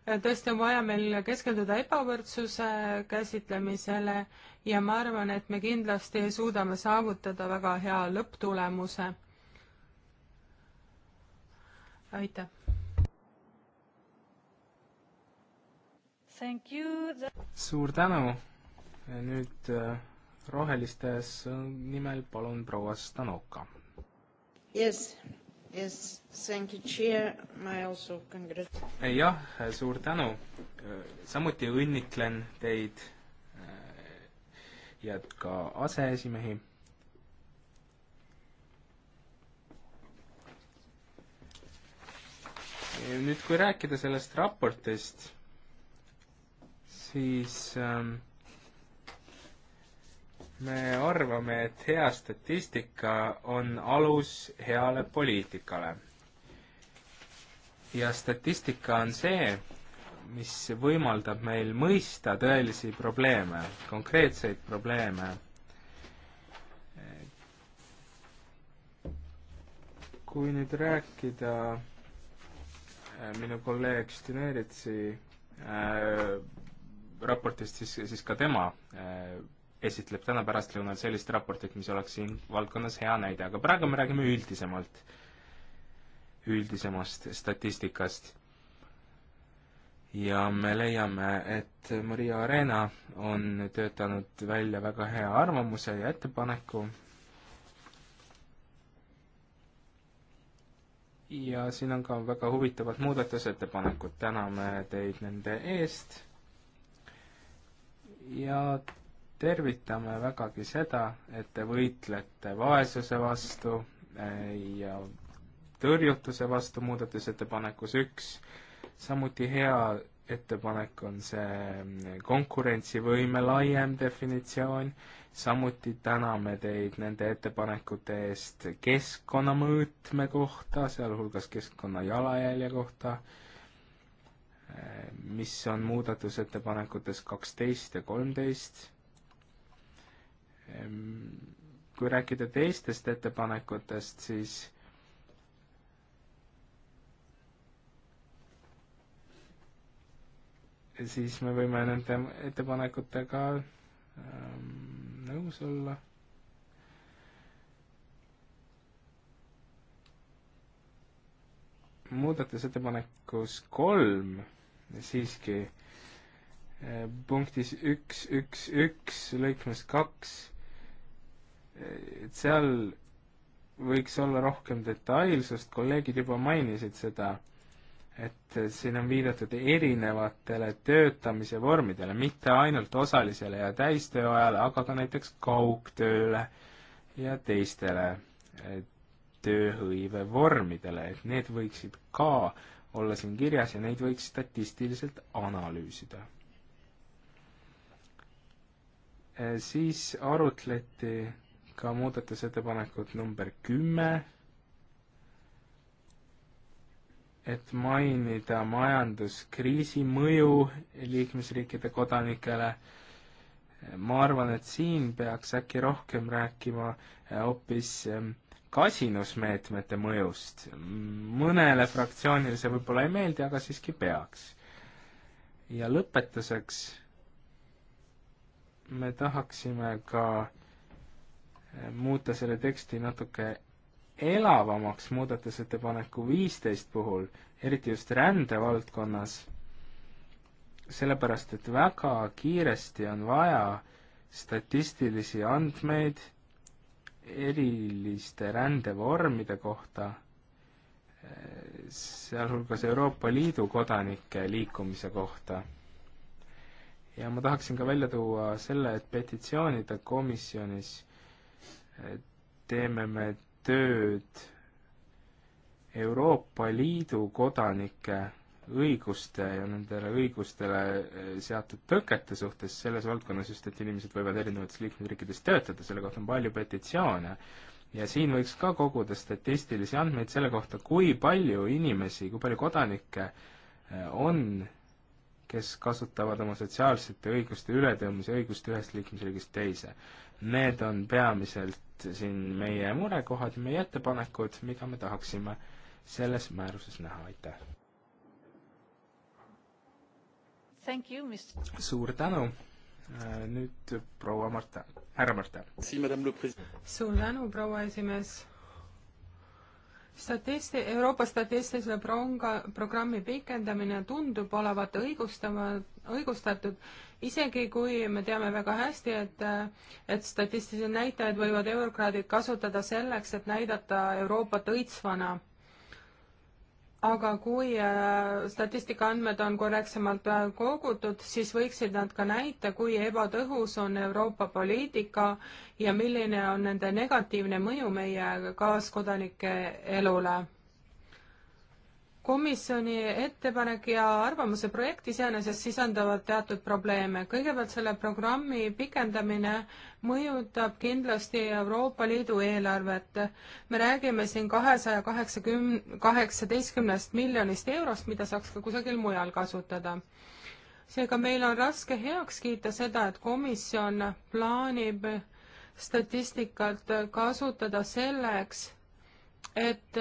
tõesti on vaja meil keskenduda ebavõrdsuse käsitlemisele ja ma arvan, et me kindlasti suudame saavutada väga hea lõpptulemuse. aitäh! suur tänu! nüüd äh, rohelistes äh, nimel palun proua Stanoka. Yes, Yes, thank you, chair, I also congrat-. Eh, jah, suur tänu. Äh, samuti õnnitlen teid äh, ja ka aseesimehi nüüd, kui rääkida sellest raportist, siis ähm, me arvame, et hea statistika on alus heale poliitikale. ja statistika on see, mis võimaldab meil mõista tõelisi probleeme, konkreetseid probleeme. kui nüüd rääkida äh, minu kolleeg Stineritsi äh, raportist, siis, siis ka tema äh, esitleb täna pärastlõunal sellist raportit, mis oleks siin valdkonnas hea näide, aga praegu me räägime üldisemalt, üldisemast statistikast. ja me leiame, et Maria Arena on töötanud välja väga hea arvamuse ja ettepaneku ja siin on ka väga huvitavad muudatusettepanekud, täname teid nende eest ja tervitame vägagi seda, et te võitlete vaesuse vastu eh, ja tõrjutuse vastu muudatusettepanekus üks, samuti hea ettepanek on see mm, konkurentsivõime laiem definitsioon, samuti täname teid nende ettepanekute eest keskkonnamõõtme kohta, sealhulgas keskkonna jalajälje kohta, eh, mis on muudatusettepanekutes kaksteist ja kolmteist kui rääkida teistest ettepanekutest, siis siis me võime nende ettepanekutega nõus olla muudatusettepanekus kolm siiski eh, punktis üks, üks, üks, lõikmes kaks et seal võiks olla rohkem detailsust, kolleegid juba mainisid seda, et siin on viidatud erinevatele töötamise vormidele, mitte ainult osalisele ja täistööajale, aga ka näiteks kaugtööle ja teistele eh, tööhõive vormidele, et need võiksid ka olla siin kirjas ja neid võiks statistiliselt analüüsida. Eh, siis arutleti ka muudatusettepanekut number kümme, et mainida majanduskriisi mõju liikmesriikide kodanikele. ma arvan, et siin peaks äkki rohkem rääkima äh, hoopis ähm, kasinusmeetmete mõjust. mõnele fraktsioonile see võib-olla ei meeldi, aga siiski peaks. ja lõpetuseks me tahaksime ka muuta selle teksti natuke elavamaks muudatusettepaneku viisteist puhul, eriti just rändevaldkonnas, sellepärast et väga kiiresti on vaja statistilisi andmeid eriliste rändevormide kohta, sealhulgas Euroopa Liidu kodanike liikumise kohta. ja ma tahaksin ka välja tuua selle, et petitsioonide komisjonis teeme me tööd Euroopa Liidu kodanike õiguste ja nendele õigustele eh, seatud tõkete suhtes selles valdkonnas, just et inimesed võivad erinevates liikmesriikides töötada, selle kohta on palju petitsioone. ja siin võiks ka koguda statistilisi andmeid selle kohta, kui palju inimesi, kui palju kodanikke eh, on, kes kasutavad oma sotsiaalsete õiguste ületõmbmise õigust ühest liikmesriigist teise. Need on peamiselt siin meie murekohad ja meie ettepanekud, mida me tahaksime selles määruses näha, aitäh! suur tänu! Äh, nüüd proua Marta, härra Marta. suur tänu, proua esimees. Statisti-, Euroopa statistilise pronga, programmi pikendamine tundub olevat õigustama, õigustatud, isegi kui me teame väga hästi, et, et statistilised näitajad võivad eurokraadid kasutada selleks, et näidata Euroopat õitsvana. aga kui äh, statistika andmed on korrektsemalt äh, kogutud, siis võiksid nad ka näita, kui ebatõhus on Euroopa poliitika ja milline on nende negatiivne mõju meie kaaskodanike elule komisjoni ettepanek ja arvamuse projekt iseenesest sisendavad teatud probleeme. kõigepealt selle programmi pikendamine mõjutab kindlasti Euroopa Liidu eelarvet. me räägime siin kahesaja kaheksakümne, kaheksateistkümnest miljonist eurost, mida saaks ka kusagil mujal kasutada. seega meil on raske heaks kiita seda, et komisjon plaanib statistikat kasutada selleks, et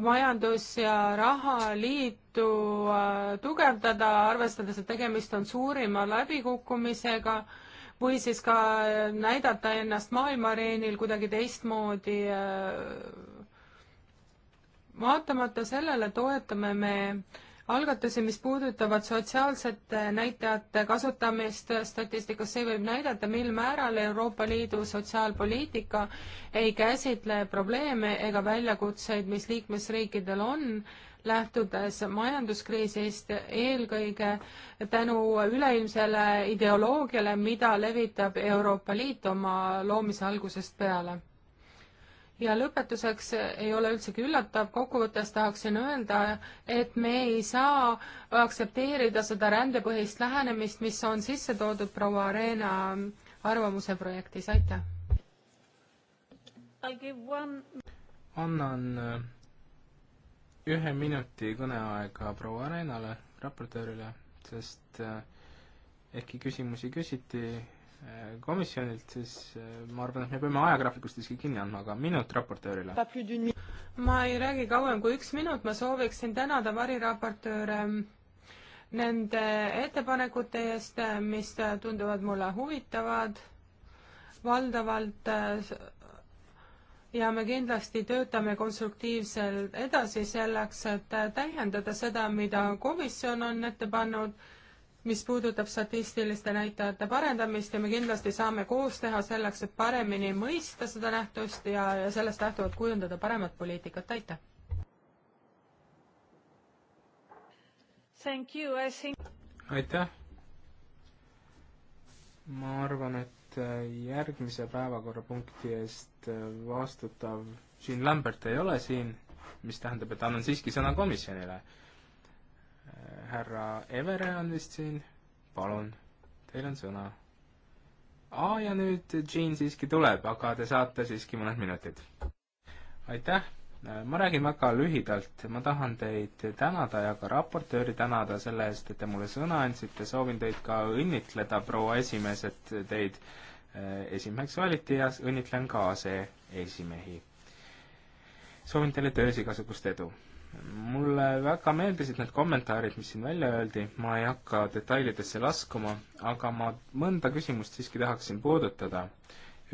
majandus- ja rahaliitu äh, tugevdada, arvestades, et tegemist on suurima läbikukkumisega, või siis ka äh, näidata ennast maailma areenil kuidagi teistmoodi. Äh, vaatamata sellele toetame me algatusi, mis puudutavad sotsiaalsete näitajate kasutamist statistikas, see võib näidata, mil määral Euroopa Liidu sotsiaalpoliitika ei käsitle probleeme ega väljakutseid, mis liikmesriikidel on, lähtudes majanduskriisist eelkõige tänu üleilmsele ideoloogiale, mida levitab Euroopa Liit oma loomise algusest peale ja lõpetuseks ei ole üldsegi üllatav, kokkuvõttes tahaksin öelda, et me ei saa aktsepteerida seda rändepõhist lähenemist, mis on sisse toodud proua Areena arvamuse projektis, aitäh! One... annan äh, ühe minuti kõneaega proua Areenale, raportöörile, sest äh, ehkki küsimusi küsiti, komisjonilt, siis äh, ma arvan, et me peame ajagraafikust siiski kinni andma, aga minut raportöörile. ma ei räägi kauem kui üks minut, ma sooviksin tänada variraportööre nende ettepanekute eest, mis tunduvad mulle huvitavad, valdavalt äh, ja me kindlasti töötame konstruktiivselt edasi selleks, et täiendada seda, mida komisjon on ette pannud mis puudutab statistiliste näitajate parendamist ja me kindlasti saame koos teha selleks, et paremini mõista seda nähtust ja, ja sellest lähtuvalt kujundada paremat poliitikat, aitäh! Think... aitäh! ma arvan, et äh, järgmise päevakorrapunkti eest äh, vastutav Jean Lambert ei ole siin, mis tähendab, et annan siiski sõna komisjonile härra Evere on vist siin, palun, teil on sõna. aa, ja nüüd Jean siiski tuleb, aga te saate siiski mõned minutid. aitäh, ma räägin väga lühidalt, ma tahan teid tänada ja ka raportööri tänada selle eest, et te mulle sõna andsite, soovin teid ka õnnitleda, proua esimees, et teid eh, esimeheks valiti ja õnnitlen ka aseesimehi. soovin teile töös igasugust edu mulle väga meeldisid need kommentaarid, mis siin välja öeldi, ma ei hakka detailidesse laskuma, aga ma mõnda küsimust siiski tahaksin puudutada.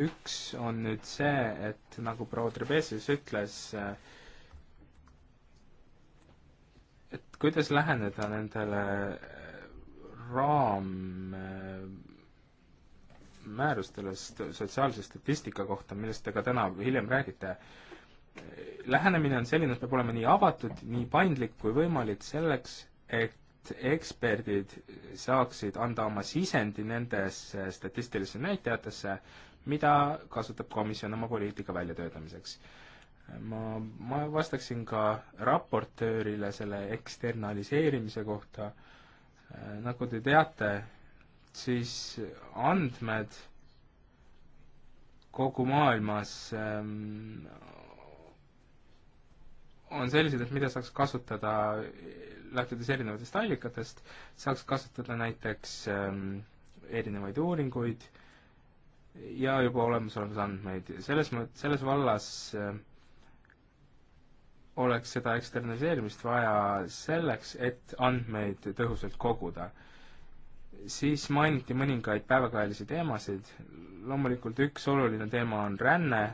üks on nüüd see, et nagu proua Trebesius ütles, et kuidas läheneda nendele äh, raammäärustele äh, sotsiaalse statistika kohta, millest te ka täna hiljem räägite lähenemine on selline, et peab olema nii avatud, nii paindlik kui võimalik selleks, et eksperdid saaksid anda oma sisendi nendesse statistilisse näitajatesse, mida kasutab komisjon oma poliitika väljatöötamiseks. ma, ma vastaksin ka raportöörile selle eksternaliseerimise kohta. nagu te teate, siis andmed kogu maailmas ähm, on sellised, et mida saaks kasutada, lähtudes erinevatest allikatest, saaks kasutada näiteks ähm, erinevaid uuringuid ja juba olemasolevaid andmeid. selles mõttes, selles vallas äh, oleks seda eksternaliseerimist vaja selleks, et andmeid tõhusalt koguda. siis mainiti mõningaid päevakajalisi teemasid, loomulikult üks oluline teema on ränne,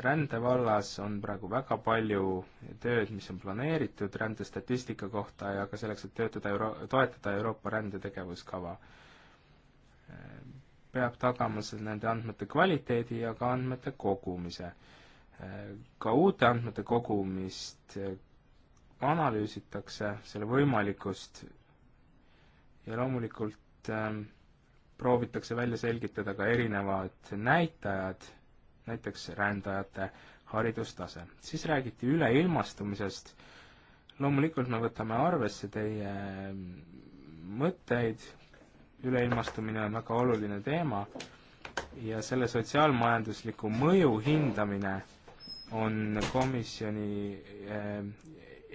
rände vallas on praegu väga palju tööd, mis on planeeritud rändestatistika kohta ja ka selleks, et töötada euro-, toetada Euroopa rändetegevuskava. peab tagama siis nende andmete kvaliteedi ja ka andmete kogumise. ka uute andmete kogumist analüüsitakse, selle võimalikkust ja loomulikult ähm, proovitakse välja selgitada ka erinevad näitajad näiteks rändajate haridustase. siis räägiti üleilmastumisest, loomulikult me võtame arvesse teie mõtteid, üleilmastumine on väga oluline teema ja selle sotsiaalmajandusliku mõju hindamine on komisjoni eh,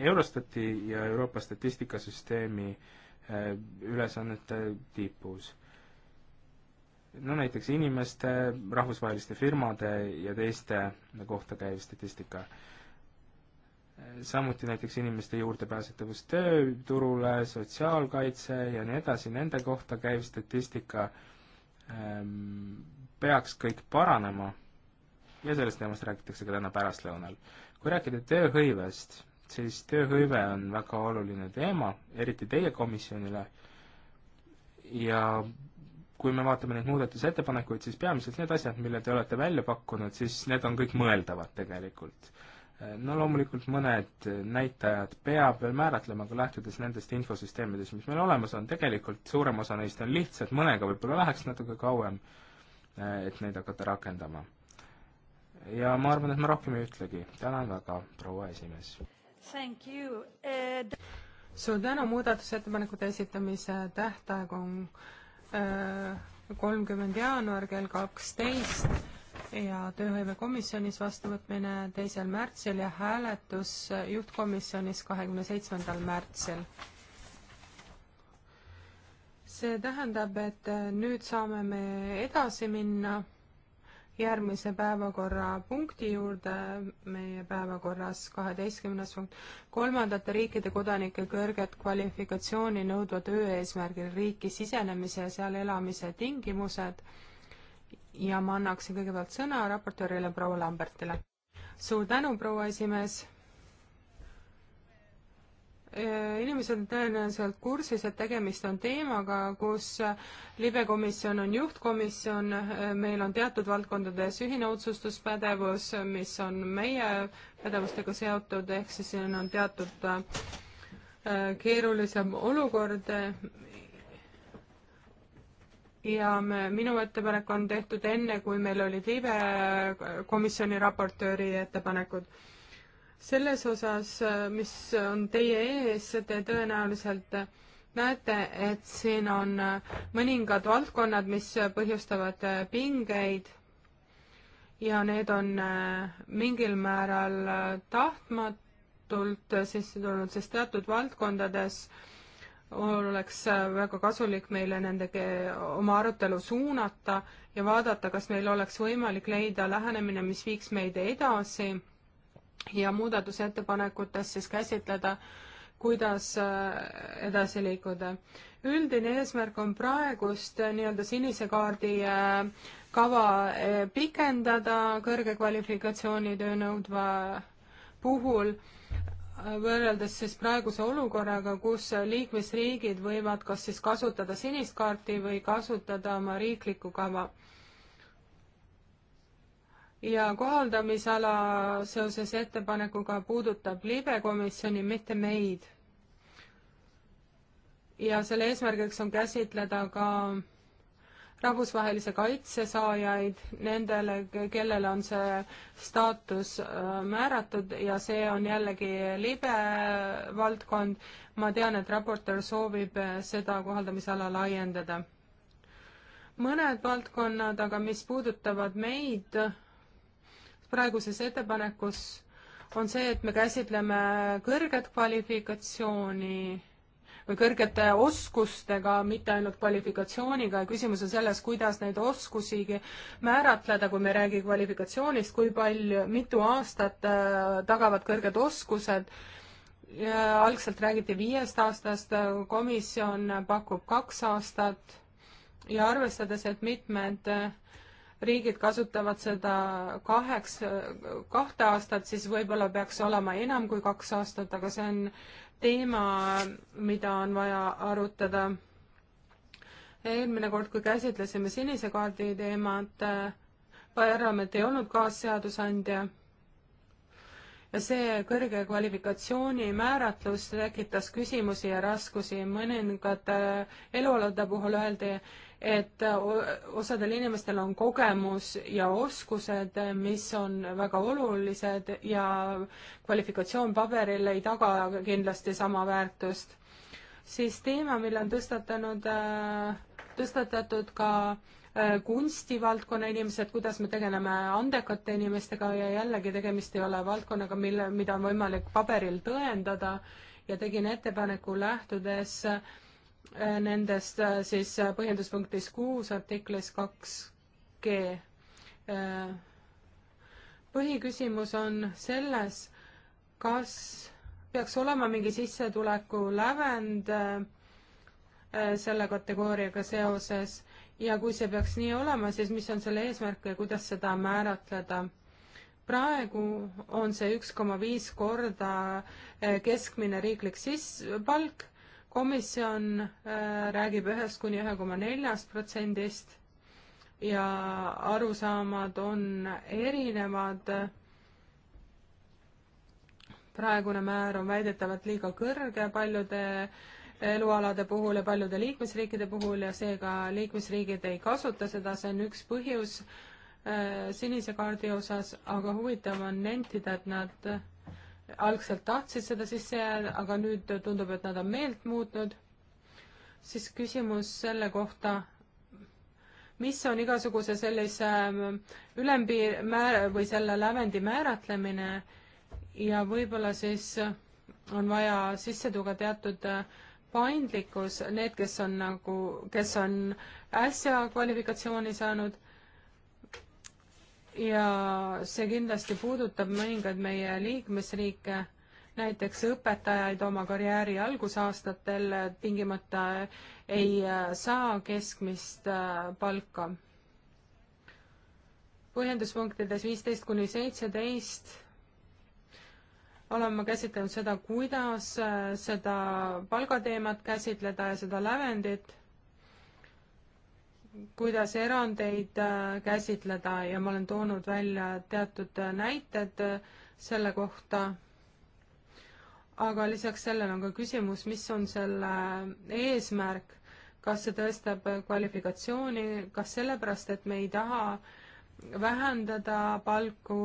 Eurostati ja Euroopa statistikasüsteemi eh, ülesannete tipus no näiteks inimeste, rahvusvaheliste firmade ja teiste kohta käiv statistika. samuti näiteks inimeste juurdepääsetavus tööturule, sotsiaalkaitse ja nii edasi, nende kohta käiv statistika ehm, peaks kõik paranema ja sellest teemast räägitakse ka täna pärastlõunal. kui rääkida tööhõivest, siis tööhõive on väga oluline teema, eriti teie komisjonile, ja kui me vaatame neid muudatusettepanekuid, siis peamiselt need asjad, mille te olete välja pakkunud, siis need on kõik mõeldavad tegelikult. no loomulikult mõned näitajad peab veel määratlema, aga lähtudes nendest infosüsteemidest, mis meil olemas on, tegelikult suurem osa neist on lihtsad, mõnega võib-olla läheks natuke kauem, eh, et neid hakata rakendama. ja ma arvan, et ma rohkem ei ütlegi. tänan väga, proua esimees! Thank you uh,. suur tänu, muudatusettepanekute esitamise tähtaeg on Äh, kolmkümmend jaanuar kell kaksteist ja tööhõivekomisjonis vastuvõtmine teisel märtsil ja hääletus juhtkomisjonis kahekümne seitsmendal märtsil. see tähendab, et nüüd saame me edasi minna järgmise päevakorrapunkti juurde meie päevakorras kaheteistkümnes punkt, kolmandate riikide kodanike kõrget kvalifikatsiooni nõudva töö eesmärgil riiki sisenemise ja seal elamise tingimused ja ma annaksin kõigepealt sõna raportöörile proua Lambertile. suur tänu, proua esimees Äh, inimesed on tõenäoliselt kursis, et tegemist on teemaga, kus äh, libekomisjon on juhtkomisjon, äh, meil on teatud valdkondades ühine otsustuspädevus, mis on meie pädevustega seotud, ehk siis siin on teatud keerulisem olukord ja me, minu ettepanek on tehtud enne, kui meil olid libe komisjoni raportööri ettepanekud selles osas, äh, mis on teie ees, te tõenäoliselt näete, et siin on äh, mõningad valdkonnad, mis põhjustavad äh, pingeid ja need on mingil määral tahtmatult sisse tulnud, sest teatud valdkondades oleks väga kasulik meile nende oma arutelu suunata ja vaadata, kas meil oleks võimalik leida lähenemine, mis viiks meid edasi ja muudatusettepanekutes siis käsitleda, kuidas äh, edasi liikuda. üldine eesmärk on praegust äh, nii-öelda sinise kaardi äh, kava pikendada kõrge kvalifikatsiooni töö nõudva puhul võrreldes siis praeguse olukorraga, kus liikmesriigid võivad kas siis kasutada sinist kaarti või kasutada oma riiklikku kava ja kohaldamisala seoses ettepanekuga puudutab libekomisjoni, mitte meid. ja selle eesmärgiks on käsitleda ka rahvusvahelise kaitse saajaid, nendele, kellele on see staatus äh, määratud ja see on jällegi libe valdkond. ma tean, et raportöör soovib äh, seda kohaldamisala laiendada. mõned valdkonnad aga, mis puudutavad meid, praeguses ettepanekus on see, et me käsitleme kõrget kvalifikatsiooni või kõrgete oskustega, mitte ainult kvalifikatsiooniga ja küsimus on selles, kuidas neid oskusi määratleda, kui me ei räägi kvalifikatsioonist, kui palju, mitu aastat äh, tagavad kõrged oskused. algselt räägiti viiest aastast, komisjon pakub kaks aastat ja arvestades, et mitmed äh, riigid kasutavad seda kaheks, kahte aastat, siis võib-olla peaks olema enam kui kaks aastat, aga see on teema, mida on vaja arutada. eelmine kord, kui käsitlesime sinise kaardi teemat, parlament ei olnud kaasseadusandja ja see kõrge kvalifikatsiooni määratlus tekitas küsimusi ja raskusi. mõningate eluolude puhul öeldi, et osadel inimestel on kogemus ja oskused, mis on väga olulised ja kvalifikatsioon paberil ei taga kindlasti sama väärtust. siis teema, mille on tõstatanud, äh, tõstatatud ka äh, kunstivaldkonna inimesed, kuidas me tegeleme andekate inimestega ja jällegi tegemist ei ole valdkonnaga, mille, mida on võimalik paberil tõendada ja tegin ettepaneku lähtudes äh, Äh, nendest äh, siis äh, põhjenduspunktis kuus artiklis kaks G. põhiküsimus on selles, kas peaks olema mingi sissetuleku lävend selle kategooriaga seoses ja kui see peaks nii olema, siis mis on selle eesmärk ja kuidas seda määratleda? praegu on see üks koma viis korda keskmine riiklik sis-, palk komisjon äh, räägib ühest kuni ühe koma neljast protsendist ja arusaamad on erinevad. praegune määr on väidetavalt liiga kõrge paljude elualade puhul ja paljude liikmesriikide puhul ja seega liikmesriigid ei kasuta seda, see on üks põhjus äh, sinise kaardi osas, aga huvitav on nentida, et nad algselt tahtsid seda sisse jääda, aga nüüd tundub, et nad on meelt muutnud, siis küsimus selle kohta, mis on igasuguse sellise ähm, ülempiir määr- või selle lävendi määratlemine ja võib-olla siis on vaja sisse tuua teatud äh, paindlikkus, need, kes on nagu, kes on äsja kvalifikatsiooni saanud, ja see kindlasti puudutab mõningaid meie liikmesriike, näiteks õpetajaid oma karjääri algusaastatel tingimata ei äh, saa keskmist äh, palka. põhjenduspunktides viisteist kuni seitseteist olen ma käsitlenud seda, kuidas äh, seda palgateemat käsitleda ja seda lävendit kuidas erandeid äh, käsitleda ja ma olen toonud välja teatud äh, näited äh, selle kohta, aga lisaks sellele on ka küsimus, mis on selle eesmärk, kas see tõstab kvalifikatsiooni, kas sellepärast, et me ei taha vähendada palku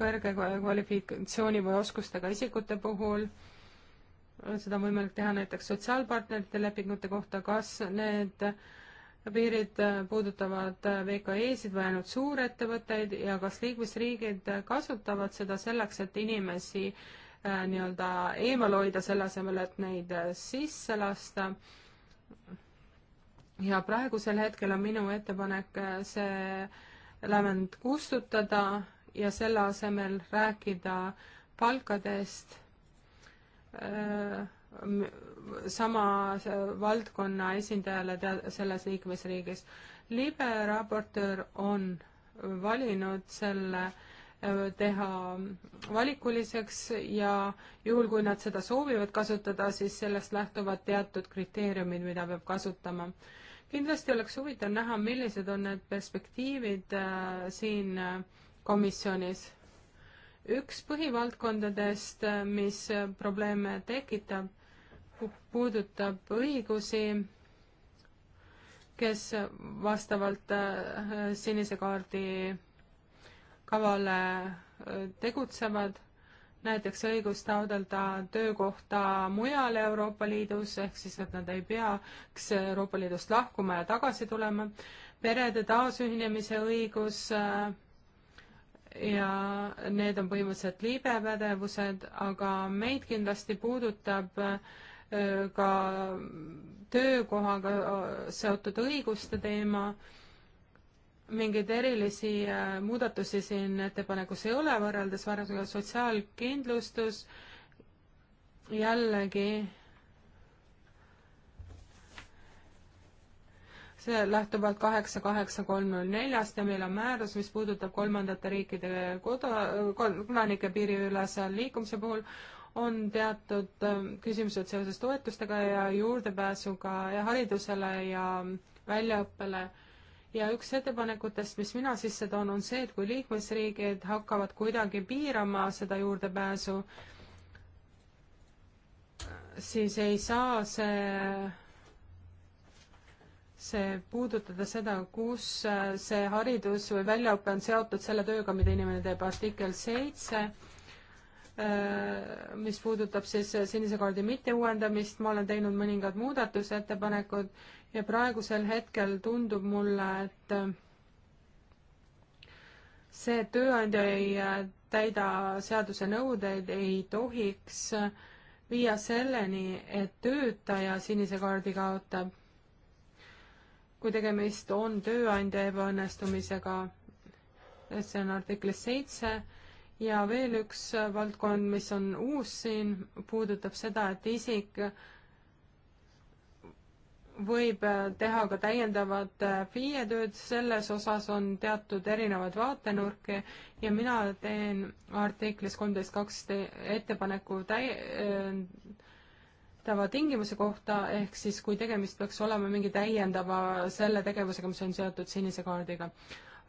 kõrge kvalifikatsiooni või oskustega isikute puhul, seda on võimalik teha näiteks sotsiaalpartnerite lepingute kohta, kas need äh, piirid äh, puudutavad äh, VKE-sid või ainult suurettevõtteid ja kas liikmesriigid kasutavad seda selleks, et inimesi äh, nii-öelda eemal hoida, selle asemel, et neid äh, sisse lasta. ja praegusel hetkel on minu ettepanek see lävend kustutada ja selle asemel rääkida palkadest äh, sama valdkonna esindajale tea-, selles liikmesriigis. libe raportöör on valinud selle äh, teha valikuliseks ja juhul, kui nad seda soovivad kasutada, siis sellest lähtuvad teatud kriteeriumid, mida peab kasutama. kindlasti oleks huvitav näha, millised on need perspektiivid äh, siin äh, komisjonis. üks põhivaldkondadest, äh, mis äh, probleeme tekitab, puudutab õigusi, kes vastavalt äh, sinise kaardi kavale äh, tegutsevad, näiteks õigus taodelda töökohta mujal Euroopa Liidus, ehk siis et nad ei peaks Euroopa Liidust lahkuma ja tagasi tulema, perede taasühinemise õigus äh, ja need on põhimõtteliselt liibepädevused, aga meid kindlasti puudutab äh, ka töökohaga seotud õiguste teema, mingeid erilisi äh, muudatusi siin ettepanekus ei ole, võrreldes varasemaga sotsiaalkindlustus, jällegi see lähtuvalt kaheksa, kaheksa, kolm, null neljast ja meil on määrus, mis puudutab kolmandate riikide koda, kodanike piiriülese liikumise puhul, on teatud ähm, küsimused seoses toetustega ja juurdepääsuga ja haridusele ja väljaõppele ja üks ettepanekutest, mis mina sisse toon, on see, et kui liikmesriigid hakkavad kuidagi piirama seda juurdepääsu, siis ei saa see, see puudutada seda, kus äh, see haridus või väljaõpe on seotud selle tööga, mida inimene teeb. artikkel seitse mis puudutab siis sinise kaardi mitteuuendamist, ma olen teinud mõningad muudatusettepanekud ja praegusel hetkel tundub mulle, et äh, see, et tööandja ei äh, täida seaduse nõudeid, ei tohiks äh, viia selleni, et töötaja sinise kaardi kaotab. kui tegemist on tööandja ebaõnnestumisega, see on artiklis seitse ja veel üks äh, valdkond, mis on uus siin, puudutab seda, et isik võib äh, teha ka täiendavat äh, FIE tööd, selles osas on teatud erinevaid vaatenurki ja mina teen artiklis kolmteist kaks ettepaneku täi-, tava tingimuse kohta, ehk siis kui tegemist peaks olema mingi täiendava selle tegevusega, mis on seotud sinise kaardiga.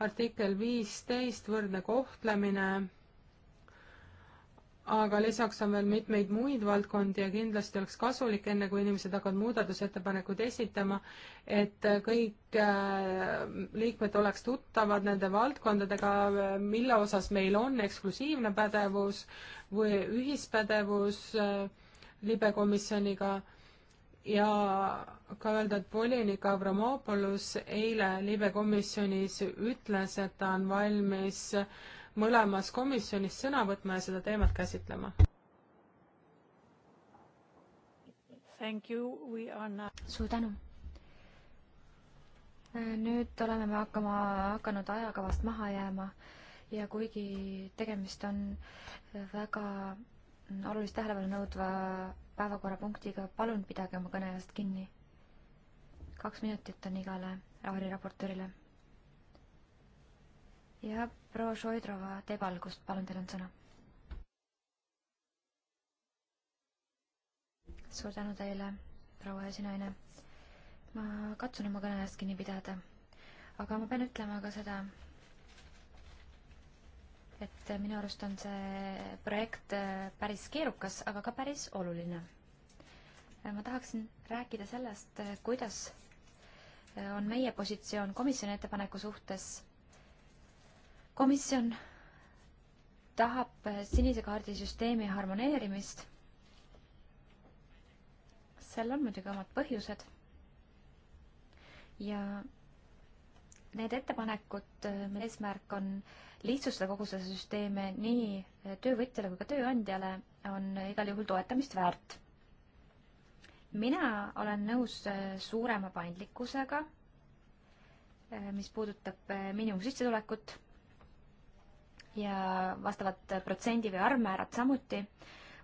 artikkel viisteist, võrdne kohtlemine aga lisaks on veel mitmeid muid valdkondi ja kindlasti oleks kasulik, enne kui inimesed hakkavad muudatusettepanekuid esitama, et kõik äh, liikmed oleks tuttavad nende valdkondadega, mille osas meil on eksklusiivne pädevus või ühispädevus äh, libekomisjoniga ja ka öelda, et volinik Avramopoulos eile libekomisjonis ütles, et ta on valmis äh, mõlemas komisjonis sõna võtma ja seda teemat käsitlema. suur tänu! nüüd oleme me hakkama, hakanud ajakavast maha jääma ja kuigi tegemist on väga olulist tähelepanu nõudva päevakorrapunktiga, palun pidage oma kõne eest kinni. kaks minutit on igale raadioraportöörile ja proua Šoidrova teeb algust, palun, teil on sõna. suur tänu teile, proua esinaine. ma katsun oma kõnelast kinni pidada, aga ma pean ütlema ka seda, et minu arust on see projekt päris keerukas, aga ka päris oluline. ma tahaksin rääkida sellest, kuidas on meie positsioon komisjoni ettepaneku suhtes komisjon tahab sinise kaardi süsteemi harmoneerimist. seal on muidugi omad põhjused. ja need ettepanekud, mille eesmärk on lihtsustada kogu seda süsteemi nii töövõtjale kui ka tööandjale, on igal juhul toetamist väärt. mina olen nõus suurema paindlikkusega, mis puudutab miinimumsissetulekut ja vastavad protsendi või arvmäärad samuti.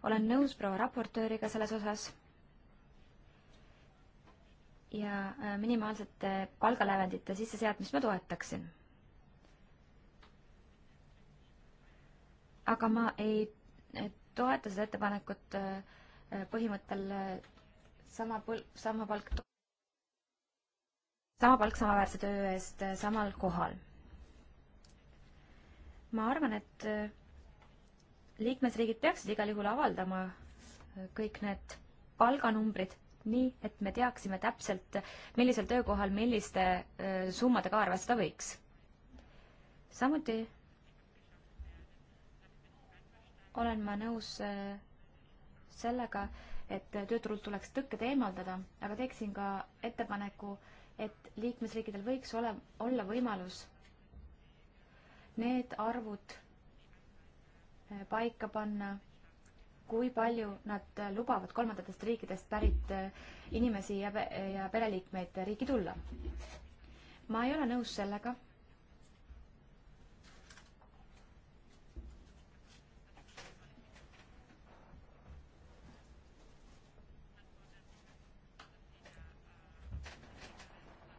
olen nõus proua raportööriga selles osas. ja äh, minimaalsete palgalävendite sisseseadmist ma toetaksin. aga ma ei toeta seda ettepanekut äh, põhimõttel äh, sama põl-, sama palk, sama palk samaväärse töö eest samal kohal ma arvan, et äh, liikmesriigid peaksid igal juhul avaldama äh, kõik need palganumbrid, nii et me teaksime täpselt, millisel töökohal milliste äh, summadega arvestada võiks. samuti olen ma nõus sellega, et tööturult tuleks tõkked eemaldada, aga teeksin ka ettepaneku, et liikmesriikidel võiks ole, olla võimalus need arvud eh, paika panna, kui palju nad eh, lubavad kolmandatest riikidest pärit eh, inimesi ja, ja pereliikmeid riiki tulla. ma ei ole nõus sellega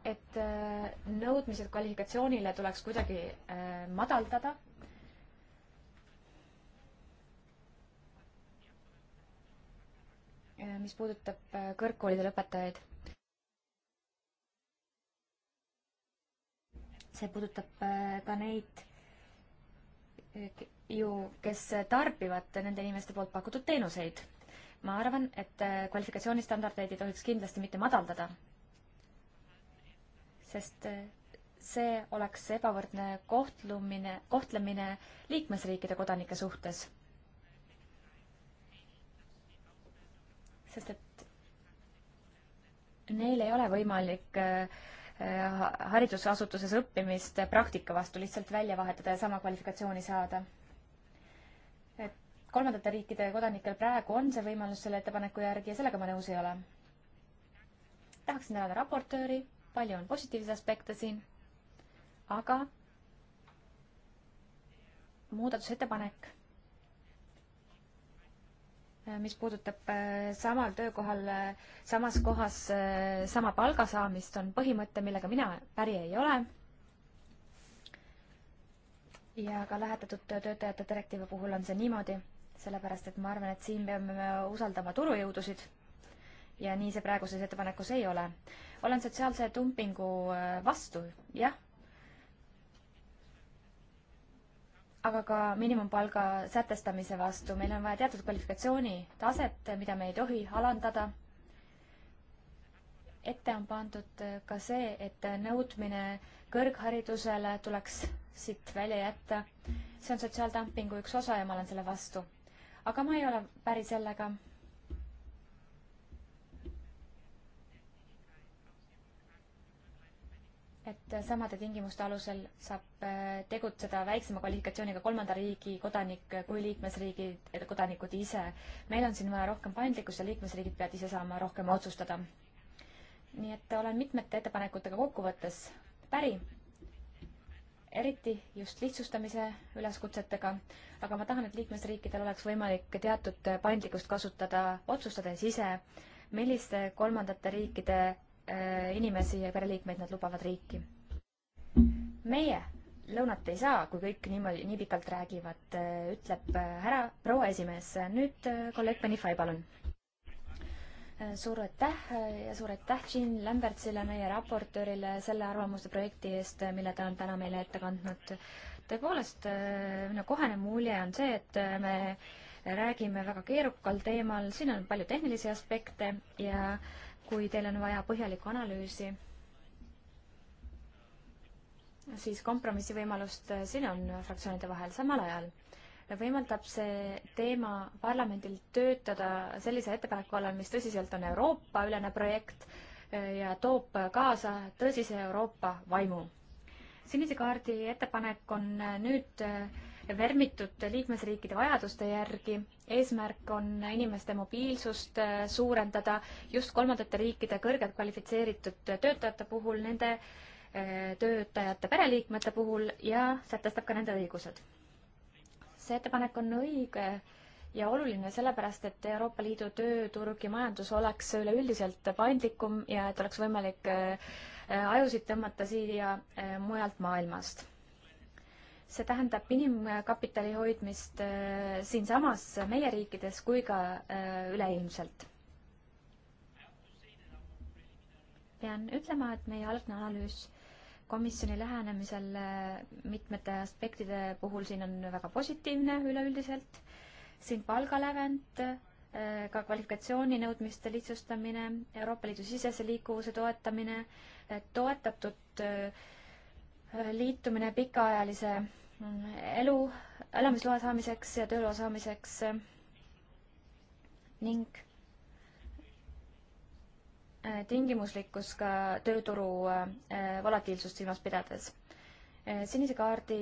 et äh, nõudmised kvalifikatsioonile tuleks kuidagi äh, madaldada. mis puudutab äh, kõrgkoolide lõpetajaid. see puudutab ka neid ju, kes tarbivad nende inimeste poolt pakutud teenuseid. ma arvan, et kvalifikatsioonistandardid ei tohiks kindlasti mitte madaldada sest eh, see oleks ebavõrdne kohtlumine, kohtlemine liikmesriikide kodanike suhtes. sest et neil ei ole võimalik eh, eh, haridusasutuses õppimist praktika vastu lihtsalt välja vahetada ja sama kvalifikatsiooni saada. et kolmandate riikide kodanikel praegu on see võimalus selle ettepaneku järgi ja sellega ma nõus ei ole. tahaksin tänada raportööri palju on positiivseid aspekte siin, aga muudatusettepanek, mis puudutab äh, samal töökohal, äh, samas kohas äh, sama palga saamist, on põhimõte, millega mina päri ei ole. ja ka lähetatud töötajate direktiivi puhul on see niimoodi, sellepärast et ma arvan, et siin peame me usaldama turujõudusid ja nii see praeguses ettepanekus ei ole olen sotsiaalse dumpingu äh, vastu, jah. aga ka miinimumpalga sätestamise vastu, meil on vaja teatud kvalifikatsioonitaset, äh, mida me ei tohi alandada. ette on pandud äh, ka see, et nõudmine kõrgharidusele tuleks siit välja jätta. see on sotsiaaldumpingu üks osa ja ma olen selle vastu. aga ma ei ole päri sellega et samade tingimuste alusel saab äh, tegutseda väiksema kvalifikatsiooniga kolmanda riigi kodanik kui liikmesriigi kodanikud ise. meil on siin vaja rohkem paindlikkust ja liikmesriigid peavad ise saama rohkem otsustada. nii et olen mitmete ettepanekutega kokkuvõttes päri, eriti just lihtsustamise üleskutsetega, aga ma tahan, et liikmesriikidel oleks võimalik teatud paindlikkust kasutada, otsustades ise, milliste kolmandate riikide Äh, inimesi ja pereliikmeid nad lubavad riiki. meie lõunat ei saa, kui kõik niimoodi, nii pikalt räägivad, äh, ütleb äh, härra proua esimees. nüüd kolleeg Benifai, palun. suur aitäh ja suur aitäh Jean Lambertsile, meie raportöörile, selle arvamuse projekti eest, mille ta on täna meile ette kandnud. tõepoolest, minu kohene mulje on see, et me räägime väga keerukal teemal, siin on palju tehnilisi aspekte ja äh, kui teil on vaja põhjalikku analüüsi, siis kompromissi võimalust eh, siin on fraktsioonide vahel samal ajal. võimaldab see teema parlamendil töötada sellise ettepaneku alla, mis tõsiselt on Euroopa-ülene projekt eh, ja toob kaasa tõsise Euroopa vaimu. sinise kaardi ettepanek on eh, nüüd äh, vermitud liikmesriikide vajaduste järgi. eesmärk on inimeste mobiilsust äh, suurendada just kolmandate riikide kõrgelt kvalifitseeritud töötajate puhul, nende äh, töötajate pereliikmete puhul ja sätestab ka nende õigused. see ettepanek on õige ja oluline sellepärast, et Euroopa Liidu tööturg ja majandus oleks üleüldiselt paindlikum ja et oleks võimalik äh, ajusid tõmmata siia mujalt maailmast see tähendab inimkapitali hoidmist äh, siinsamas meie riikides kui ka äh, üleilmselt. pean ütlema, et meie algne analüüs komisjoni lähenemisel äh, mitmete aspektide puhul siin on väga positiivne üleüldiselt, siin palgalävend, ka kvalifikatsiooninõudmiste lihtsustamine, Euroopa Liidu sisese liikuvuse toetamine, toetatud äh, liitumine pikaajalise mm, elu, elamisloa saamiseks ja tööloa saamiseks ning äh, tingimuslikkus ka tööturu äh, volatiilsust silmas pidades. Äh, sinise kaardi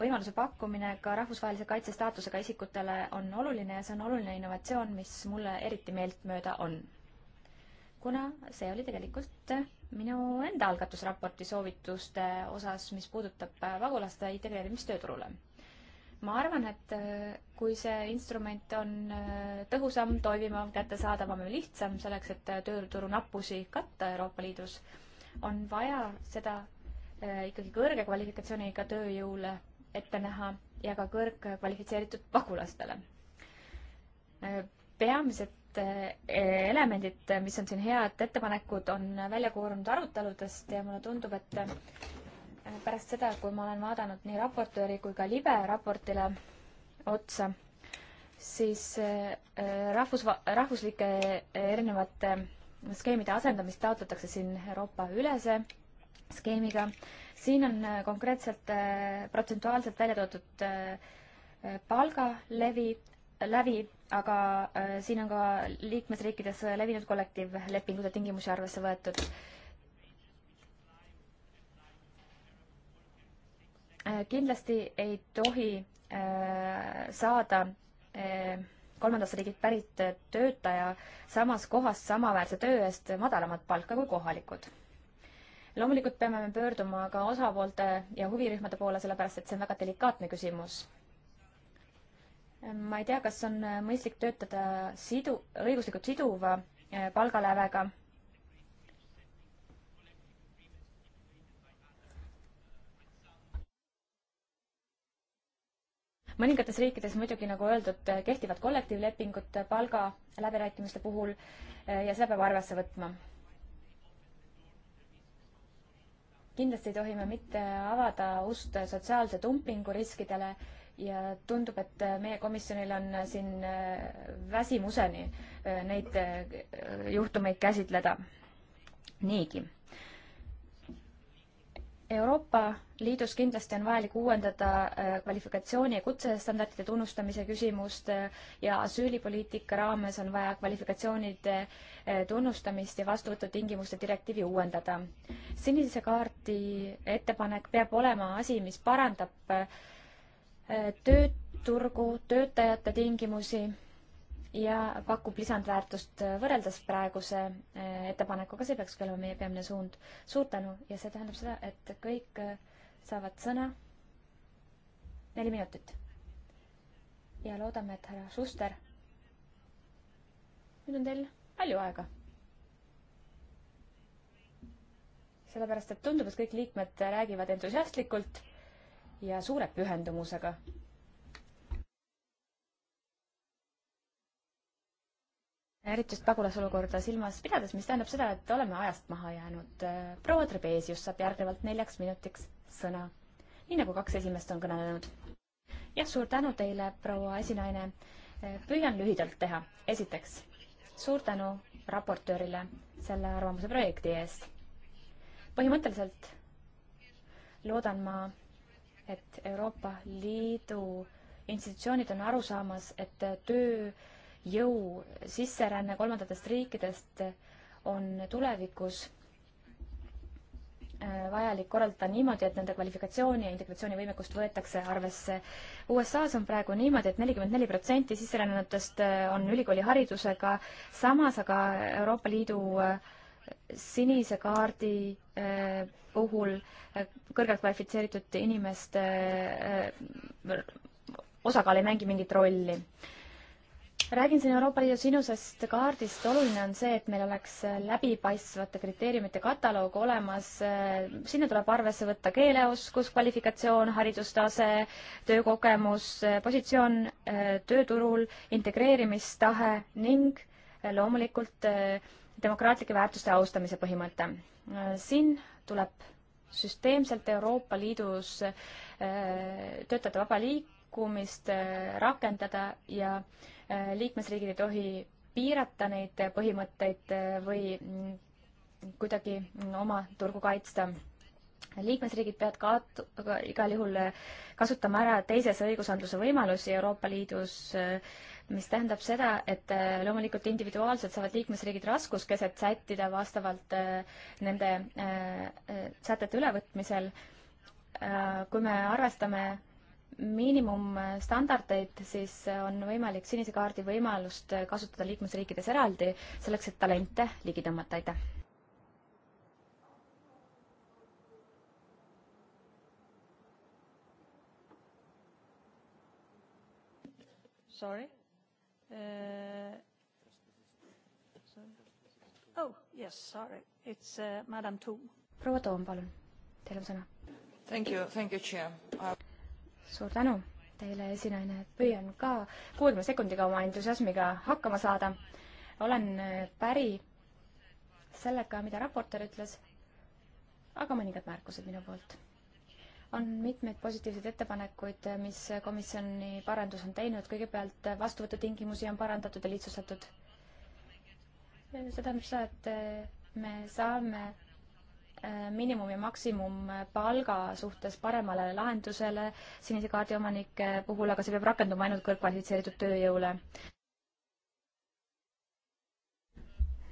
võimaluse pakkumine ka rahvusvahelise kaitse staatusega isikutele on oluline ja see on oluline innovatsioon, mis mulle eriti meeltmööda on kuna see oli tegelikult minu enda algatusraporti soovituste osas, mis puudutab äh, pagulaste integreerimist tööturule. ma arvan, et äh, kui see instrument on äh, tõhusam, toimivam, kättesaadavam ja lihtsam selleks, et tööturu nappusi katta Euroopa Liidus, on vaja seda ikkagi kõrge kvalifikatsiooniga tööjõule ette näha ja ka kõrgkvalifitseeritud pagulastele. peamised need eh, elemendid, mis on siin head ettepanekud, on välja koorunud aruteludest ja mulle tundub, et eh, pärast seda, kui ma olen vaadanud nii raportööri kui ka libe raportile otsa, siis eh, rahvus, rahvuslike erinevate skeemide asendamist taotletakse siin Euroopa ülese skeemiga. siin on konkreetselt protsentuaalselt välja toodud palgalevi, lävi aga äh, siin on ka liikmesriikides levinud kollektiivlepingute tingimusi arvesse võetud. Äh, kindlasti ei tohi äh, saada kolmandast riigilt pärit töötaja samas kohas samaväärse töö eest madalamat palka kui kohalikud loomulikult peame me pöörduma ka osapoolte ja huvirühmade poole, sellepärast et see on väga delikaatne küsimus ma ei tea, kas on äh, mõistlik töötada sidu, õiguslikult siduva äh, palgalävega. mõningates riikides muidugi, nagu öeldud, äh, kehtivad kollektiivlepingud palgaläbirääkimiste puhul ja seda peab arvesse võtma kindlasti ei tohi me mitte avada ust sotsiaalse dumpingu riskidele ja tundub, et äh, meie komisjonil on äh, siin äh, väsimuseni neid juhtumeid käsitleda niigi. Euroopa Liidus kindlasti on vajalik uuendada kvalifikatsiooni ja kutsestandardite tunnustamise küsimust ja asüülipoliitika raames on vaja kvalifikatsioonide tunnustamist ja vastuvõtutingimuste direktiivi uuendada. sinise kaardi ettepanek peab olema asi, mis parandab äh, Äh, tööturgu, töötajate tingimusi ja pakub lisandväärtust äh, võrreldes praeguse äh, ettepanekuga, see peaks olema meie peamine suund. suur tänu ja see tähendab seda, et kõik saavad sõna neli minutit. ja loodame, et härra Schuster, nüüd on teil palju aega. sellepärast, et tundub, et kõik liikmed räägivad entusiastlikult ja suure pühendumusega. eriti just pagulasolukorda silmas pidades, mis tähendab seda, et oleme ajast maha jäänud. proua Trebesius saab järgnevalt neljaks minutiks sõna, nii nagu kaks esimest on kõnelenud. jah, suur tänu teile, proua esinaine. püüan lühidalt teha. esiteks, suur tänu raportöörile selle arvamuse projekti eest. põhimõtteliselt loodan ma, et Euroopa Liidu institutsioonid on aru saamas, et tööjõu sisseränne kolmandatest riikidest on tulevikus äh, vajalik korraldada niimoodi, et nende kvalifikatsiooni ja integratsioonivõimekust võetakse arvesse. USA-s on praegu niimoodi et, et nelikümmend neli protsenti sisserännanutest äh, on ülikooliharidusega, samas aga Euroopa Liidu äh, sinise kaardi eh, puhul eh, kõrgelt kvalifitseeritud inimeste eh, osakaal ei mängi mingit rolli. räägin siin Euroopa Liidu sinusest kaardist, oluline on see, et meil oleks läbipaistvate kriteeriumite kataloog olemas, sinna tuleb arvesse võtta keeleoskus, kvalifikatsioon, haridustase, töökogemus, positsioon tööturul, integreerimistahe ning loomulikult äh, demokraatlike väärtuste austamise põhimõte. siin tuleb süsteemselt Euroopa Liidus äh, töötajate vaba liikumist äh, rakendada ja äh, liikmesriigid ei tohi piirata neid põhimõtteid või mm, kuidagi mm, oma turgu kaitsta. liikmesriigid peavad ka igal juhul kasutama ära teises õigusandluse võimalusi Euroopa Liidus äh, mis tähendab seda, et äh, loomulikult individuaalselt saavad liikmesriigid raskuskeset sättida vastavalt äh, nende äh, sätete ülevõtmisel. kui me arvestame miinimumstandardeid, siis on võimalik sinise kaardi võimalust kasutada liikmesriikides eraldi, selleks et talente ligi tõmmata, aitäh! Sorry? Uh, sorry. oh, yes, sorry. It's uh, Madam Toom. proua Toom, palun, teil on sõna. Thank you, thank you, chair I.... Uh, suur tänu teile, esinaine. püüan ka kuuekümne sekundiga oma entusiasmiga hakkama saada. olen äh, päri sellega, mida raportöör ütles, aga mõningad märkused minu poolt on mitmeid positiivseid ettepanekuid, mis komisjoni parandus on teinud, kõigepealt vastuvõtutingimusi on parandatud ja lihtsustatud. see tähendab seda, et me saame äh, miinimum- ja maksimumpalga suhtes paremale lahendusele sinise kaardi omanike puhul, aga see peab rakenduma ainult kõrgkvalifitseeritud tööjõule.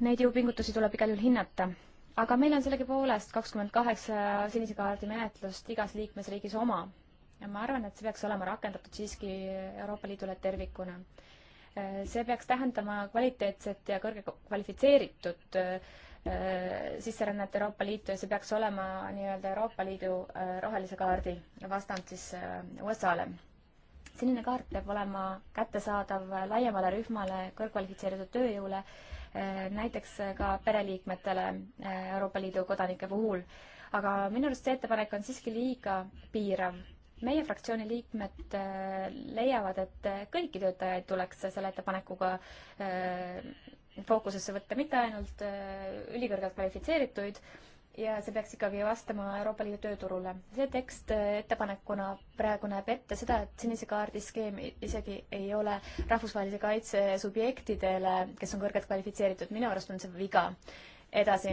Neid jõupingutusi tuleb igal juhul hinnata aga meil on sellegipoolest kakskümmend kaheksa sinise kaardi menetlust igas liikmesriigis oma ja ma arvan, et see peaks olema rakendatud siiski Euroopa Liidule tervikuna. see peaks tähendama kvaliteetset ja kõrge kvalifitseeritud äh, sisserännet Euroopa Liitu ja see peaks olema nii-öelda Euroopa Liidu äh, rohelise kaardi vastand siis äh, USA-le. sinine kaart peab olema kättesaadav laiemale rühmale kõrgkvalifitseeritud tööjõule Äh, näiteks äh, ka pereliikmetele äh, Euroopa Liidu kodanike puhul. aga minu arust see ettepanek on siiski liiga piirav. meie fraktsiooni liikmed leiavad, et kõiki töötajaid tuleks selle ettepanekuga fookusesse võtta, mitte ainult ülikõrgelt kvalifitseerituid ja see peaks ikkagi vastama Euroopa Liidu tööturule. see tekst ettepanekuna praegu näeb ette seda, et sinise kaardi skeem isegi ei ole rahvusvahelise kaitse subjektidele, kes on kõrgelt kvalifitseeritud, minu arust on see viga. edasi.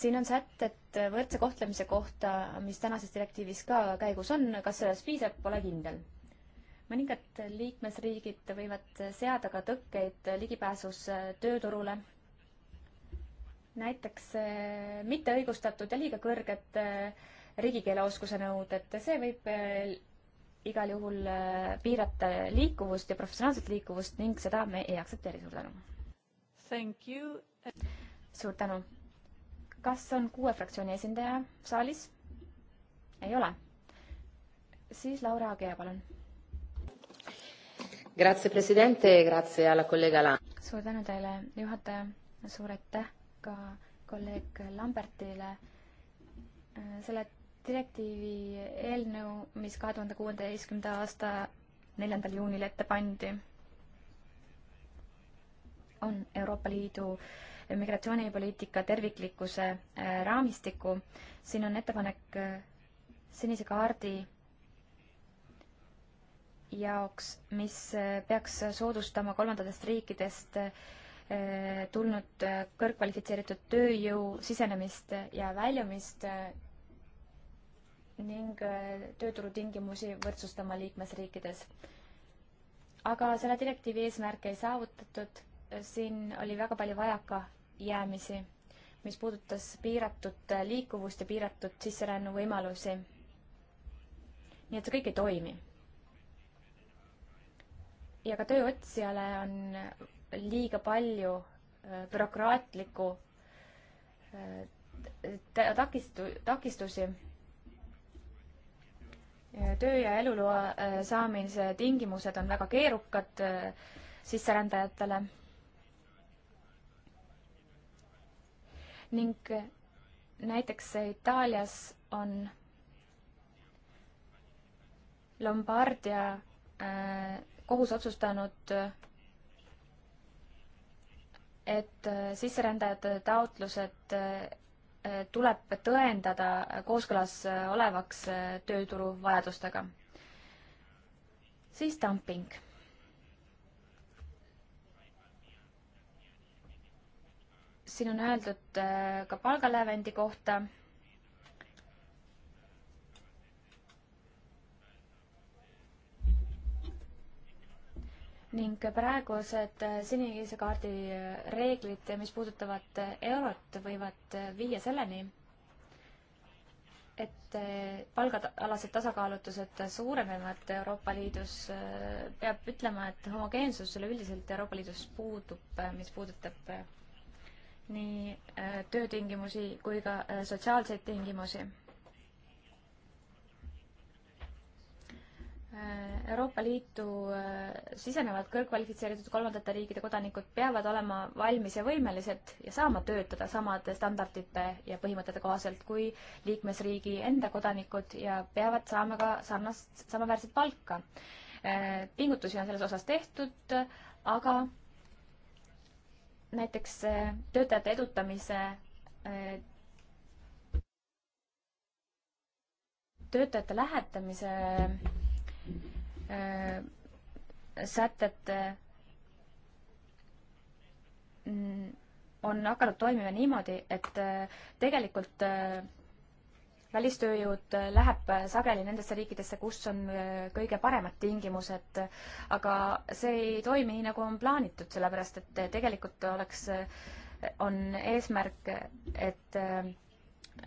siin on sätted võrdse kohtlemise kohta, mis tänases direktiivis ka käigus on, kas sellest piisab, pole kindel mõningad liikmesriigid võivad seada ka tõkkeid ligipääsus tööturule näiteks eh, mitteõigustatud ja liiga kõrged eh, riigikeeleoskuse nõuded, see võib eh, igal juhul piirata liikuvust ja professionaalset liikuvust ning seda me ei aktsepteeri, suur tänu. suur tänu. kas on kuue fraktsiooni esindaja saalis? ei ole. siis Laura Agea, palun. Grazie presidente, e grazie alla kolleeg Alan. suur tänu teile, juhataja, suur aitäh ka kolleeg Lambertile äh, selle direktiivi eelnõu, mis kahe tuhande kuueteistkümnenda aasta neljandal juunil ette pandi, on Euroopa Liidu migratsioonipoliitika terviklikkuse äh, raamistiku. siin on ettepanek äh, sinise kaardi jaoks, mis peaks soodustama kolmandatest riikidest äh, Äh, tulnud äh, kõrgkvalifitseeritud tööjõu sisenemist ja väljumist äh, ning tööturutingimusi võrdsustama liikmesriikides. aga selle direktiivi eesmärke ei saavutatud, siin oli väga palju vajakajäämisi, mis puudutas piiratud liikuvust ja piiratud sisserännu võimalusi. nii et see kõik ei toimi. ja ka tööotsijale on liiga palju äh, bürokraatlikku äh, takistu-, takistusi töö- ja eluloa äh, saamise tingimused on väga keerukad sisserändajatele. ning näiteks Itaalias on Lombardia kohus otsustanud et äh, sisserändajate taotlused äh, tuleb tõendada kooskõlas äh, olevaks tööturu vajadustega. siis dumping. siin on öeldud ka palgalävendi kohta ning praegused sinise kaardi reeglid, mis puudutavad eurot, võivad viia selleni, et palgaalased tasakaalutused suurenevad Euroopa Liidus. peab ütlema, et homogeensus üleüldiselt Euroopa Liidus puudub, mis puudutab nii äh, töötingimusi kui ka äh, sotsiaalseid tingimusi Euroopa Liitu äh, sisenevad kõrgkvalifitseeritud kolmandate riikide kodanikud peavad olema valmis ja võimelised ja saama töötada samade standardite ja põhimõtete kohaselt kui liikmesriigi enda kodanikud ja peavad saama ka sarnast, samaväärset palka. Äh, pingutusi on selles osas tehtud, aga näiteks äh, töötajate edutamise töötajate lähetamise Äh, sätted mm, on hakanud toimima niimoodi, et äh, tegelikult äh, välistööjõud läheb sageli nendesse riikidesse, kus on kõige paremad tingimused, aga see ei toimi nii, nagu on plaanitud, sellepärast et tegelikult oleks, on eesmärk, et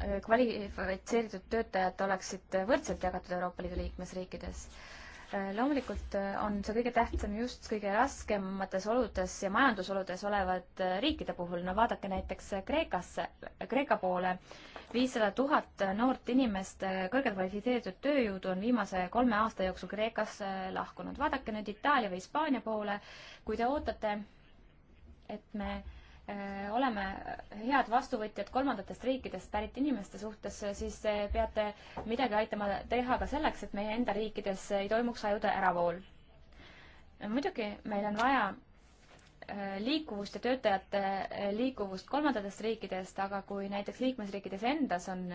Äh, kvalifitseeritud töötajad oleksid võrdselt jagatud Euroopa Liidu liikmesriikides. Äh, loomulikult äh, on see kõige tähtsam just kõige raskemates oludes ja majandusoludes olevad riikide puhul, no vaadake näiteks Kreekasse, Kreeka poole, viissada tuhat noort inimest, kõrgelt kvalifitseeritud tööjõudu on viimase kolme aasta jooksul Kreekasse lahkunud. vaadake nüüd Itaalia või Hispaania poole, kui te ootate, et me Äh, oleme head vastuvõtjad kolmandatest riikidest pärit inimeste suhtes, siis äh, peate midagi aitama teha ka selleks, et meie enda riikides ei toimuks ajude äravool. muidugi meil on vaja äh, liikuvust ja töötajate liikuvust kolmandatest riikidest, aga kui näiteks liikmesriikides endas on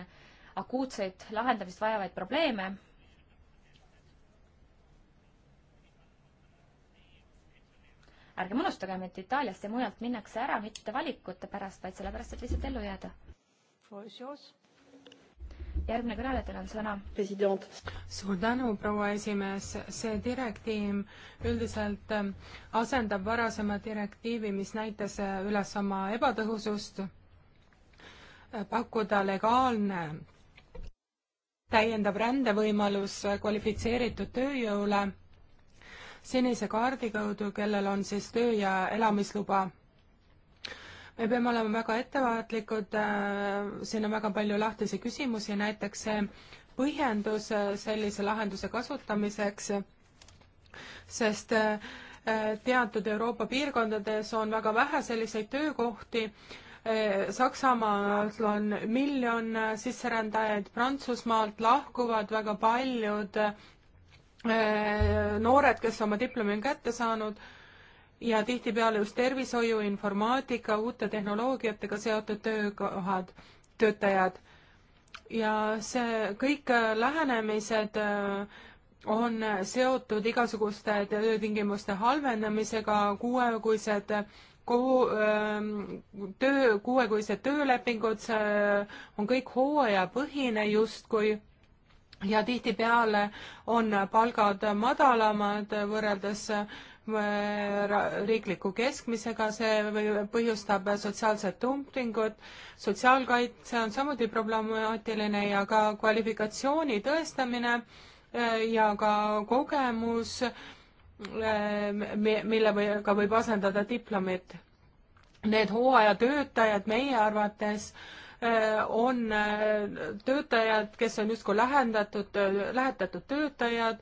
akuutseid lahendamist vajavaid probleeme, ärgem unustagem, et Itaaliast ja mujalt minnakse ära mitte valikute pärast, vaid sellepärast, et lihtsalt ellu jääda. järgmine kõneleja, teil on sõna. president. suur tänu, proua esimees. see direktiiv üldiselt ähm, asendab varasema direktiivi, mis näitas äh, üles oma ebatõhusust, äh, pakkuda legaalne täiendav rändevõimalus äh, kvalifitseeritud tööjõule sinise kaardi kaudu, kellel on siis töö- ja elamisluba. me peame olema väga ettevaatlikud, äh, siin on väga palju lahtisi küsimusi, näiteks see põhjendus äh, sellise lahenduse kasutamiseks, sest äh, teatud Euroopa piirkondades on väga vähe selliseid töökohti, Saksamaal on miljon sisserändajaid, Prantsusmaalt lahkuvad väga paljud Äh, noored, kes oma diplomi on kätte saanud ja tihtipeale just tervishoiu, informaatika, uute tehnoloogiatega seotud töökohad, töötajad. ja see kõik lähenemised äh, on seotud igasuguste töötingimuste halvendamisega, kuuekuised kohu-, ähm, töö, kuuekuised töölepingud, see on kõik hooajapõhine justkui ja tihtipeale on palgad madalamad võrreldes äh, riikliku keskmisega, see põhjustab sotsiaalset dumpingut, sotsiaalkaitse on samuti problemaatiline ja ka kvalifikatsiooni tõestamine äh, ja ka kogemus, äh, millega võib asendada diplomit. Need hooajatöötajad meie arvates äh, Äh, on äh, töötajad, kes on justkui lähendatud, äh, lähetatud töötajad,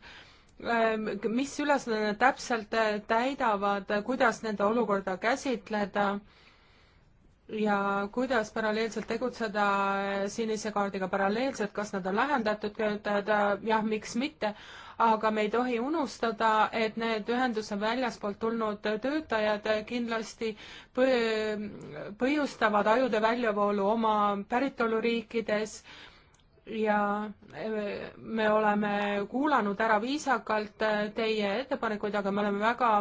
ähm, mis ülesanne täpselt täidavad, kuidas nende olukorda käsitleda ja kuidas paralleelselt tegutseda sinise kaardiga paralleelselt, kas nad on lähendatud töötajad, jah, miks mitte, aga me ei tohi unustada, et need ühenduse väljaspoolt tulnud töötajad kindlasti põhjustavad ajude väljavoolu oma päritoluriikides ja me oleme kuulanud ära viisakalt teie ettepanekuid, aga me oleme väga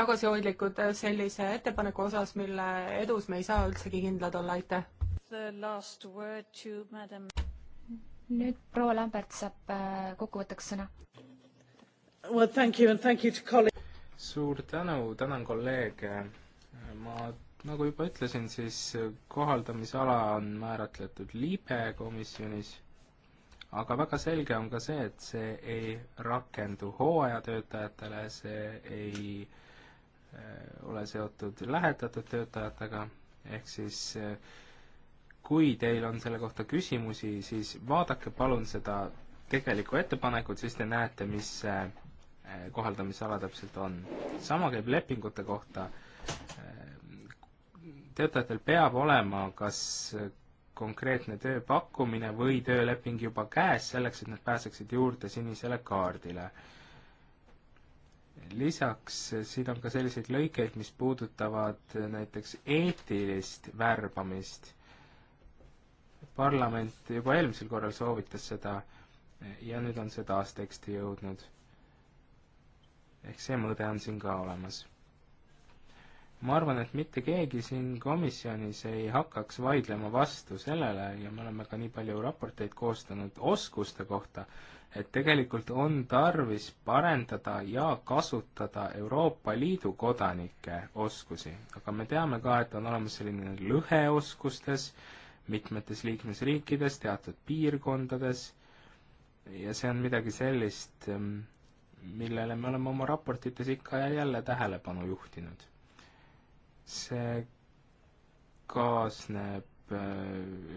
tagasihoidlikud sellise ettepaneku osas, mille edus me ei saa üldsegi kindlad olla, aitäh nüüd proua Lambert saab äh, kokkuvõtteks sõna. Well thank you and thank you to colleagues. suur tänu, tänan kolleege. ma, nagu juba ütlesin, siis kohaldamisala on määratletud libe komisjonis, aga väga selge on ka see, et see ei rakendu hooajatöötajatele, see ei äh, ole seotud lähetatud töötajatega, ehk siis äh, kui teil on selle kohta küsimusi, siis vaadake palun seda tegelikku ettepanekut, siis te näete, mis see eh, kohaldamisala täpselt on. sama käib lepingute kohta. Eh, töötajatel peab olema kas konkreetne tööpakkumine või tööleping juba käes, selleks et nad pääseksid juurde sinisele kaardile lisaks siin on ka selliseid lõikeid, mis puudutavad näiteks eetilist värbamist parlament juba eelmisel korral soovitas seda ja nüüd on see taas teksti jõudnud. ehk see mõõde on siin ka olemas. ma arvan, et mitte keegi siin komisjonis ei hakkaks vaidlema vastu sellele ja me oleme ka nii palju raporteid koostanud oskuste kohta, et tegelikult on tarvis parendada ja kasutada Euroopa Liidu kodanike oskusi, aga me teame ka, et on olemas selline lõhe oskustes mitmetes liikmesriikides, teatud piirkondades ja see on midagi sellist, ähm, millele me oleme oma raportites ikka ja jälle tähelepanu juhtinud. see kaasneb äh,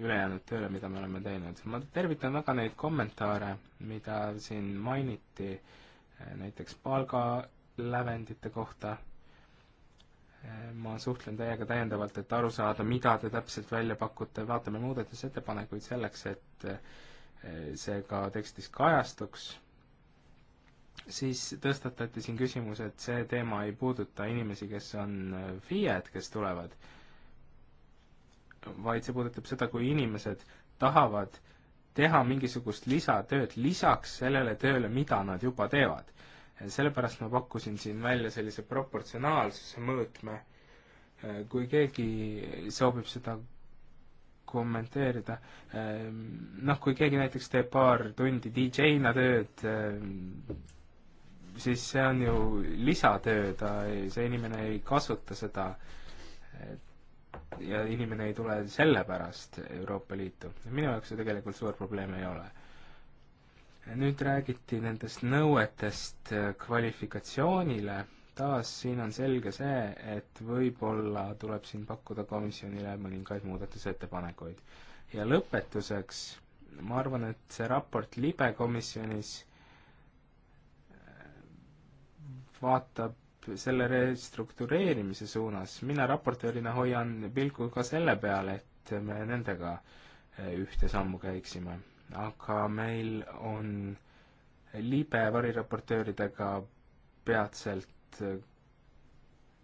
ülejäänud tööle, mida me oleme teinud. ma tervitan väga neid kommentaare, mida siin mainiti, äh, näiteks palgalävendite kohta Äh, ma suhtlen teiega täiendavalt, et aru saada, mida te täpselt välja pakute, vaatame muudatusettepanekuid selleks, et äh, see ka tekstis kajastuks, siis tõstatati siin küsimus, et see teema ei puuduta inimesi, kes on äh, FIE-d, kes tulevad, vaid see puudutab seda, kui inimesed tahavad teha mingisugust lisatööd lisaks sellele tööle, mida nad juba teevad sellepärast ma pakkusin siin välja sellise proportsionaalsuse mõõtme. kui keegi soovib seda kommenteerida, ehm, noh, kui keegi näiteks teeb paar tundi DJ-na tööd, ehm, siis see on ju lisatöö, ta, see inimene ei kasuta seda ja inimene ei tule sellepärast Euroopa Liitu. minu jaoks see tegelikult suur probleem ei ole nüüd räägiti nendest nõuetest äh, kvalifikatsioonile, taas siin on selge see, et võib-olla tuleb siin pakkuda komisjonile mõningaid muudatusettepanekuid. ja lõpetuseks, ma arvan, et see raport libe komisjonis äh, vaatab selle restruktureerimise suunas, mina raportöörina hoian pilgu ka selle peale, et me nendega äh, ühte sammu käiksime aga meil on libe variraportööridega peatselt äh,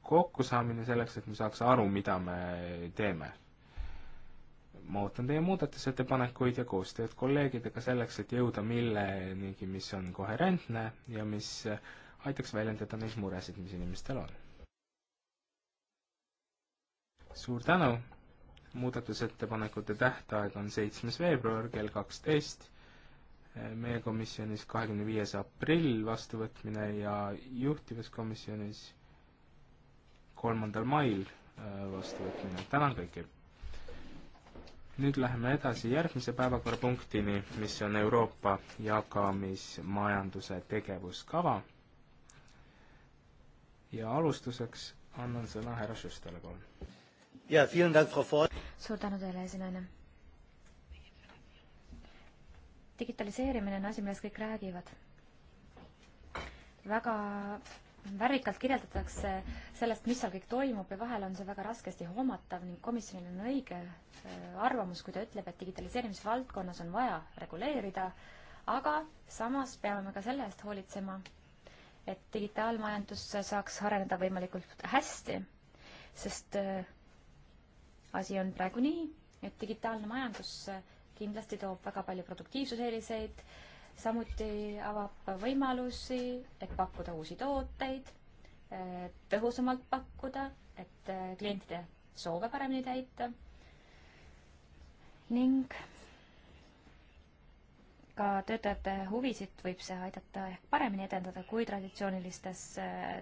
kokkusaamine selleks, et me saaks aru, mida me teeme. ma ootan teie muudatusettepanekuid ja koostööd kolleegidega selleks, et jõuda millenigi, mis on koherentne ja mis äh, aitaks väljendada neid muresid, mis inimestel on. suur tänu muudatusettepanekute tähtaeg on seitsmes veebruar kell kaksteist, meie komisjonis kahekümne viies aprill vastuvõtmine ja juhtivas komisjonis kolmandal mail äh, vastuvõtmine, tänan kõiki! nüüd läheme edasi järgmise päevakorrapunktini, mis on Euroopa jagamismajanduse tegevuskava. ja alustuseks annan sõna härra Schüstele, palun suur tänu teile, esinaine. digitaliseerimine on asi, millest kõik räägivad. väga värvikalt kirjeldatakse sellest, mis seal kõik toimub ja vahel on see väga raskesti hoomatav ning komisjonil on õige äh, arvamus, kui ta ütleb, et digitaliseerimisvaldkonnas on vaja reguleerida, aga samas peame me ka selle eest hoolitsema, et digitaalmajandus saaks areneda võimalikult hästi, sest äh, asi on praegu nii, et digitaalne majandus kindlasti toob väga palju produktiivsuseeliseid, samuti avab võimalusi, et pakkuda uusi tooteid, tõhusamalt pakkuda, et klientide soove paremini täita ning ka töötajate huvisid võib see aidata ehk paremini edendada kui traditsioonilistes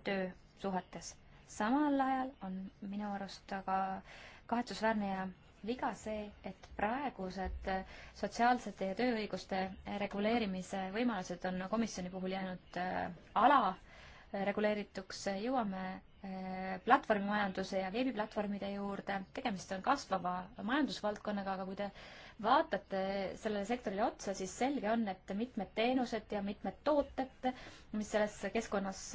töösuhetes. samal ajal on minu arust aga äh, kahetsusväärne ja viga see, et praegused sotsiaalsete ja tööõiguste reguleerimise võimalused on komisjoni puhul jäänud äh, alareguleerituks, äh, jõuame äh, platvormimajanduse ja veebiplatvormide juurde, tegemist on kasvava majandusvaldkonnaga, aga kui te vaatate sellele sektorile otsa, siis selge on, et mitmed teenused ja mitmed tooted, mis selles keskkonnas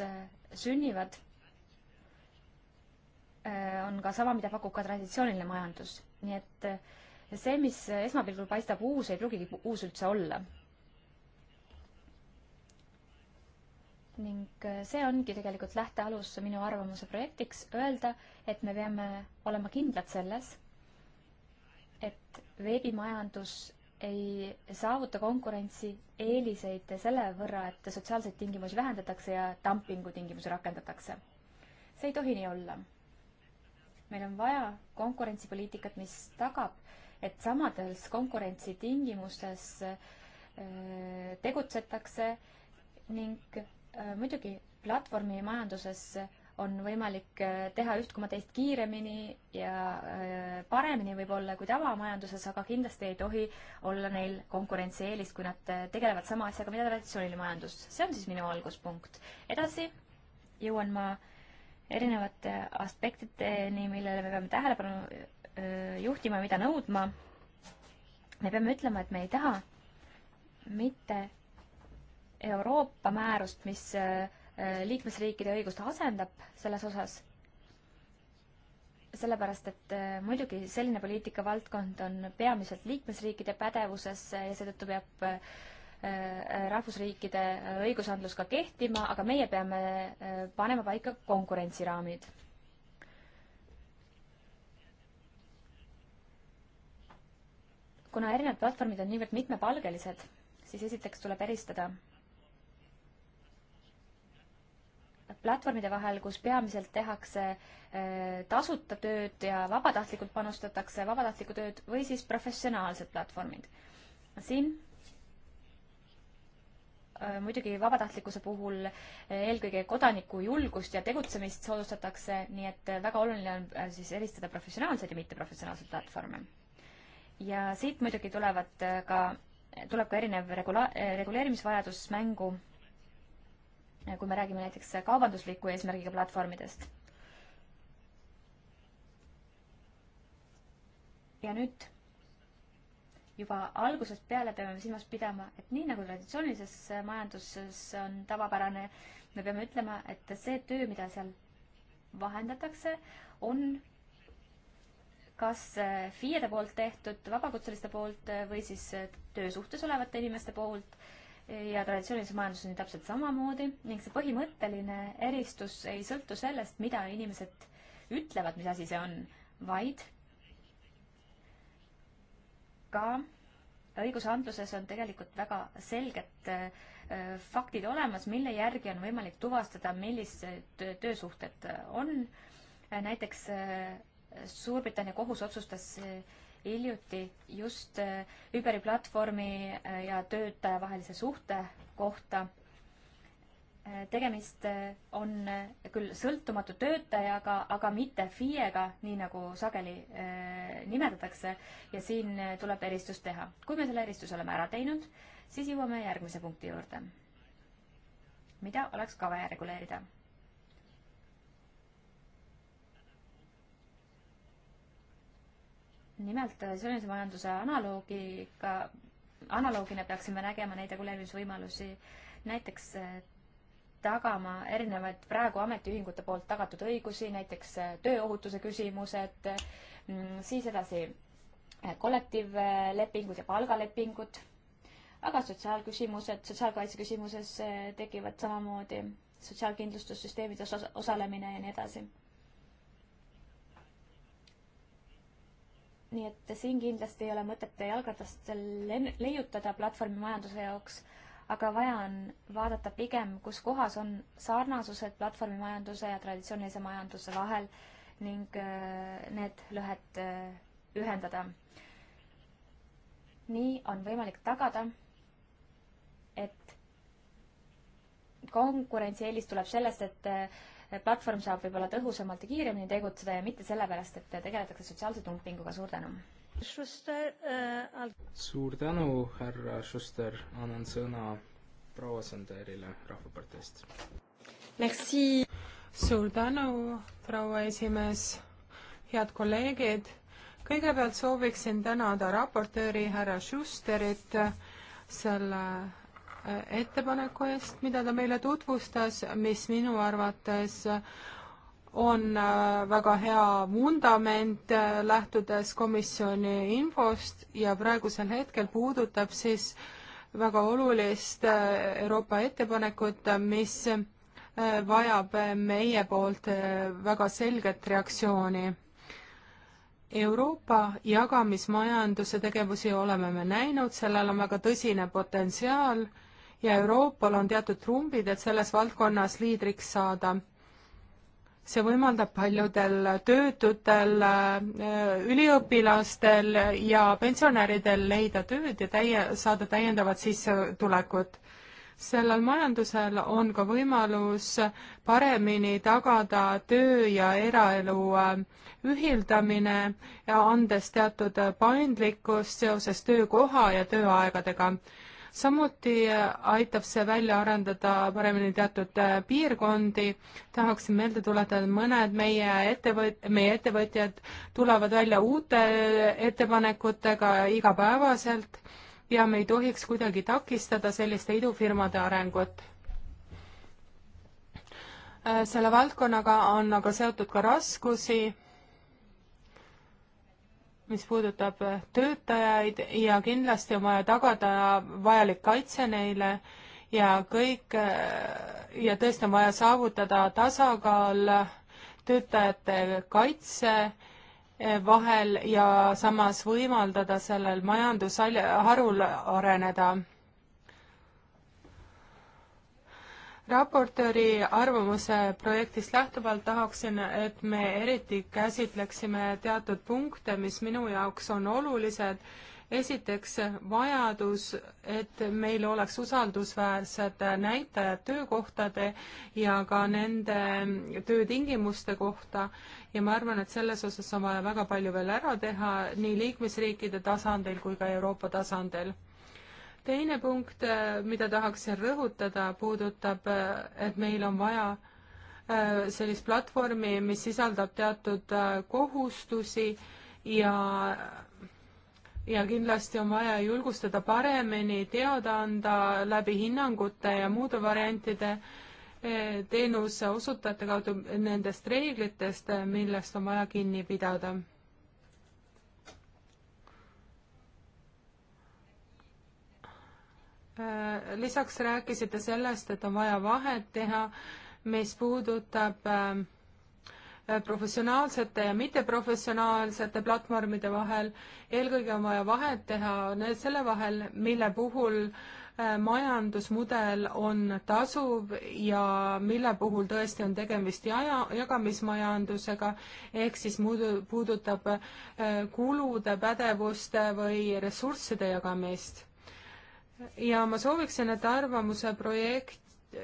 sünnivad, Äh, on ka sama, mida pakub ka traditsiooniline majandus. nii et äh, see, mis esmapilgul paistab uus, ei pruugigi uus üldse olla. ning äh, see ongi tegelikult lähtealus minu arvamuse projektiks, öelda, et me peame olema kindlad selles, et veebimajandus ei saavuta konkurentsi eeliseid selle võrra, et sotsiaalseid tingimusi vähendatakse ja dumpingu tingimusi rakendatakse. see ei tohi nii olla meil on vaja konkurentsipoliitikat, mis tagab, et samades konkurentsitingimustes äh, tegutsetakse ning äh, muidugi platvormimajanduses on võimalik äh, teha üht koma teist kiiremini ja paremini võib-olla kui tavamajanduses, aga kindlasti ei tohi olla neil konkurentsieelist, kui nad tegelevad sama asjaga, mida traditsiooniline majandus. see on siis minu alguspunkt. edasi jõuan ma äh, erinevate aspektideni, millele me peame tähelepanu juhtima, mida nõudma. me peame ütlema, et me ei taha mitte Euroopa määrust, mis liikmesriikide õigust asendab selles osas, sellepärast et muidugi selline poliitikavaldkond on peamiselt liikmesriikide pädevuses ja seetõttu peab Äh, äh, rahvusriikide äh, õigusandlus ka kehtima, aga meie peame panema paika konkurentsiraamid. kuna erinevad platvormid on niivõrd mitmepalgelised, siis esiteks tuleb eristada platvormide vahel, kus peamiselt tehakse tasuta tööd ja vabatahtlikult panustatakse vabatahtlikku tööd või siis professionaalsed platvormid. siin Äh, muidugi vabatahtlikkuse puhul äh, eelkõige kodaniku julgust ja tegutsemist soodustatakse, nii et äh, väga oluline on siis eristada professionaalseid ja mitteprofessionaalseid platvorme. ja siit muidugi tulevad ka, tuleb ka erinev regula-, reguleerimisvajadus mängu, kui me räägime näiteks kaubandusliku eesmärgiga platvormidest. ja nüüd juba algusest peale peame silmas pidama, et nii nagu traditsioonilises majanduses on tavapärane, me peame ütlema, et see töö, mida seal vahendatakse, on kas eh, FIE-de poolt tehtud, vabakutseliste poolt eh, või siis eh, töösuhtes olevate inimeste poolt ja traditsioonilises majanduses on täpselt samamoodi ning see põhimõtteline eristus ei sõltu sellest, mida inimesed ütlevad, mis asi see on, vaid ka õigusandluses on tegelikult väga selged äh, faktid olemas, mille järgi on võimalik tuvastada, millised töösuhted on. Äh, näiteks äh, Suurbritannia kohus otsustas hiljuti just Uberi platvormi ja töötaja vahelise suhte kohta tegemist eh, on eh, küll sõltumatu töötajaga, aga mitte FIE-ga, nii nagu sageli äh, nimetatakse, ja siin tuleb eristus teha. kui me selle eristuse oleme ära teinud, siis jõuame järgmise punkti juurde, mida oleks ka vaja reguleerida. nimelt sõjalise majanduse analoogiga, analoogina peaksime nägema neid reguleerimisvõimalusi näiteks tagama erinevaid praegu ametiühingute poolt tagatud õigusi, näiteks äh, tööohutuse küsimused, mm, siis edasi äh, kollektiivlepingud ja palgalepingud, aga sotsiaalküsimused, sotsiaalkaitse küsimuses äh, tekivad samamoodi sotsiaalkindlustussüsteemides os osalemine ja nii edasi. nii et siin kindlasti ei ole mõtet jalgratast leiutada platvormimajanduse jaoks aga vaja on vaadata pigem, kus kohas on sarnasused platvormimajanduse ja traditsioonilise majanduse vahel ning äh, need lõhed äh, ühendada. nii on võimalik tagada, et konkurentsieelis tuleb sellest, et äh, platvorm saab võib-olla tõhusamalt ja kiiremini tegutseda ja mitte sellepärast, et tegeletakse sotsiaalse dumpinguga. suur tänu! Schuster äh,. suur tänu, härra Schuster, annan sõna proua Sanderile Rahvaparteist. Merci. suur tänu, proua esimees, head kolleegid. kõigepealt sooviksin tänada raportööri härra Schusterit selle äh, ettepaneku eest, mida ta meile tutvustas, mis minu arvates äh, on äh, väga hea vundament, äh, lähtudes komisjoni infost ja praegusel hetkel puudutab siis väga olulist äh, Euroopa ettepanekut, mis vajab meie poolt väga selget reaktsiooni. Euroopa jagamismajanduse tegevusi oleme me näinud, sellel on väga tõsine potentsiaal ja Euroopal on teatud trumbid, et selles valdkonnas liidriks saada see võimaldab paljudel töötutel, äh, üliõpilastel ja pensionäridel leida tööd ja täie, saada täiendavat sissetulekut. sellel majandusel on ka võimalus paremini tagada töö ja eraelu äh, ühildamine, andes teatud paindlikkust seoses töökoha ja tööaegadega samuti äh, aitab see välja arendada paremini teatud äh, piirkondi, tahaksin meelde tuletada, et mõned meie ettevõt-, meie ettevõtjad tulevad välja uute äh, ettepanekutega igapäevaselt ja me ei tohiks kuidagi takistada selliste idufirmade arengut selle valdkonnaga on aga seotud ka raskusi mis puudutab äh, töötajaid ja kindlasti on vaja tagada vajalik kaitse neile ja kõik äh, ja tõesti on vaja saavutada tasakaal töötajate kaitse äh, vahel ja samas võimaldada sellel majandusharul areneda raportööri arvamuse projektist lähtuvalt tahaksin, et me eriti käsitleksime teatud punkte, mis minu jaoks on olulised. esiteks vajadus, et meil oleks usaldusväärsed näitajad töökohtade ja ka nende töötingimuste kohta ja ma arvan, et selles osas on vaja väga palju veel ära teha nii liikmesriikide tasandil kui ka Euroopa tasandil teine punkt, äh, mida tahaksin rõhutada, puudutab, äh, et meil on vaja äh, sellist platvormi, mis sisaldab teatud kohustusi ja ja kindlasti on vaja julgustada paremini teada anda läbi hinnangute ja muude variantide teenuse osutajate kaudu nendest reeglitest, millest on vaja kinni pidada Äh, lisaks rääkisite sellest, et on vaja vahet teha, mis puudutab ähm, äh, professionaalsete ja mitteprofessionaalsete platvormide vahel. eelkõige on vaja vahet teha need selle vahel, mille puhul äh, majandusmudel on tasuv ja mille puhul tõesti on tegemist jaja, jagamismajandusega, ehk siis muud, puudutab kulude, pädevuste või ressursside jagamist ja ma sooviksin, et arvamuse projekt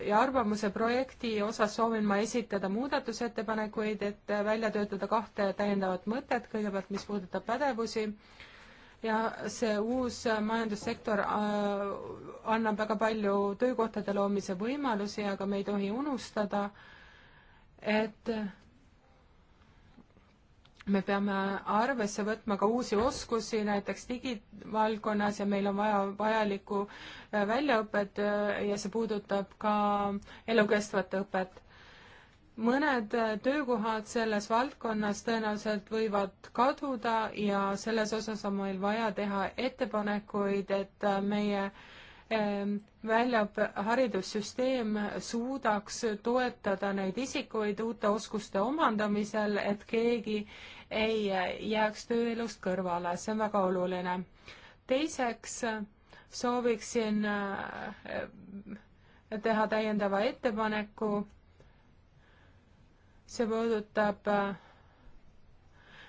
ja arvamuse projekti osas soovin ma esitada muudatusettepanekuid, et välja töötada kahte täiendavat mõtet, kõigepealt mis puudutab pädevusi ja see uus majandussektor äh, annab väga palju töökohtade loomise võimalusi, aga me ei tohi unustada, et me peame arvesse võtma ka uusi oskusi näiteks digivaldkonnas ja meil on vaja vajalikku äh, väljaõpet äh, ja see puudutab ka elukestvat õpet. mõned äh, töökohad selles valdkonnas tõenäoliselt võivad kaduda ja selles osas on meil vaja teha ettepanekuid, et meie ähm, väljaõppe haridussüsteem suudaks toetada neid isikuid uute oskuste omandamisel, et keegi ei jääks tööelust kõrvale, see on väga oluline. teiseks sooviksin äh, teha täiendava ettepaneku. see puudutab äh,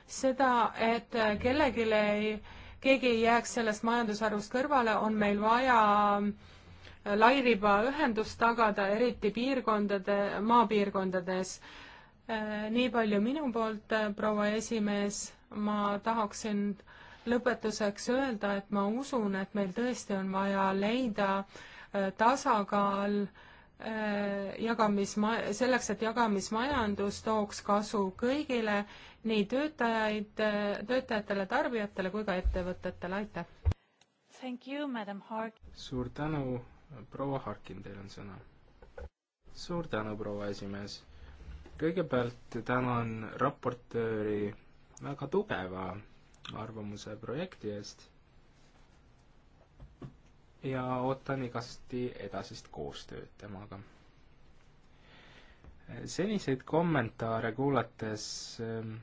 seda, et kellelegi ei, keegi ei jääks sellest majandusharust kõrvale, on meil vaja äh, lairibaühendus tagada, eriti piirkondade, maapiirkondades Äh, nii palju minu poolt, äh, proua esimees, ma tahaksin lõpetuseks öelda, et ma usun, et meil tõesti on vaja leida äh, tasakaal jagamis, selleks, et jagamismajandus tooks kasu kõigile, nii töötajaid, töötajatele, tarbijatele kui ka ettevõtetele, aitäh! suur tänu, proua Harkin, teil on sõna. suur tänu, proua esimees kõigepealt tänan raportööri väga tugeva arvamuse projekti eest ja ootan igasti edasist koostööd temaga. seniseid kommentaare kuulates ähm,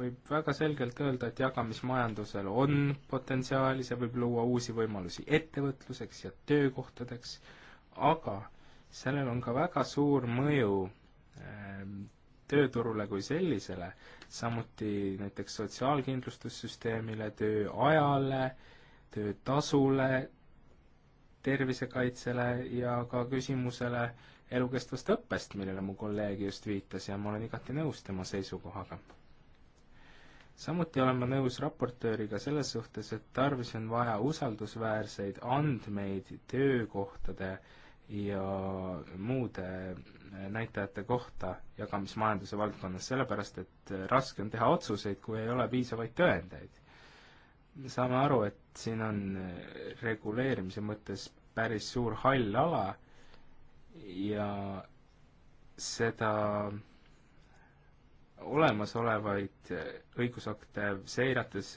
võib väga selgelt öelda, et jagamismajandusel on potentsiaali, see võib luua uusi võimalusi ettevõtluseks ja töökohtadeks, aga sellel on ka väga suur mõju Ähm, tööturule kui sellisele, samuti näiteks sotsiaalkindlustussüsteemile, tööajale, töötasule, tervisekaitsele ja ka küsimusele elukestvast õppest, millele mu kolleeg just viitas ja ma olen igati nõus tema seisukohaga. samuti olen ma nõus raportööriga selles suhtes, et tarvis on vaja usaldusväärseid andmeid töökohtade äh, ja muude näitajate kohta jagamismajanduse valdkonnas, sellepärast et raske on teha otsuseid, kui ei ole piisavaid tõendeid. saame aru, et siin on reguleerimise mõttes päris suur hall ala ja seda olemasolevaid õigusakte seirates,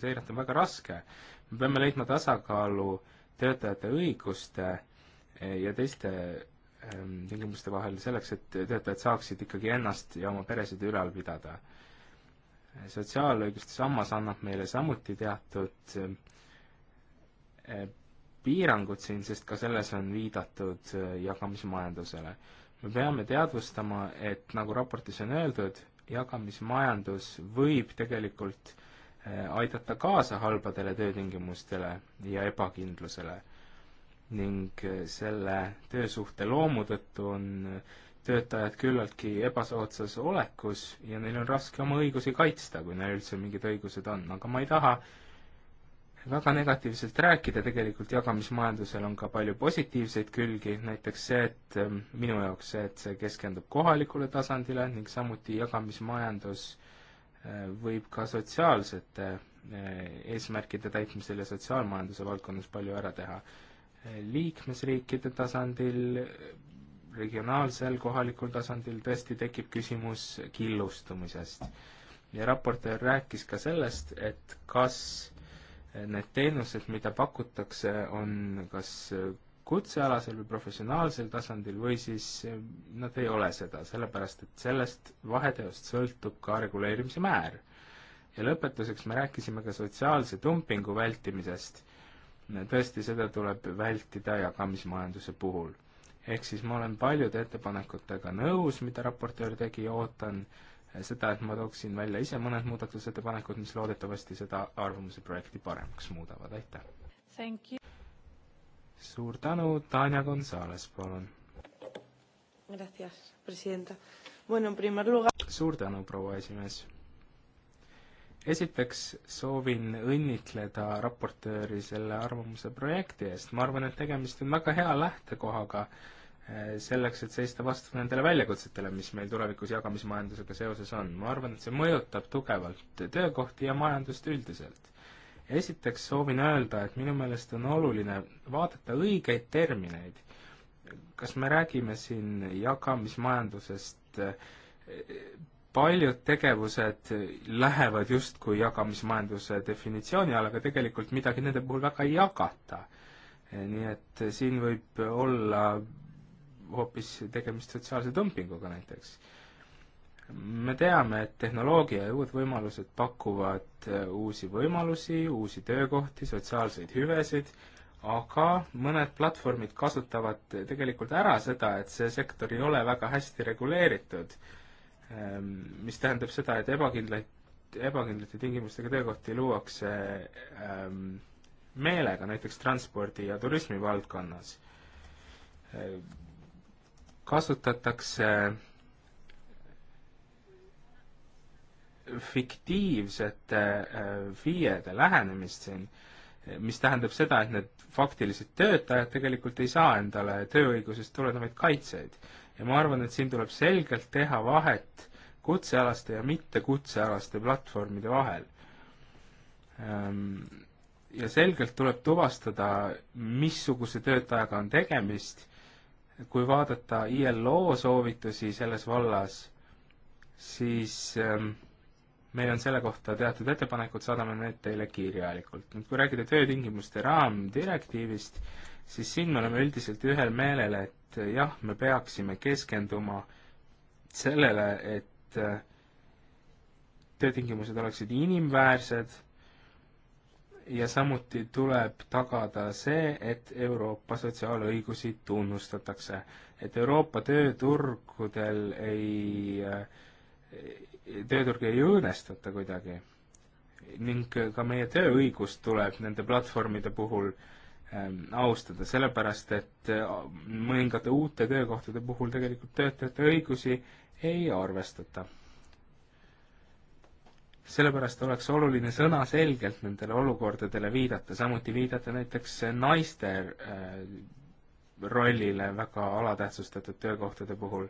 seirata on väga raske. me peame leidma tasakaalu töötajate õiguste äh, ja teiste ähm, tingimuste vahel selleks, et töötajad saaksid ikkagi ennast ja oma peresid ülal pidada. sotsiaalõiguste sammas annab meile samuti teatud äh, piirangud siin, sest ka selles on viidatud äh, jagamismajandusele. me peame teadvustama, et nagu raportis on öeldud, jagamismajandus võib tegelikult äh, aidata kaasa halbadele töötingimustele ja ebakindlusele ning eh, selle töösuhte loomu tõttu on eh, töötajad küllaltki ebasoodsas olekus ja neil on raske oma õigusi kaitsta, kui neil üldse mingid õigused on, aga ma ei taha väga negatiivselt rääkida, tegelikult jagamismajandusel on ka palju positiivseid külgi, näiteks see, et eh, minu jaoks see, et see keskendub kohalikule tasandile ning samuti jagamismajandus võib ka sotsiaalsete eesmärkide täitmisel ja sotsiaalmajanduse valdkonnas palju ära teha liikmesriikide tasandil, regionaalsel, kohalikul tasandil tõesti tekib küsimus killustumisest. ja raportöör rääkis ka sellest, et kas need teenused, mida pakutakse, on kas kutsealasel või professionaalsel tasandil või siis nad ei ole seda, sellepärast et sellest vaheteost sõltub ka reguleerimise määr. ja lõpetuseks me rääkisime ka sotsiaalse dumpingu vältimisest tõesti, seda tuleb vältida jagamismajanduse puhul. ehk siis ma olen paljude ettepanekutega nõus, mida raportöör tegi, ootan eh, seda, et ma tooksin välja ise mõned muudatusettepanekud, mis loodetavasti seda arvamuse projekti paremaks muudavad, aitäh! suur tänu, Tanja Gonzales, palun! suur tänu, proua esimees! esiteks soovin õnnitleda raportööri selle arvamuse projekti eest, ma arvan, et tegemist on väga hea lähtekohaga eh, selleks, et seista vastu nendele väljakutsetele, mis meil tulevikus jagamismajandusega seoses on. ma arvan, et see mõjutab tugevalt töökohti ja majandust üldiselt. esiteks soovin öelda, et minu meelest on oluline vaadata õigeid termineid. kas me räägime siin jagamismajandusest eh, paljud tegevused lähevad justkui jagamismajanduse definitsiooni all, aga tegelikult midagi nende puhul väga ei jagata. nii et siin võib olla hoopis tegemist sotsiaalse dumpinguga näiteks. me teame, et tehnoloogia ja uued võimalused pakuvad äh, uusi võimalusi, uusi töökohti, sotsiaalseid hüvesid, aga mõned platvormid kasutavad tegelikult ära seda, et see sektor ei ole väga hästi reguleeritud Ehm, mis tähendab seda, et ebakindlaid, ebakindlate tingimustega töökohti luuakse ähm, meelega, näiteks transpordi ja turismi valdkonnas. Ehm, kasutatakse fiktiivsete ehm, FIE-de lähenemist siin, mis tähendab seda, et need faktilised töötajad tegelikult ei saa endale tööõigusest tulenevaid kaitseid ja ma arvan, et siin tuleb selgelt teha vahet kutsealaste ja mitte kutsealaste platvormide vahel. Ehm, ja selgelt tuleb tuvastada, missuguse töötajaga on tegemist, kui vaadata ILO soovitusi selles vallas, siis ehm, meil on selle kohta teatud ettepanekud, saadame need teile kirjalikult. nüüd kui rääkida töötingimuste raamdirektiivist, siis siin me oleme üldiselt ühel meelel, et eh, jah, me peaksime keskenduma sellele, et eh, töötingimused oleksid inimväärsed ja samuti tuleb tagada see, et Euroopa sotsiaalõigusi tunnustatakse. et Euroopa tööturgudel ei, eh, tööturge ei õõnestata kuidagi. ning ka meie tööõigust tuleb nende platvormide puhul äh, Ähm, austada, sellepärast et äh, mõningate uute töökohtade puhul tegelikult töötajate õigusi ei arvestata. sellepärast oleks oluline sõnaselgelt nendele olukordadele viidata, samuti viidata näiteks naiste äh, rollile väga alatähtsustatud töökohtade puhul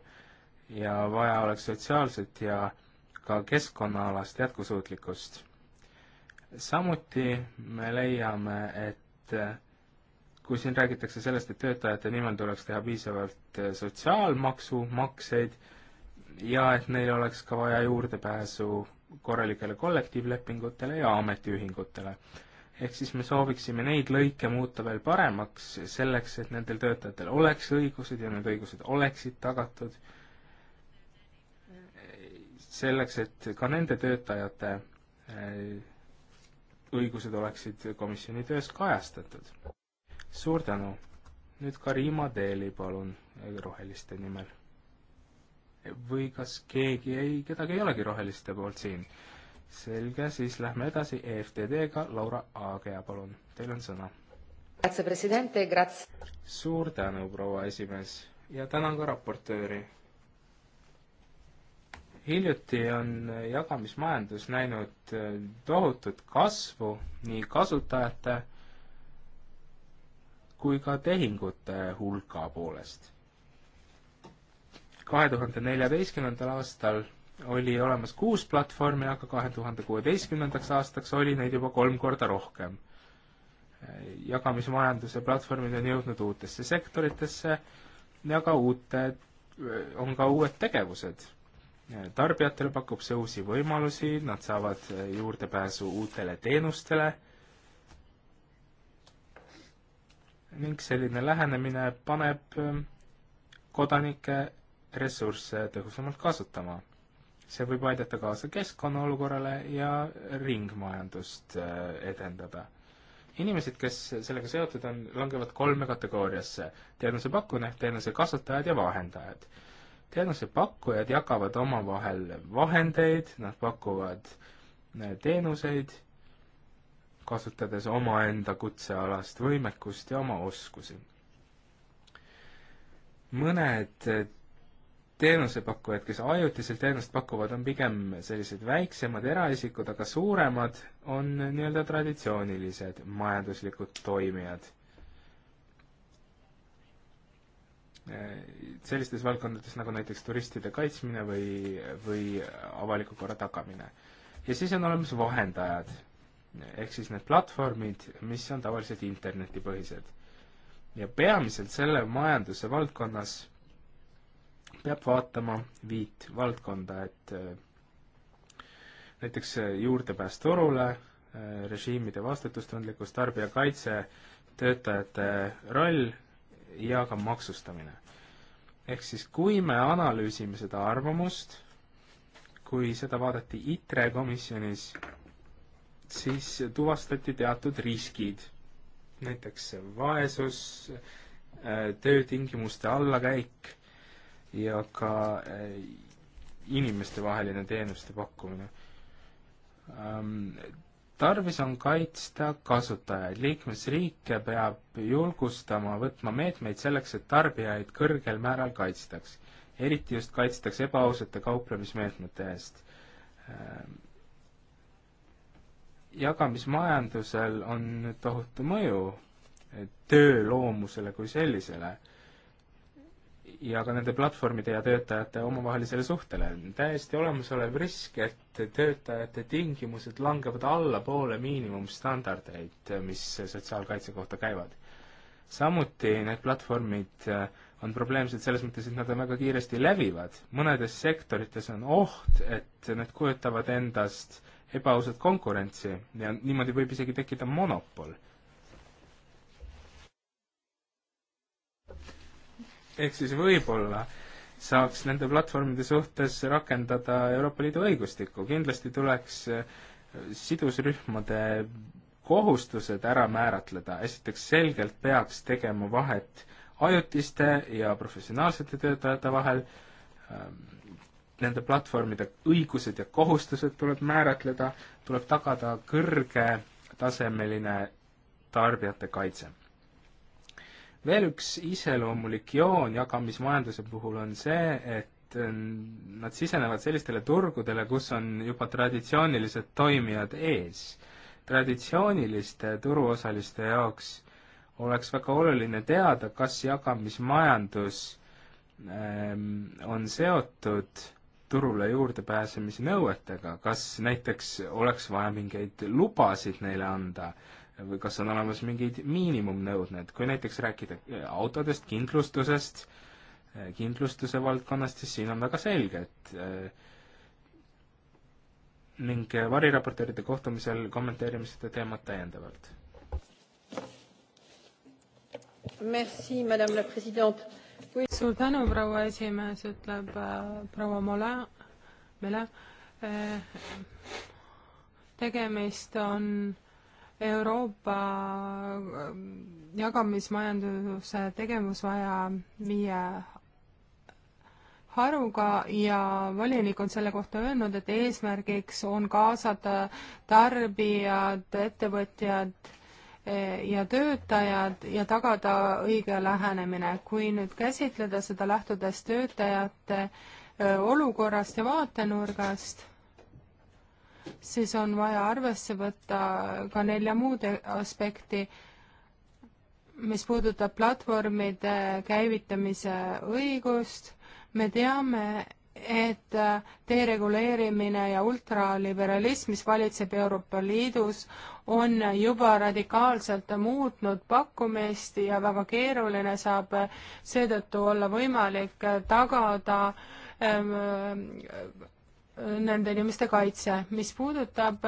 ja vaja oleks sotsiaalset ja ka keskkonnaalast jätkusuutlikkust. samuti me leiame, et äh, kui siin räägitakse sellest, et töötajate nimel tuleks teha piisavalt äh, sotsiaalmaksu makseid ja et neil oleks ka vaja juurdepääsu korralikele kollektiivlepingutele ja ametiühingutele. ehk siis me sooviksime neid lõike muuta veel paremaks, selleks et nendel töötajatel oleks õigused ja need õigused oleksid tagatud, selleks et ka nende töötajate äh, õigused oleksid komisjoni töös kajastatud suur tänu. nüüd Karima Teeli, palun, roheliste nimel. või kas keegi ei, kedagi ei olegi roheliste poolt siin? selge, siis lähme edasi EFTD-ga, Laura Aagea, palun, teil on sõna. suur tänu, proua esimees, ja tänan ka raportööri hiljuti on jagamismajandus näinud äh, tohutut kasvu nii kasutajate kui ka tehingute hulga poolest. kahe tuhande neljateistkümnendal aastal oli olemas kuus platvormi, aga kahe tuhande kuueteistkümnendaks aastaks oli neid juba kolm korda rohkem. jagamismajanduse platvormid on jõudnud uutesse sektoritesse ja ka uute, on ka uued tegevused. tarbijatele pakub see uusi võimalusi, nad saavad juurdepääsu uutele teenustele ning selline lähenemine paneb ähm, kodanike ressursse tõhusamalt kasutama. see võib aidata kaasa keskkonna olukorrale ja ringmajandust äh, edendada. inimesed, kes sellega seotud on, langevad kolme kategooriasse. teenuse pakkujad, teenuse kasutajad ja vahendajad. teenusepakkujad jagavad omavahel vahendeid, nad pakuvad äh, teenuseid kasutades omaenda kutsealast võimekust ja oma oskusi. mõned teenusepakkujad, kes ajutiselt teenust pakuvad, on pigem sellised väiksemad eraisikud, aga suuremad on nii-öelda traditsioonilised majanduslikud toimijad. sellistes valdkondades nagu näiteks turistide kaitsmine või, või avaliku korra tagamine. ja siis on olemas vahendajad ehk siis need platvormid, mis on tavaliselt internetipõhised. ja peamiselt selle majanduse valdkonnas peab vaatama viit valdkonda, et äh, näiteks äh, juurdepääs turule, äh, režiimide vastutustundlikkus, tarbijakaitse, töötajate roll ja ka maksustamine. ehk siis, kui me analüüsime seda arvamust, kui seda vaadati ITRE komisjonis siis tuvastati teatud riskid, näiteks vaesus, äh, töötingimuste allakäik ja ka äh, inimestevaheline teenuste pakkumine. Ähm, tarvis on kaitsta kasutajaid, liikmesriike peab julgustama võtma meetmeid selleks, et tarbijaid kõrgel määral kaitstaks. eriti just kaitstakse ebaausate kauplemismeetmete eest ähm, jagamismajandusel on tohutu mõju töö loomusele kui sellisele ja ka nende platvormide ja töötajate omavahelisele suhtele. täiesti olemasolev risk, et töötajate tingimused langevad allapoole miinimumstandardeid, mis sotsiaalkaitse kohta käivad. samuti need platvormid äh, on probleemsed selles mõttes, et nad on väga kiiresti levivad. mõnedes sektorites on oht, et need kujutavad endast äh, ebaausat konkurentsi ja niimoodi võib isegi tekkida monopol. ehk siis võib-olla saaks nende platvormide suhtes rakendada Euroopa Liidu õigustikku, kindlasti tuleks äh, sidusrühmade kohustused ära määratleda, esiteks selgelt peaks tegema vahet ajutiste ja professionaalsete töötajate vahel, ähm, nende platvormide õigused ja kohustused tuleb määratleda, tuleb tagada kõrgetasemeline tarbijate kaitse. veel üks iseloomulik joon jagamismajanduse puhul on see, et nad sisenevad sellistele turgudele, kus on juba traditsioonilised toimijad ees. traditsiooniliste turuosaliste jaoks oleks väga oluline teada, kas jagamismajandus ähm, on seotud turule juurdepääsemise nõuetega, kas näiteks oleks vaja mingeid lubasid neile anda või kas on olemas mingid miinimumnõudmed, kui näiteks rääkida autodest, kindlustusest, kindlustuse valdkonnast, siis siin on väga selge, et eh, ning variraportööride kohtumisel kommenteerime seda teemat täiendavalt. Merci, madame la présidente kui suur tänu, proua esimees, ütleb äh, proua Mole, Mele äh,. tegemist on Euroopa äh, jagamismajanduse tegevusvaja viie haruga ja volinik on selle kohta öelnud, et eesmärgiks on kaasata tarbijad, ettevõtjad ja töötajad ja tagada õige lähenemine. kui nüüd käsitleda seda lähtudes töötajate olukorrast ja vaatenurgast, siis on vaja arvesse võtta ka nelja muud e-, aspekti, mis puudutab platvormide käivitamise õigust. me teame, et äh, dereguleerimine ja ultraliberalism, mis valitseb Euroopa Liidus, on juba radikaalselt muutnud pakkumist ja väga keeruline saab äh, seetõttu olla võimalik äh, tagada ähm, nende inimeste kaitse. mis puudutab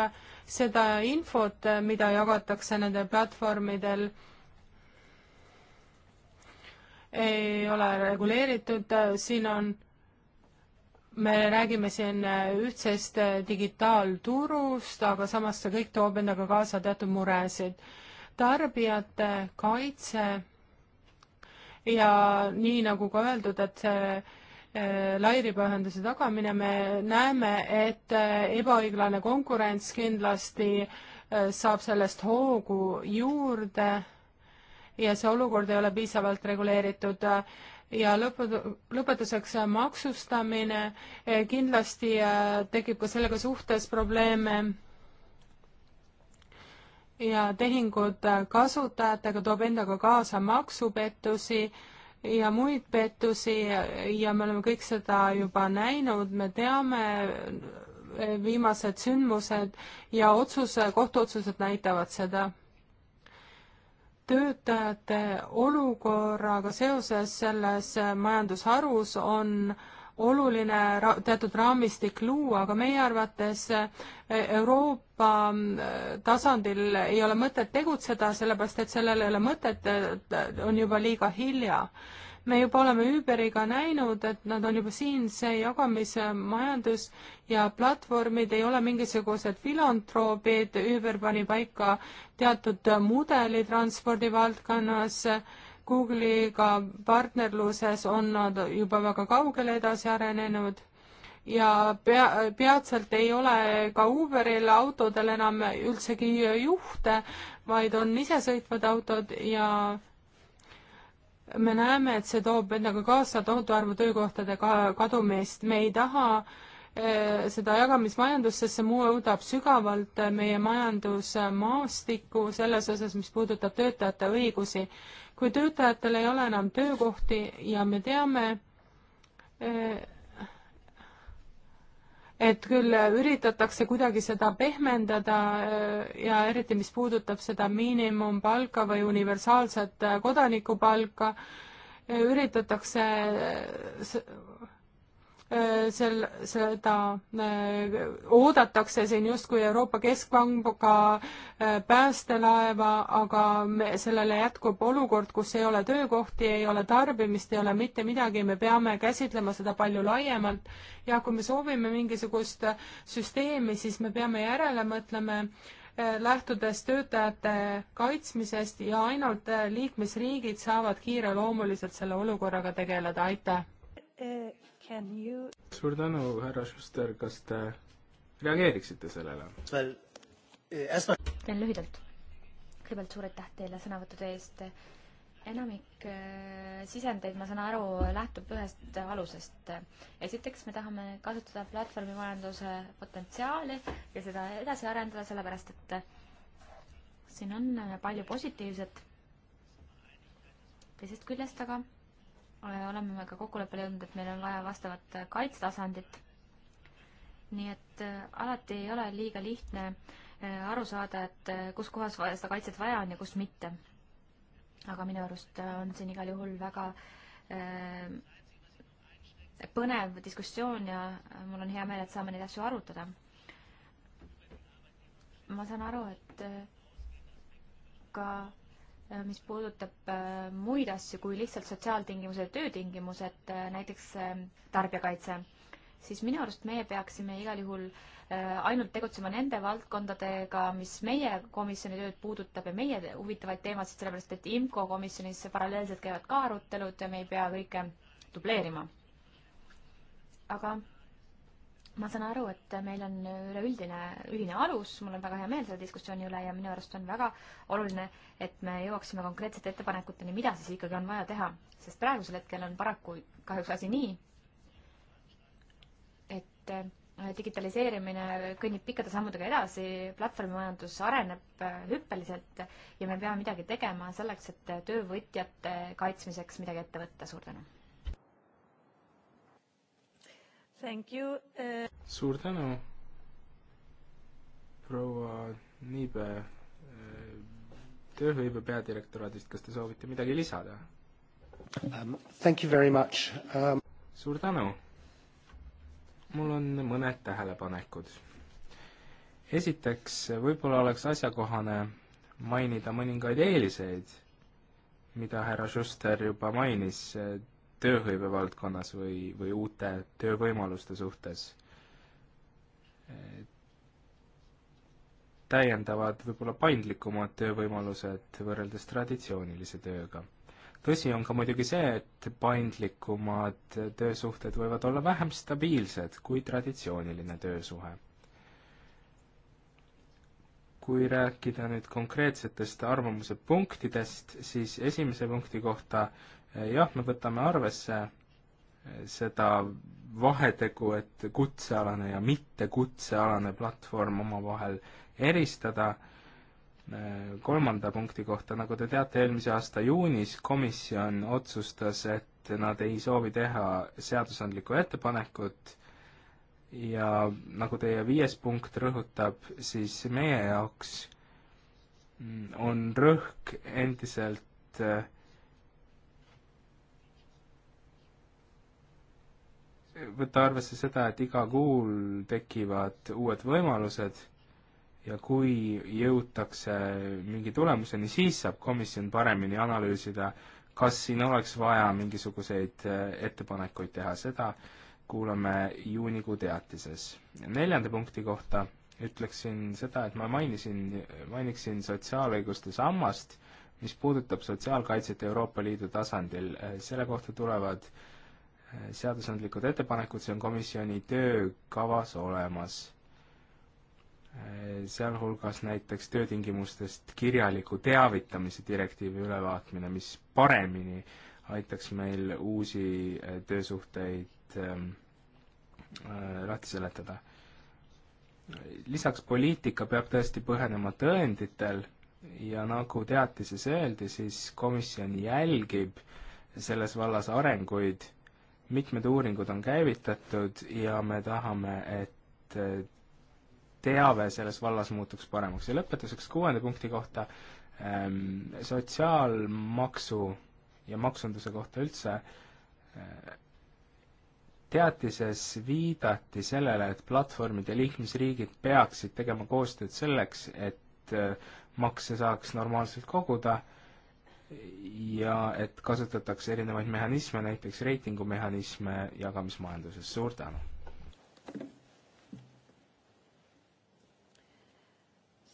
seda infot, mida jagatakse nendel platvormidel, ei ole reguleeritud, siin on me räägime siin äh, ühtsest äh, digitaalturust, aga samas see kõik toob endaga kaasa teatud muresid. tarbijate kaitse ja nii nagu ka öeldud, et see äh, lairibaühenduse tagamine, me näeme, et ebaõiglane konkurents kindlasti saab sellest hoogu juurde ja see olukord ei ole piisavalt reguleeritud ja lõpu, lõpetuseks äh, maksustamine, äh, kindlasti äh, tekib ka sellega suhtes probleeme ja tehingud kasutajatega toob endaga kaasa maksupettusi ja muid pettusi ja me oleme kõik seda juba näinud, me teame, viimased sündmused ja otsus, kohtuotsused näitavad seda töötajate olukorraga seoses selles majandusharus on oluline ra teatud raamistik luua, aga meie arvates Euroopa mm, tasandil ei ole mõtet tegutseda, sellepärast et sellel ei ole mõtet, on juba liiga hilja me juba oleme Uberiga näinud, et nad on juba siin, see jagamismajandus ja platvormid ei ole mingisugused filantroobid, Uber pani paika teatud mudeli transpordivaldkonnas, Google'iga partnerluses on nad juba väga kaugele edasi arenenud ja pea, peatselt ei ole ka Uberil autodel enam üldsegi juhte, vaid on isesõitvad autod ja me näeme, et see toob endaga kaasa tohutu arvu töökohtade ka kadumist, me ei taha eh, seda jagamismajandust, sest see muudab sügavalt eh, meie majandusmaastikku selles osas, mis puudutab töötajate õigusi. kui töötajatel ei ole enam töökohti ja me teame, eh, et küll üritatakse kuidagi seda pehmendada äh, ja eriti, mis puudutab seda miinimumpalka või universaalset äh, kodanikupalka, äh, üritatakse Äh, sel, seda äh, oodatakse siin justkui Euroopa Keskpanga äh, päästelaeva, aga me, sellele jätkub olukord, kus ei ole töökohti, ei ole tarbimist, ei ole mitte midagi, me peame käsitlema seda palju laiemalt ja kui me soovime mingisugust süsteemi, siis me peame järele mõtlema, lähtudes töötajate kaitsmisest ja ainult liikmesriigid saavad kiireloomuliselt selle olukorraga tegeleda, aitäh! You... suur tänu, härra Schuster, kas te reageeriksite sellele? Eh, teen lühidalt. kõigepealt suur aitäh teile sõnavõttude eest. enamik eh, sisendeid, ma saan aru, lähtub ühest alusest. esiteks me tahame kasutada platvormimajanduse potentsiaali ja seda edasi arendada, sellepärast et siin on palju positiivset. teisest küljest aga Äh, oleme me ka kokkuleppele jõudnud, et meil on vaja vastavat äh, kaitsetasandit. nii et äh, alati ei ole liiga lihtne aru saada, et kus kohas seda kaitset vaja on ja kus mitte. aga minu arust on siin igal juhul väga põnev diskussioon ja mul on hea meel, et saame neid asju arutada. ma saan aru, et ka Äh, mis puudutab äh, muid asju kui lihtsalt sotsiaaltingimused ja töötingimused, äh, näiteks ähm, tarbijakaitse, siis minu arust meie peaksime igal juhul ainult tegutsema nende valdkondadega, mis meie komisjoni tööd puudutab ja meie huvitavaid teemasid, sellepärast et IMCO komisjonis paralleelselt käivad ka arutelud ja me ei pea kõike dubleerima. aga ma saan aru, et meil on üleüldine ühine alus, mul on väga hea meel selle diskussiooni üle ja minu arust on väga oluline, et me jõuaksime konkreetsete ettepanekuteni, mida siis ikkagi on vaja teha, sest praegusel hetkel on paraku kahjuks asi nii, et äh, digitaliseerimine kõnnib pikkade sammudega edasi, platvormimajandus areneb äh, hüppeliselt ja me peame midagi tegema selleks, et töövõtjate kaitsmiseks midagi ette võtta, suur tänu Thank you uh.... suur tänu, proua Niibe äh, tööhõive peadirektoraadist, kas te soovite midagi lisada um,? Thank you very much um.... suur tänu. mul on mõned tähelepanekud. esiteks, võib-olla oleks asjakohane mainida mõningaid eeliseid, mida härra Schuster juba mainis tööhõive valdkonnas või, või uute töövõimaluste suhtes. täiendavad võib-olla paindlikumad töövõimalused võrreldes traditsioonilise tööga. tõsi on ka muidugi see, et paindlikumad töösuhted võivad olla vähem stabiilsed kui traditsiooniline töösuhe kui rääkida nüüd konkreetsetest arvamuse punktidest, siis esimese punkti kohta jah, me võtame arvesse eh, seda vahetegu, et kutsealane ja mittekutsealane platvorm omavahel eristada. Eh, kolmanda punkti kohta, nagu te teate, eelmise aasta juunis komisjon otsustas, et nad ei soovi teha seadusandlikku ettepanekut ja nagu teie viies punkt rõhutab, siis meie jaoks mm, on rõhk endiselt äh, võtta arvesse seda, et iga kuul tekivad uued võimalused ja kui jõutakse mingi tulemuseni, siis saab komisjon paremini analüüsida, kas siin oleks vaja mingisuguseid äh, ettepanekuid teha, seda kuulame juunikuu teatises. neljanda punkti kohta ütleksin seda, et ma mainisin, mainiksin sotsiaalõiguste sammast, mis puudutab sotsiaalkaitset Euroopa Liidu tasandil, äh, selle kohta tulevad äh, seadusandlikud ettepanekud, see on komisjoni töökavas olemas. Äh, sealhulgas näiteks töötingimustest kirjaliku teavitamise direktiivi ülevaatmine, mis paremini aitaks meil uusi äh, töösuhteid ähm, äh, lahti seletada. lisaks poliitika peab tõesti põhenema tõenditel ja nagu teatises öeldi, siis komisjon jälgib selles vallas arenguid mitmed uuringud on käivitatud ja me tahame, et äh, teave selles vallas muutuks paremaks ja lõpetuseks kuuenda punkti kohta ähm, sotsiaalmaksu ja maksunduse kohta üldse äh, teatises viidati sellele, et platvormid ja liikmesriigid peaksid tegema koostööd selleks, et äh, makse saaks normaalselt koguda äh, ja et kasutatakse erinevaid mehhanisme, näiteks reitingumehhanisme jagamismajanduses, suur tänu!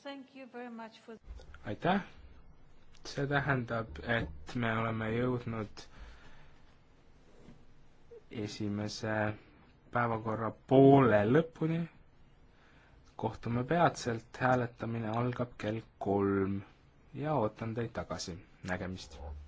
For... aitäh, see tähendab, et me oleme jõudnud esimese päevakorra poole lõpuni. kohtume peatselt, hääletamine algab kell kolm ja ootan teid tagasi nägemist!